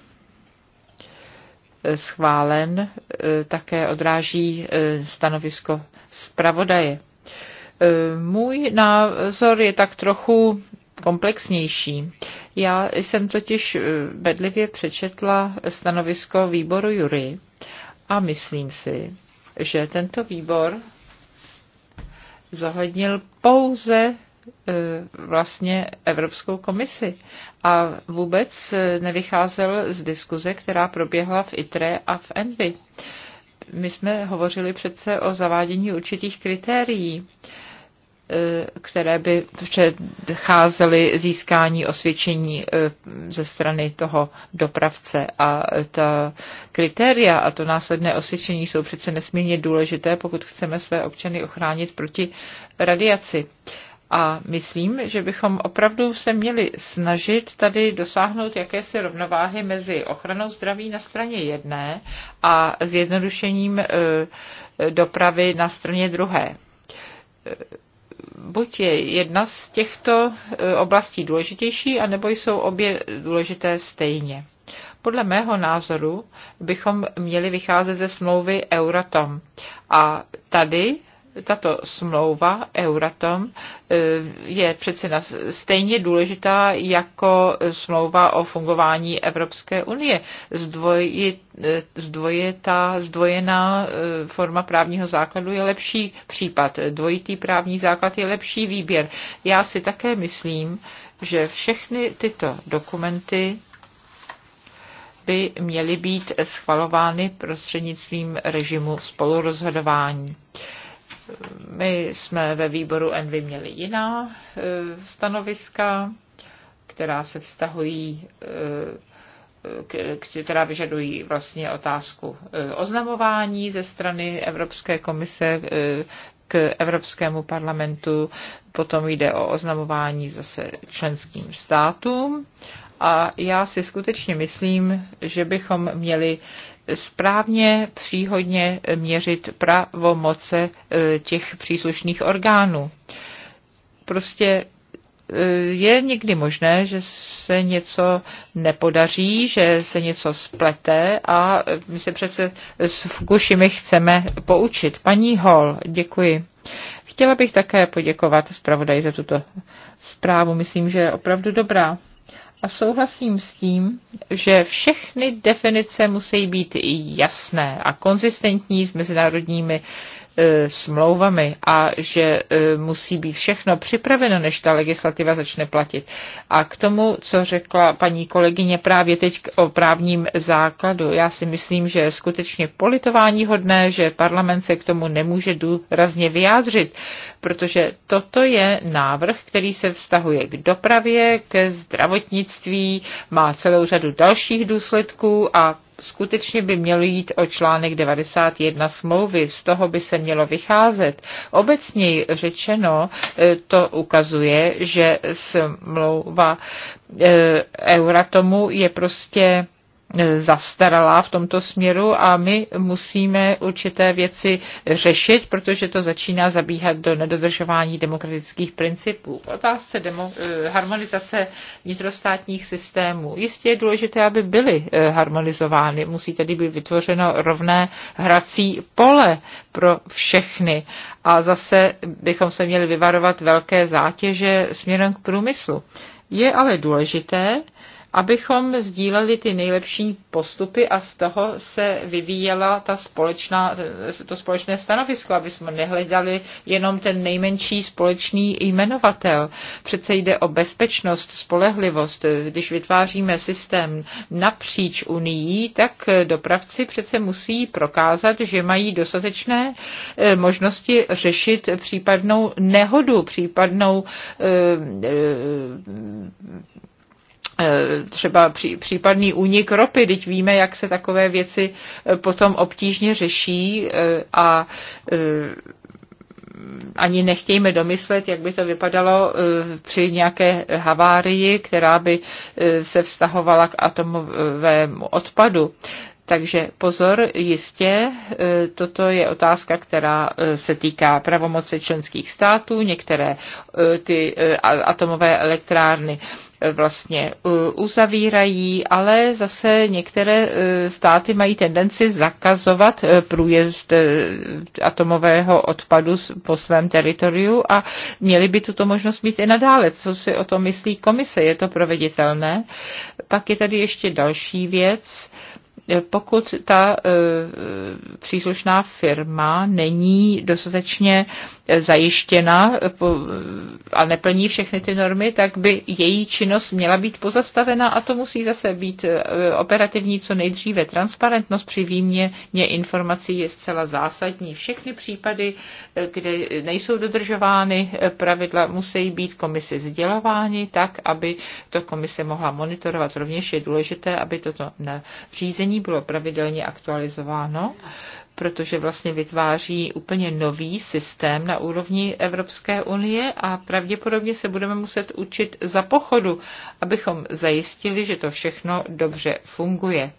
schválen, e, také odráží e, stanovisko zpravodaje. E, můj názor je tak trochu komplexnější. Já jsem totiž bedlivě přečetla stanovisko výboru Jury a myslím si, že tento výbor zohlednil pouze E, vlastně Evropskou komisi a vůbec e, nevycházel z diskuze, která proběhla v ITRE a v ENVY. My jsme hovořili přece o zavádění určitých kritérií, e, které by předcházely získání osvědčení ze strany toho dopravce. A ta kritéria a to následné osvědčení jsou přece nesmírně důležité, pokud chceme své občany ochránit proti radiaci. A myslím, že bychom opravdu se měli snažit tady dosáhnout jakési rovnováhy mezi ochranou zdraví na straně jedné a zjednodušením e, dopravy na straně druhé. E, buď je jedna z těchto e, oblastí důležitější, anebo jsou obě důležité stejně. Podle mého názoru bychom měli vycházet ze smlouvy Euratom. A tady tato smlouva Euratom eh, je přece stejně důležitá jako smlouva o fungování Evropské unie. Eh, zdvojitá, zdvojená eh, forma právního základu je lepší případ. Dvojitý právní základ je lepší výběr. Já si také myslím, že všechny tyto dokumenty by měly být schvalovány prostřednictvím režimu spolurozhodování. My jsme ve výboru Envy měli jiná eh, stanoviska, která se vztahují eh, která vyžadují vlastně otázku eh, oznamování ze strany Evropské komise k Evropskému parlamentu, potom jde o oznamování zase členským státům. A já si skutečně myslím, že bychom měli správně, příhodně měřit pravomoce eh, těch příslušných orgánů. Prostě eh, je někdy možné, že se něco nepodaří, že se něco splete a my se přece s Fukushimi chceme poučit. Paní Hall, děkuji. Chtěla bych také poděkovat zpravodaji za tuto zprávu. Myslím, že je opravdu dobrá a souhlasím s tím, že všechny definice musí být jasné a konzistentní s mezinárodními E, smlouvami a že e, musí být všechno připraveno, než ta legislativa začne platit. A k tomu, co řekla paní kolegyně právě teď o právním základu, já si myslím, že je skutečně politování hodné, že parlament se k tomu nemůže důrazně vyjádřit, protože toto je návrh, který se vztahuje k dopravě, ke zdravotnictví, má celou řadu dalších důsledků a skutečně by mělo jít o článek 91 smlouvy, z toho by se mělo vycházet. Obecně řečeno e, to ukazuje, že smlouva e, Euratomu je prostě E, zastaralá v tomto směru a my musíme určité věci řešit, protože to začíná zabíhat do nedodržování demokratických principů. V otázce demo, e, harmonizace vnitrostátních systémů. Jistě je důležité, aby byly e, harmonizovány. Musí tedy být vytvořeno rovné hrací pole pro všechny. A zase bychom se měli vyvarovat velké zátěže směrem k průmyslu. Je ale důležité, abychom sdíleli ty nejlepší postupy a z toho se vyvíjela ta společná, to společné stanovisko, aby jsme nehledali jenom ten nejmenší společný jmenovatel. Přece jde o bezpečnost, spolehlivost. Když vytváříme systém napříč Unii, tak dopravci přece musí prokázat, že mají dostatečné eh, možnosti řešit případnou nehodu, případnou eh, eh, Eh, třeba pří, případný únik ropy, teď víme, jak se takové věci eh, potom obtížně řeší eh, a ani nechtějme domyslet, jak by to vypadalo při nějaké havárii, která by se vztahovala k atomovému odpadu. Takže pozor, jistě, toto je otázka, která se týká pravomoce členských států, některé ty atomové elektrárny vlastně eh, uzavírají, ale zase některé eh, státy mají tendenci zakazovat eh, průjezd atomového odpadu po svém teritoriu a měli by tuto možnost mít i nadále. Co si o tom myslí komise? Je to proveditelné? Pak je tady ještě další věc pokud ta e, příslušná firma není dostatečně zajištěna a neplní všechny ty normy, tak by její činnost měla být pozastavena a to musí zase být e, operativní co nejdříve. Transparentnost při výměně informací je zcela zásadní. Všechny případy, e, kde nejsou dodržovány pravidla, musí být komisi sdělovány tak, aby to komise mohla monitorovat. Rovněž je důležité, aby toto řízení bylo pravidelně aktualizováno, protože vlastně vytváří úplně nový systém na úrovni Evropské unie a pravděpodobně se budeme muset učit za pochodu, abychom zajistili, že to všechno dobře funguje.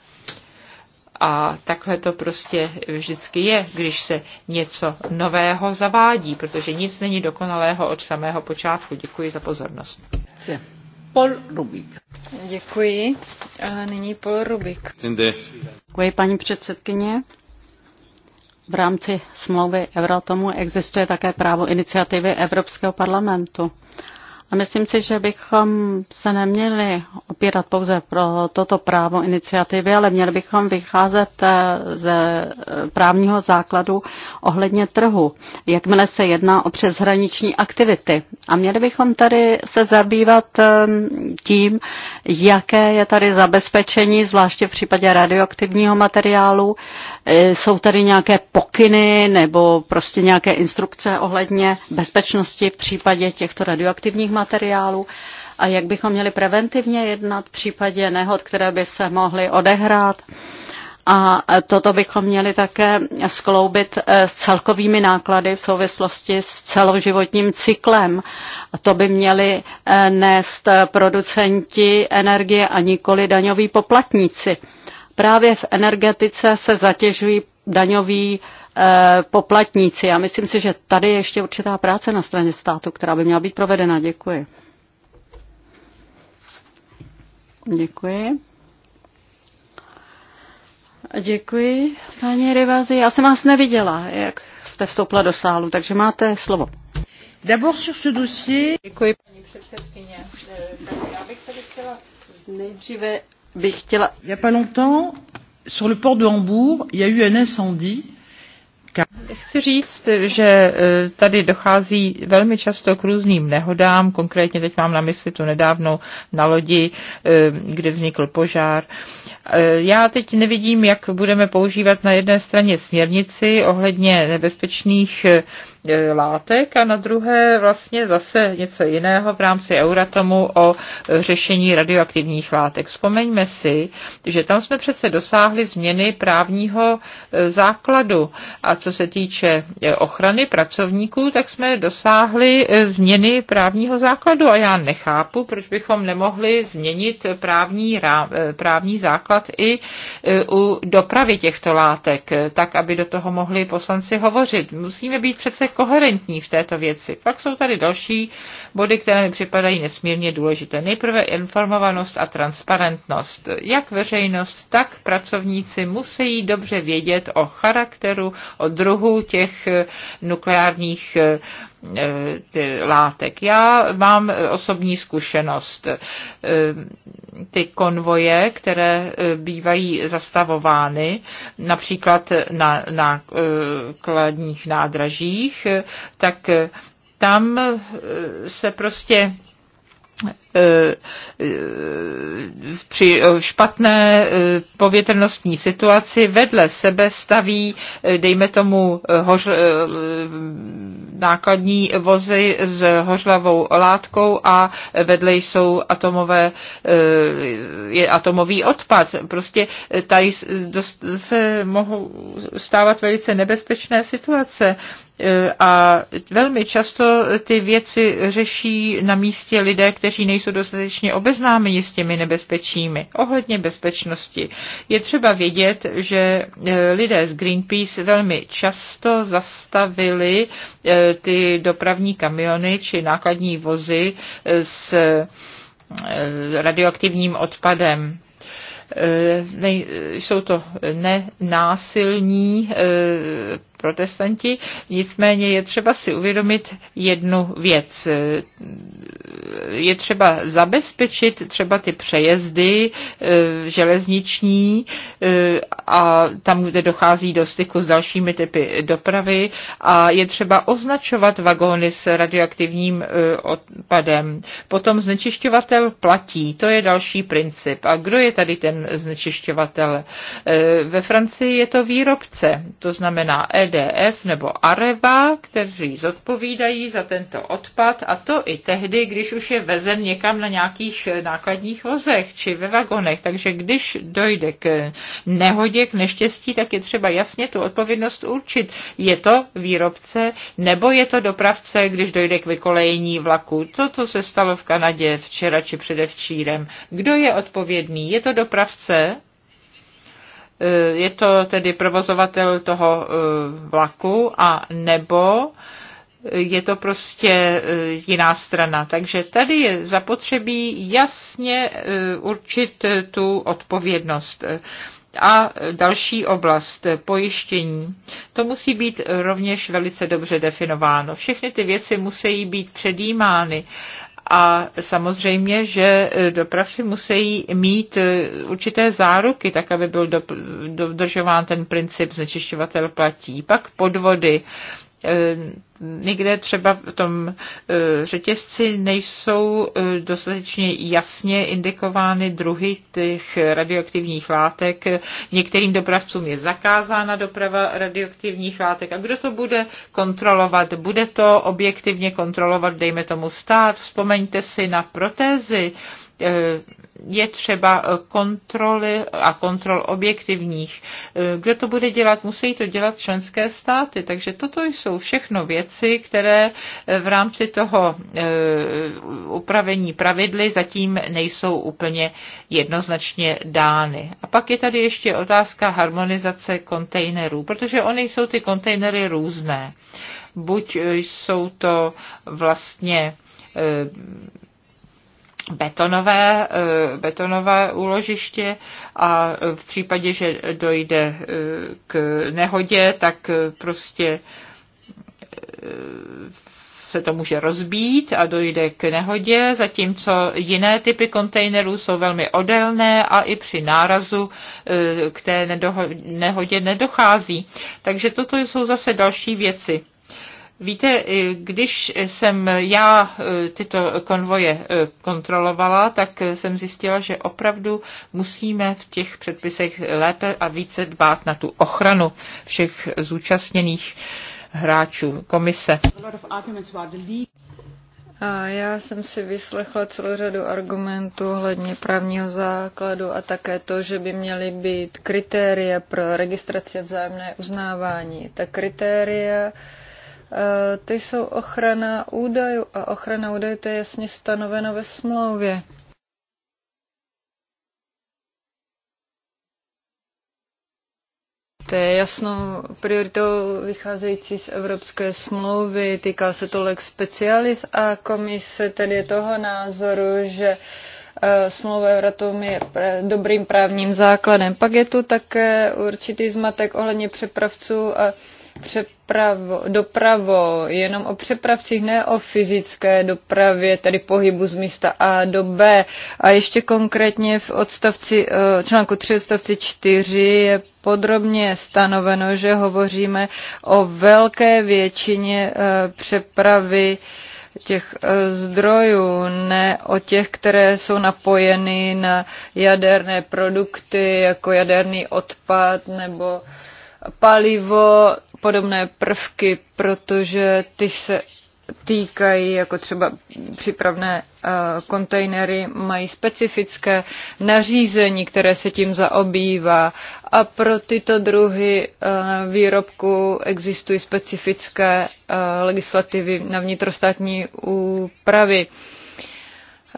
A takhle to prostě vždycky je, když se něco nového zavádí, protože nic není dokonalého od samého počátku. Děkuji za pozornost. Paul Rubik. Děkuji. A nyní Paul Rubik. Děkuji, paní předsedkyně. V rámci smlouvy Euratomu existuje také právo iniciativy Evropského parlamentu. A myslím si, že bychom se neměli opírat pouze pro toto právo iniciativy, ale měli bychom vycházet eh, ze právního základu ohledně trhu, jakmile se jedná o přeshraniční aktivity. A měli bychom tady se zabývat eh, tím, jaké je tady zabezpečení, zvláště v případě radioaktivního materiálu. Eh, jsou tady nějaké pokyny nebo prostě nějaké instrukce ohledně bezpečnosti v případě těchto radioaktivních materiálů materiálu a jak bychom měli preventivně jednat v případě nehod, které by se mohly odehrát. A toto bychom měli také skloubit eh, s celkovými náklady v souvislosti s celoživotním cyklem. To by měli eh, nést eh, producenti energie a nikoli daňoví poplatníci. Právě v energetice se zatěžují daňoví Eh, poplatníci. Já myslím si, že tady je ještě určitá práce na straně státu, která by měla být provedena. Děkuji. Děkuji. Děkuji, paní Rivazi. Já jsem vás neviděla, jak jste vstoupila do sálu, takže máte slovo. D'abord sur ce dossier. Děkuji, paní předsedkyně. Já bych tady chtěla nejdříve bych chtěla... Il n'y a pas longtemps, sur le port de Hambourg, il y a eu un incendie Chci říct, že e, tady dochází velmi často k různým nehodám, konkrétně teď mám na mysli tu nedávnou na lodi, e, kde vznikl požár E, já teď nevidím, jak budeme používat na jedné straně směrnici ohledně nebezpečných e, látek a na druhé vlastně zase něco jiného v rámci Euratomu o řešení radioaktivních látek. Vzpomeňme si, že tam jsme přece dosáhli změny právního e, základu a co se týče ochrany pracovníků, tak jsme dosáhli změny právního základu a já nechápu, proč bychom nemohli změnit právní, rám, právní základ dělat i e, u dopravy těchto látek, e, tak aby do toho mohli poslanci hovořit. Musíme být přece koherentní v této věci. Pak jsou tady další body, které mi připadají nesmírně důležité. Nejprve informovanost a transparentnost. Jak veřejnost, tak pracovníci musí dobře vědět o charakteru, o druhu těch e, nukleárních E, ty látek. Já mám osobní zkušenost. E, ty konvoje, které e, bývají zastavovány, například na nákladních nádražích, tak tam se prostě E, e, při špatné e, povětrnostní situaci vedle sebe staví, dejme tomu, hoř, nákladní vozy s hořlavou látkou a vedle jsou atomové, je atomový odpad. Prostě tady se mohou stávat velice nebezpečné situace a velmi často ty věci řeší na místě lidé, kteří nejsou nejsou dostatečně obeznámeni s těmi nebezpečími. Ohledně bezpečnosti je třeba vědět, že e, lidé z Greenpeace velmi často zastavili e, ty dopravní kamiony či nákladní vozy e, s radioaktivním odpadem ne, jsou to nenásilní protestanti. Nicméně je třeba si uvědomit jednu věc. Je třeba zabezpečit třeba ty přejezdy eh, železniční eh, a tam, kde dochází do styku s dalšími typy dopravy a je třeba označovat vagóny s radioaktivním eh, odpadem. Potom znečišťovatel platí, to je další princip. A kdo je tady ten znečišťovatel? Ve Francii je to výrobce, to znamená EDF nebo Areva, kteří zodpovídají za tento odpad a to i tehdy, když už je vezen někam na nějakých nákladních vozech či ve vagonech. Takže když dojde k nehodě, k neštěstí, tak je třeba jasně tu odpovědnost určit. Je to výrobce nebo je to dopravce, když dojde k vykolejení vlaku. To, co se stalo v Kanadě včera či předevčírem. Kdo je odpovědný? Je to dopravce Eh, je to tedy provozovatel toho eh, vlaku a nebo eh, je to prostě jiná strana. Takže tady je zapotřebí jasně určit tu odpovědnost. A další oblast pojištění. To musí být rovněž velice dobře definováno. Všechny ty věci musí být předjímány a samozřejmě, že eh, dopravci musí mít eh, určité záruky, tak aby byl dodržován ten princip znečišťovatel platí. Pak podvody, Eh, někde třeba v tom eh, řetězci nejsou eh, dostatečně jasně indikovány druhy těch radioaktivních látek. Některým dopravcům je zakázána doprava radioaktivních látek. A kdo to bude kontrolovat? Bude to objektivně kontrolovat, dejme tomu, stát. Vzpomeňte si na protézy Eh, je třeba eh, kontroly a kontrol objektivních. Eh, kdo to bude dělat? Musí to dělat členské státy. Takže toto jsou všechno věci, které v rámci toho upravení pravidly zatím nejsou úplně jednoznačně dány. A pak je tady ještě otázka harmonizace kontejnerů, protože oni jsou ty kontejnery různé. Buď jsou to vlastně betonové, eh, betonové úložiště a v případě, že dojde eh, k nehodě, tak eh, prostě se to může rozbít a dojde k nehodě, zatímco jiné typy kontejnerů jsou velmi odelné a i při nárazu k té nehodě nedochází. Takže toto jsou zase další věci. Víte, když jsem já e, tyto konvoje e, kontrolovala, tak jsem zjistila, že opravdu musíme v těch předpisech lépe a více dbát na tu ochranu všech zúčastněných hráčů komise. A já jsem si vyslechla celou řadu argumentů hledně právního základu a také to, že by měly být kritéria pro registraci a vzájemné uznávání. Ta kritéria Eh, ty jsou ochrana údajů a ochrana údajů to je jasně stanoveno ve smlouvě. To je jasnou prioritou vycházející z Evropské smlouvy, týká se to lex specialis a komise tedy je toho názoru, že eh, smlouva Euratom je dobrým právním základem. Pak je tu také určitý zmatek ohledně přepravců a přepravo, dopravo, jenom o přepravcích, ne o fyzické dopravě, tedy pohybu z místa A do B. A ještě konkrétně v odstavci, eh, článku 3 odstavci 4 je podrobně stanoveno, že hovoříme o velké většině eh, přepravy těch eh, zdrojů, ne o těch, které jsou napojeny na jaderné produkty, jako jaderný odpad nebo palivo, podobné prvky, protože ty se týkají, jako třeba přípravné eh, kontejnery, mají specifické nařízení, které se tím zaobývá. A pro tyto druhy eh, výrobku existují specifické eh, legislativy na vnitrostátní úpravy.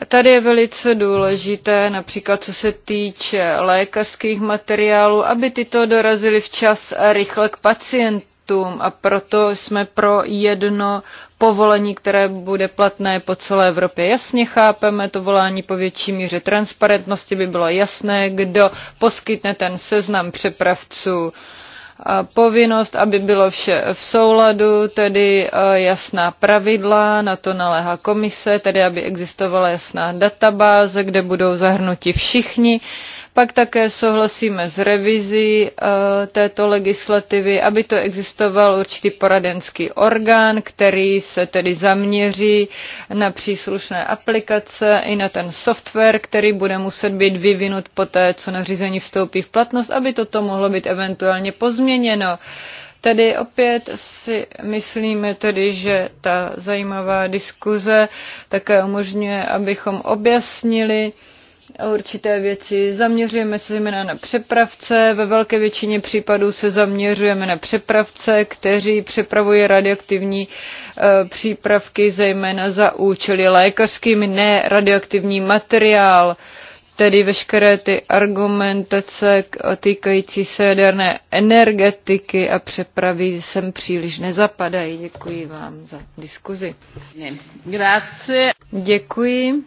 Tady je velice důležité, například co se týče lékařských materiálů, aby tyto dorazily včas a rychle k pacientům a proto jsme pro jedno povolení, které bude platné po celé Evropě. Jasně chápeme to volání po větší míře transparentnosti, by bylo jasné, kdo poskytne ten seznam přepravců povinnost, aby bylo vše v souladu, tedy e, jasná pravidla, na to naléhá komise, tedy aby existovala jasná databáze, kde budou zahrnuti všichni pak také souhlasíme s revizí eh, této legislativy, aby to existoval určitý poradenský orgán, který se tedy zaměří na příslušné aplikace i na ten software, který bude muset být vyvinut poté, co nařízení vstoupí v platnost, aby toto mohlo být eventuálně pozměněno. Tedy opět si myslíme tedy, že ta zajímavá diskuze také umožňuje, abychom objasnili, určité věci. Zaměřujeme se zejména na přepravce, ve velké většině případů se zaměřujeme na přepravce, kteří přepravují radioaktivní e, přípravky zejména za účely lékařskými, ne radioaktivní materiál tedy veškeré ty argumentace týkající se jaderné energetiky a přepravy sem příliš nezapadají. Děkuji vám za diskuzi. Grazie. Děkuji.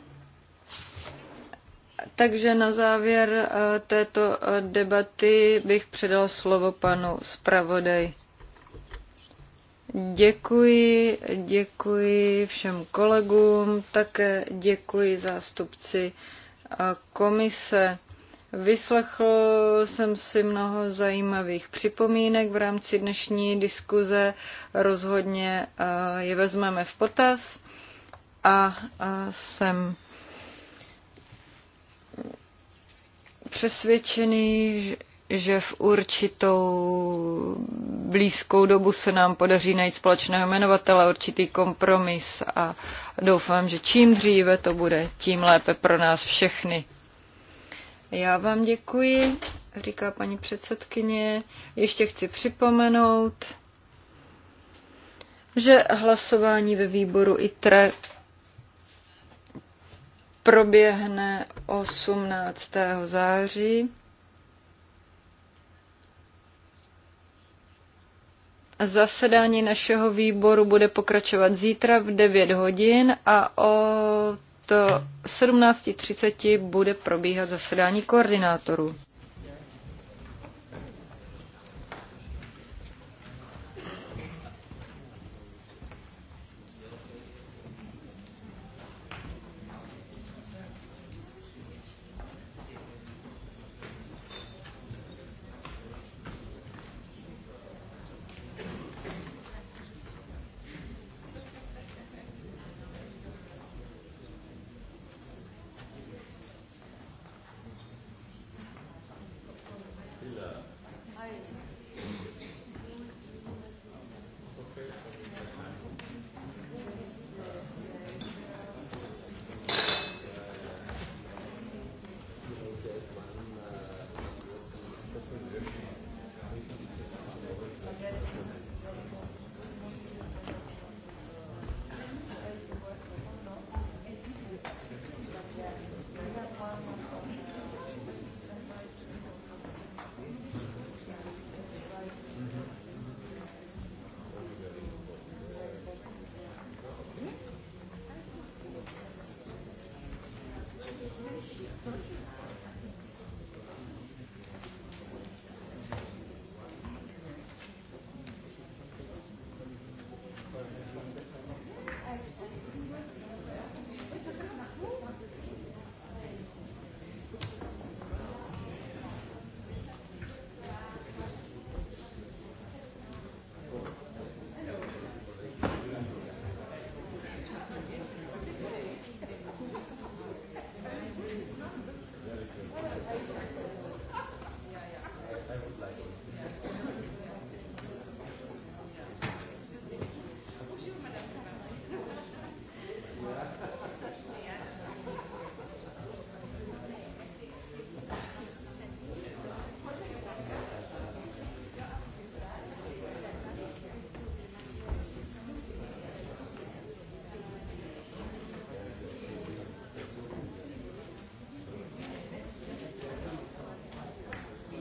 Takže na závěr eh, této eh, debaty bych předala slovo panu zpravodaj. Děkuji, děkuji všem kolegům, také děkuji zástupci eh, komise. Vyslechl jsem si mnoho zajímavých připomínek v rámci dnešní diskuze. Rozhodně je vezmeme v potaz a jsem přesvědčený, že v určitou blízkou dobu se nám podaří najít společného jmenovatele, určitý kompromis a doufám, že čím dříve to bude, tím lépe pro nás všechny. Já vám děkuji, říká paní předsedkyně. Ještě chci připomenout, že hlasování ve výboru ITRE proběhne 18. září. Zasedání našeho výboru bude pokračovat zítra v 9 hodin a od 17.30 bude probíhat zasedání koordinátorů.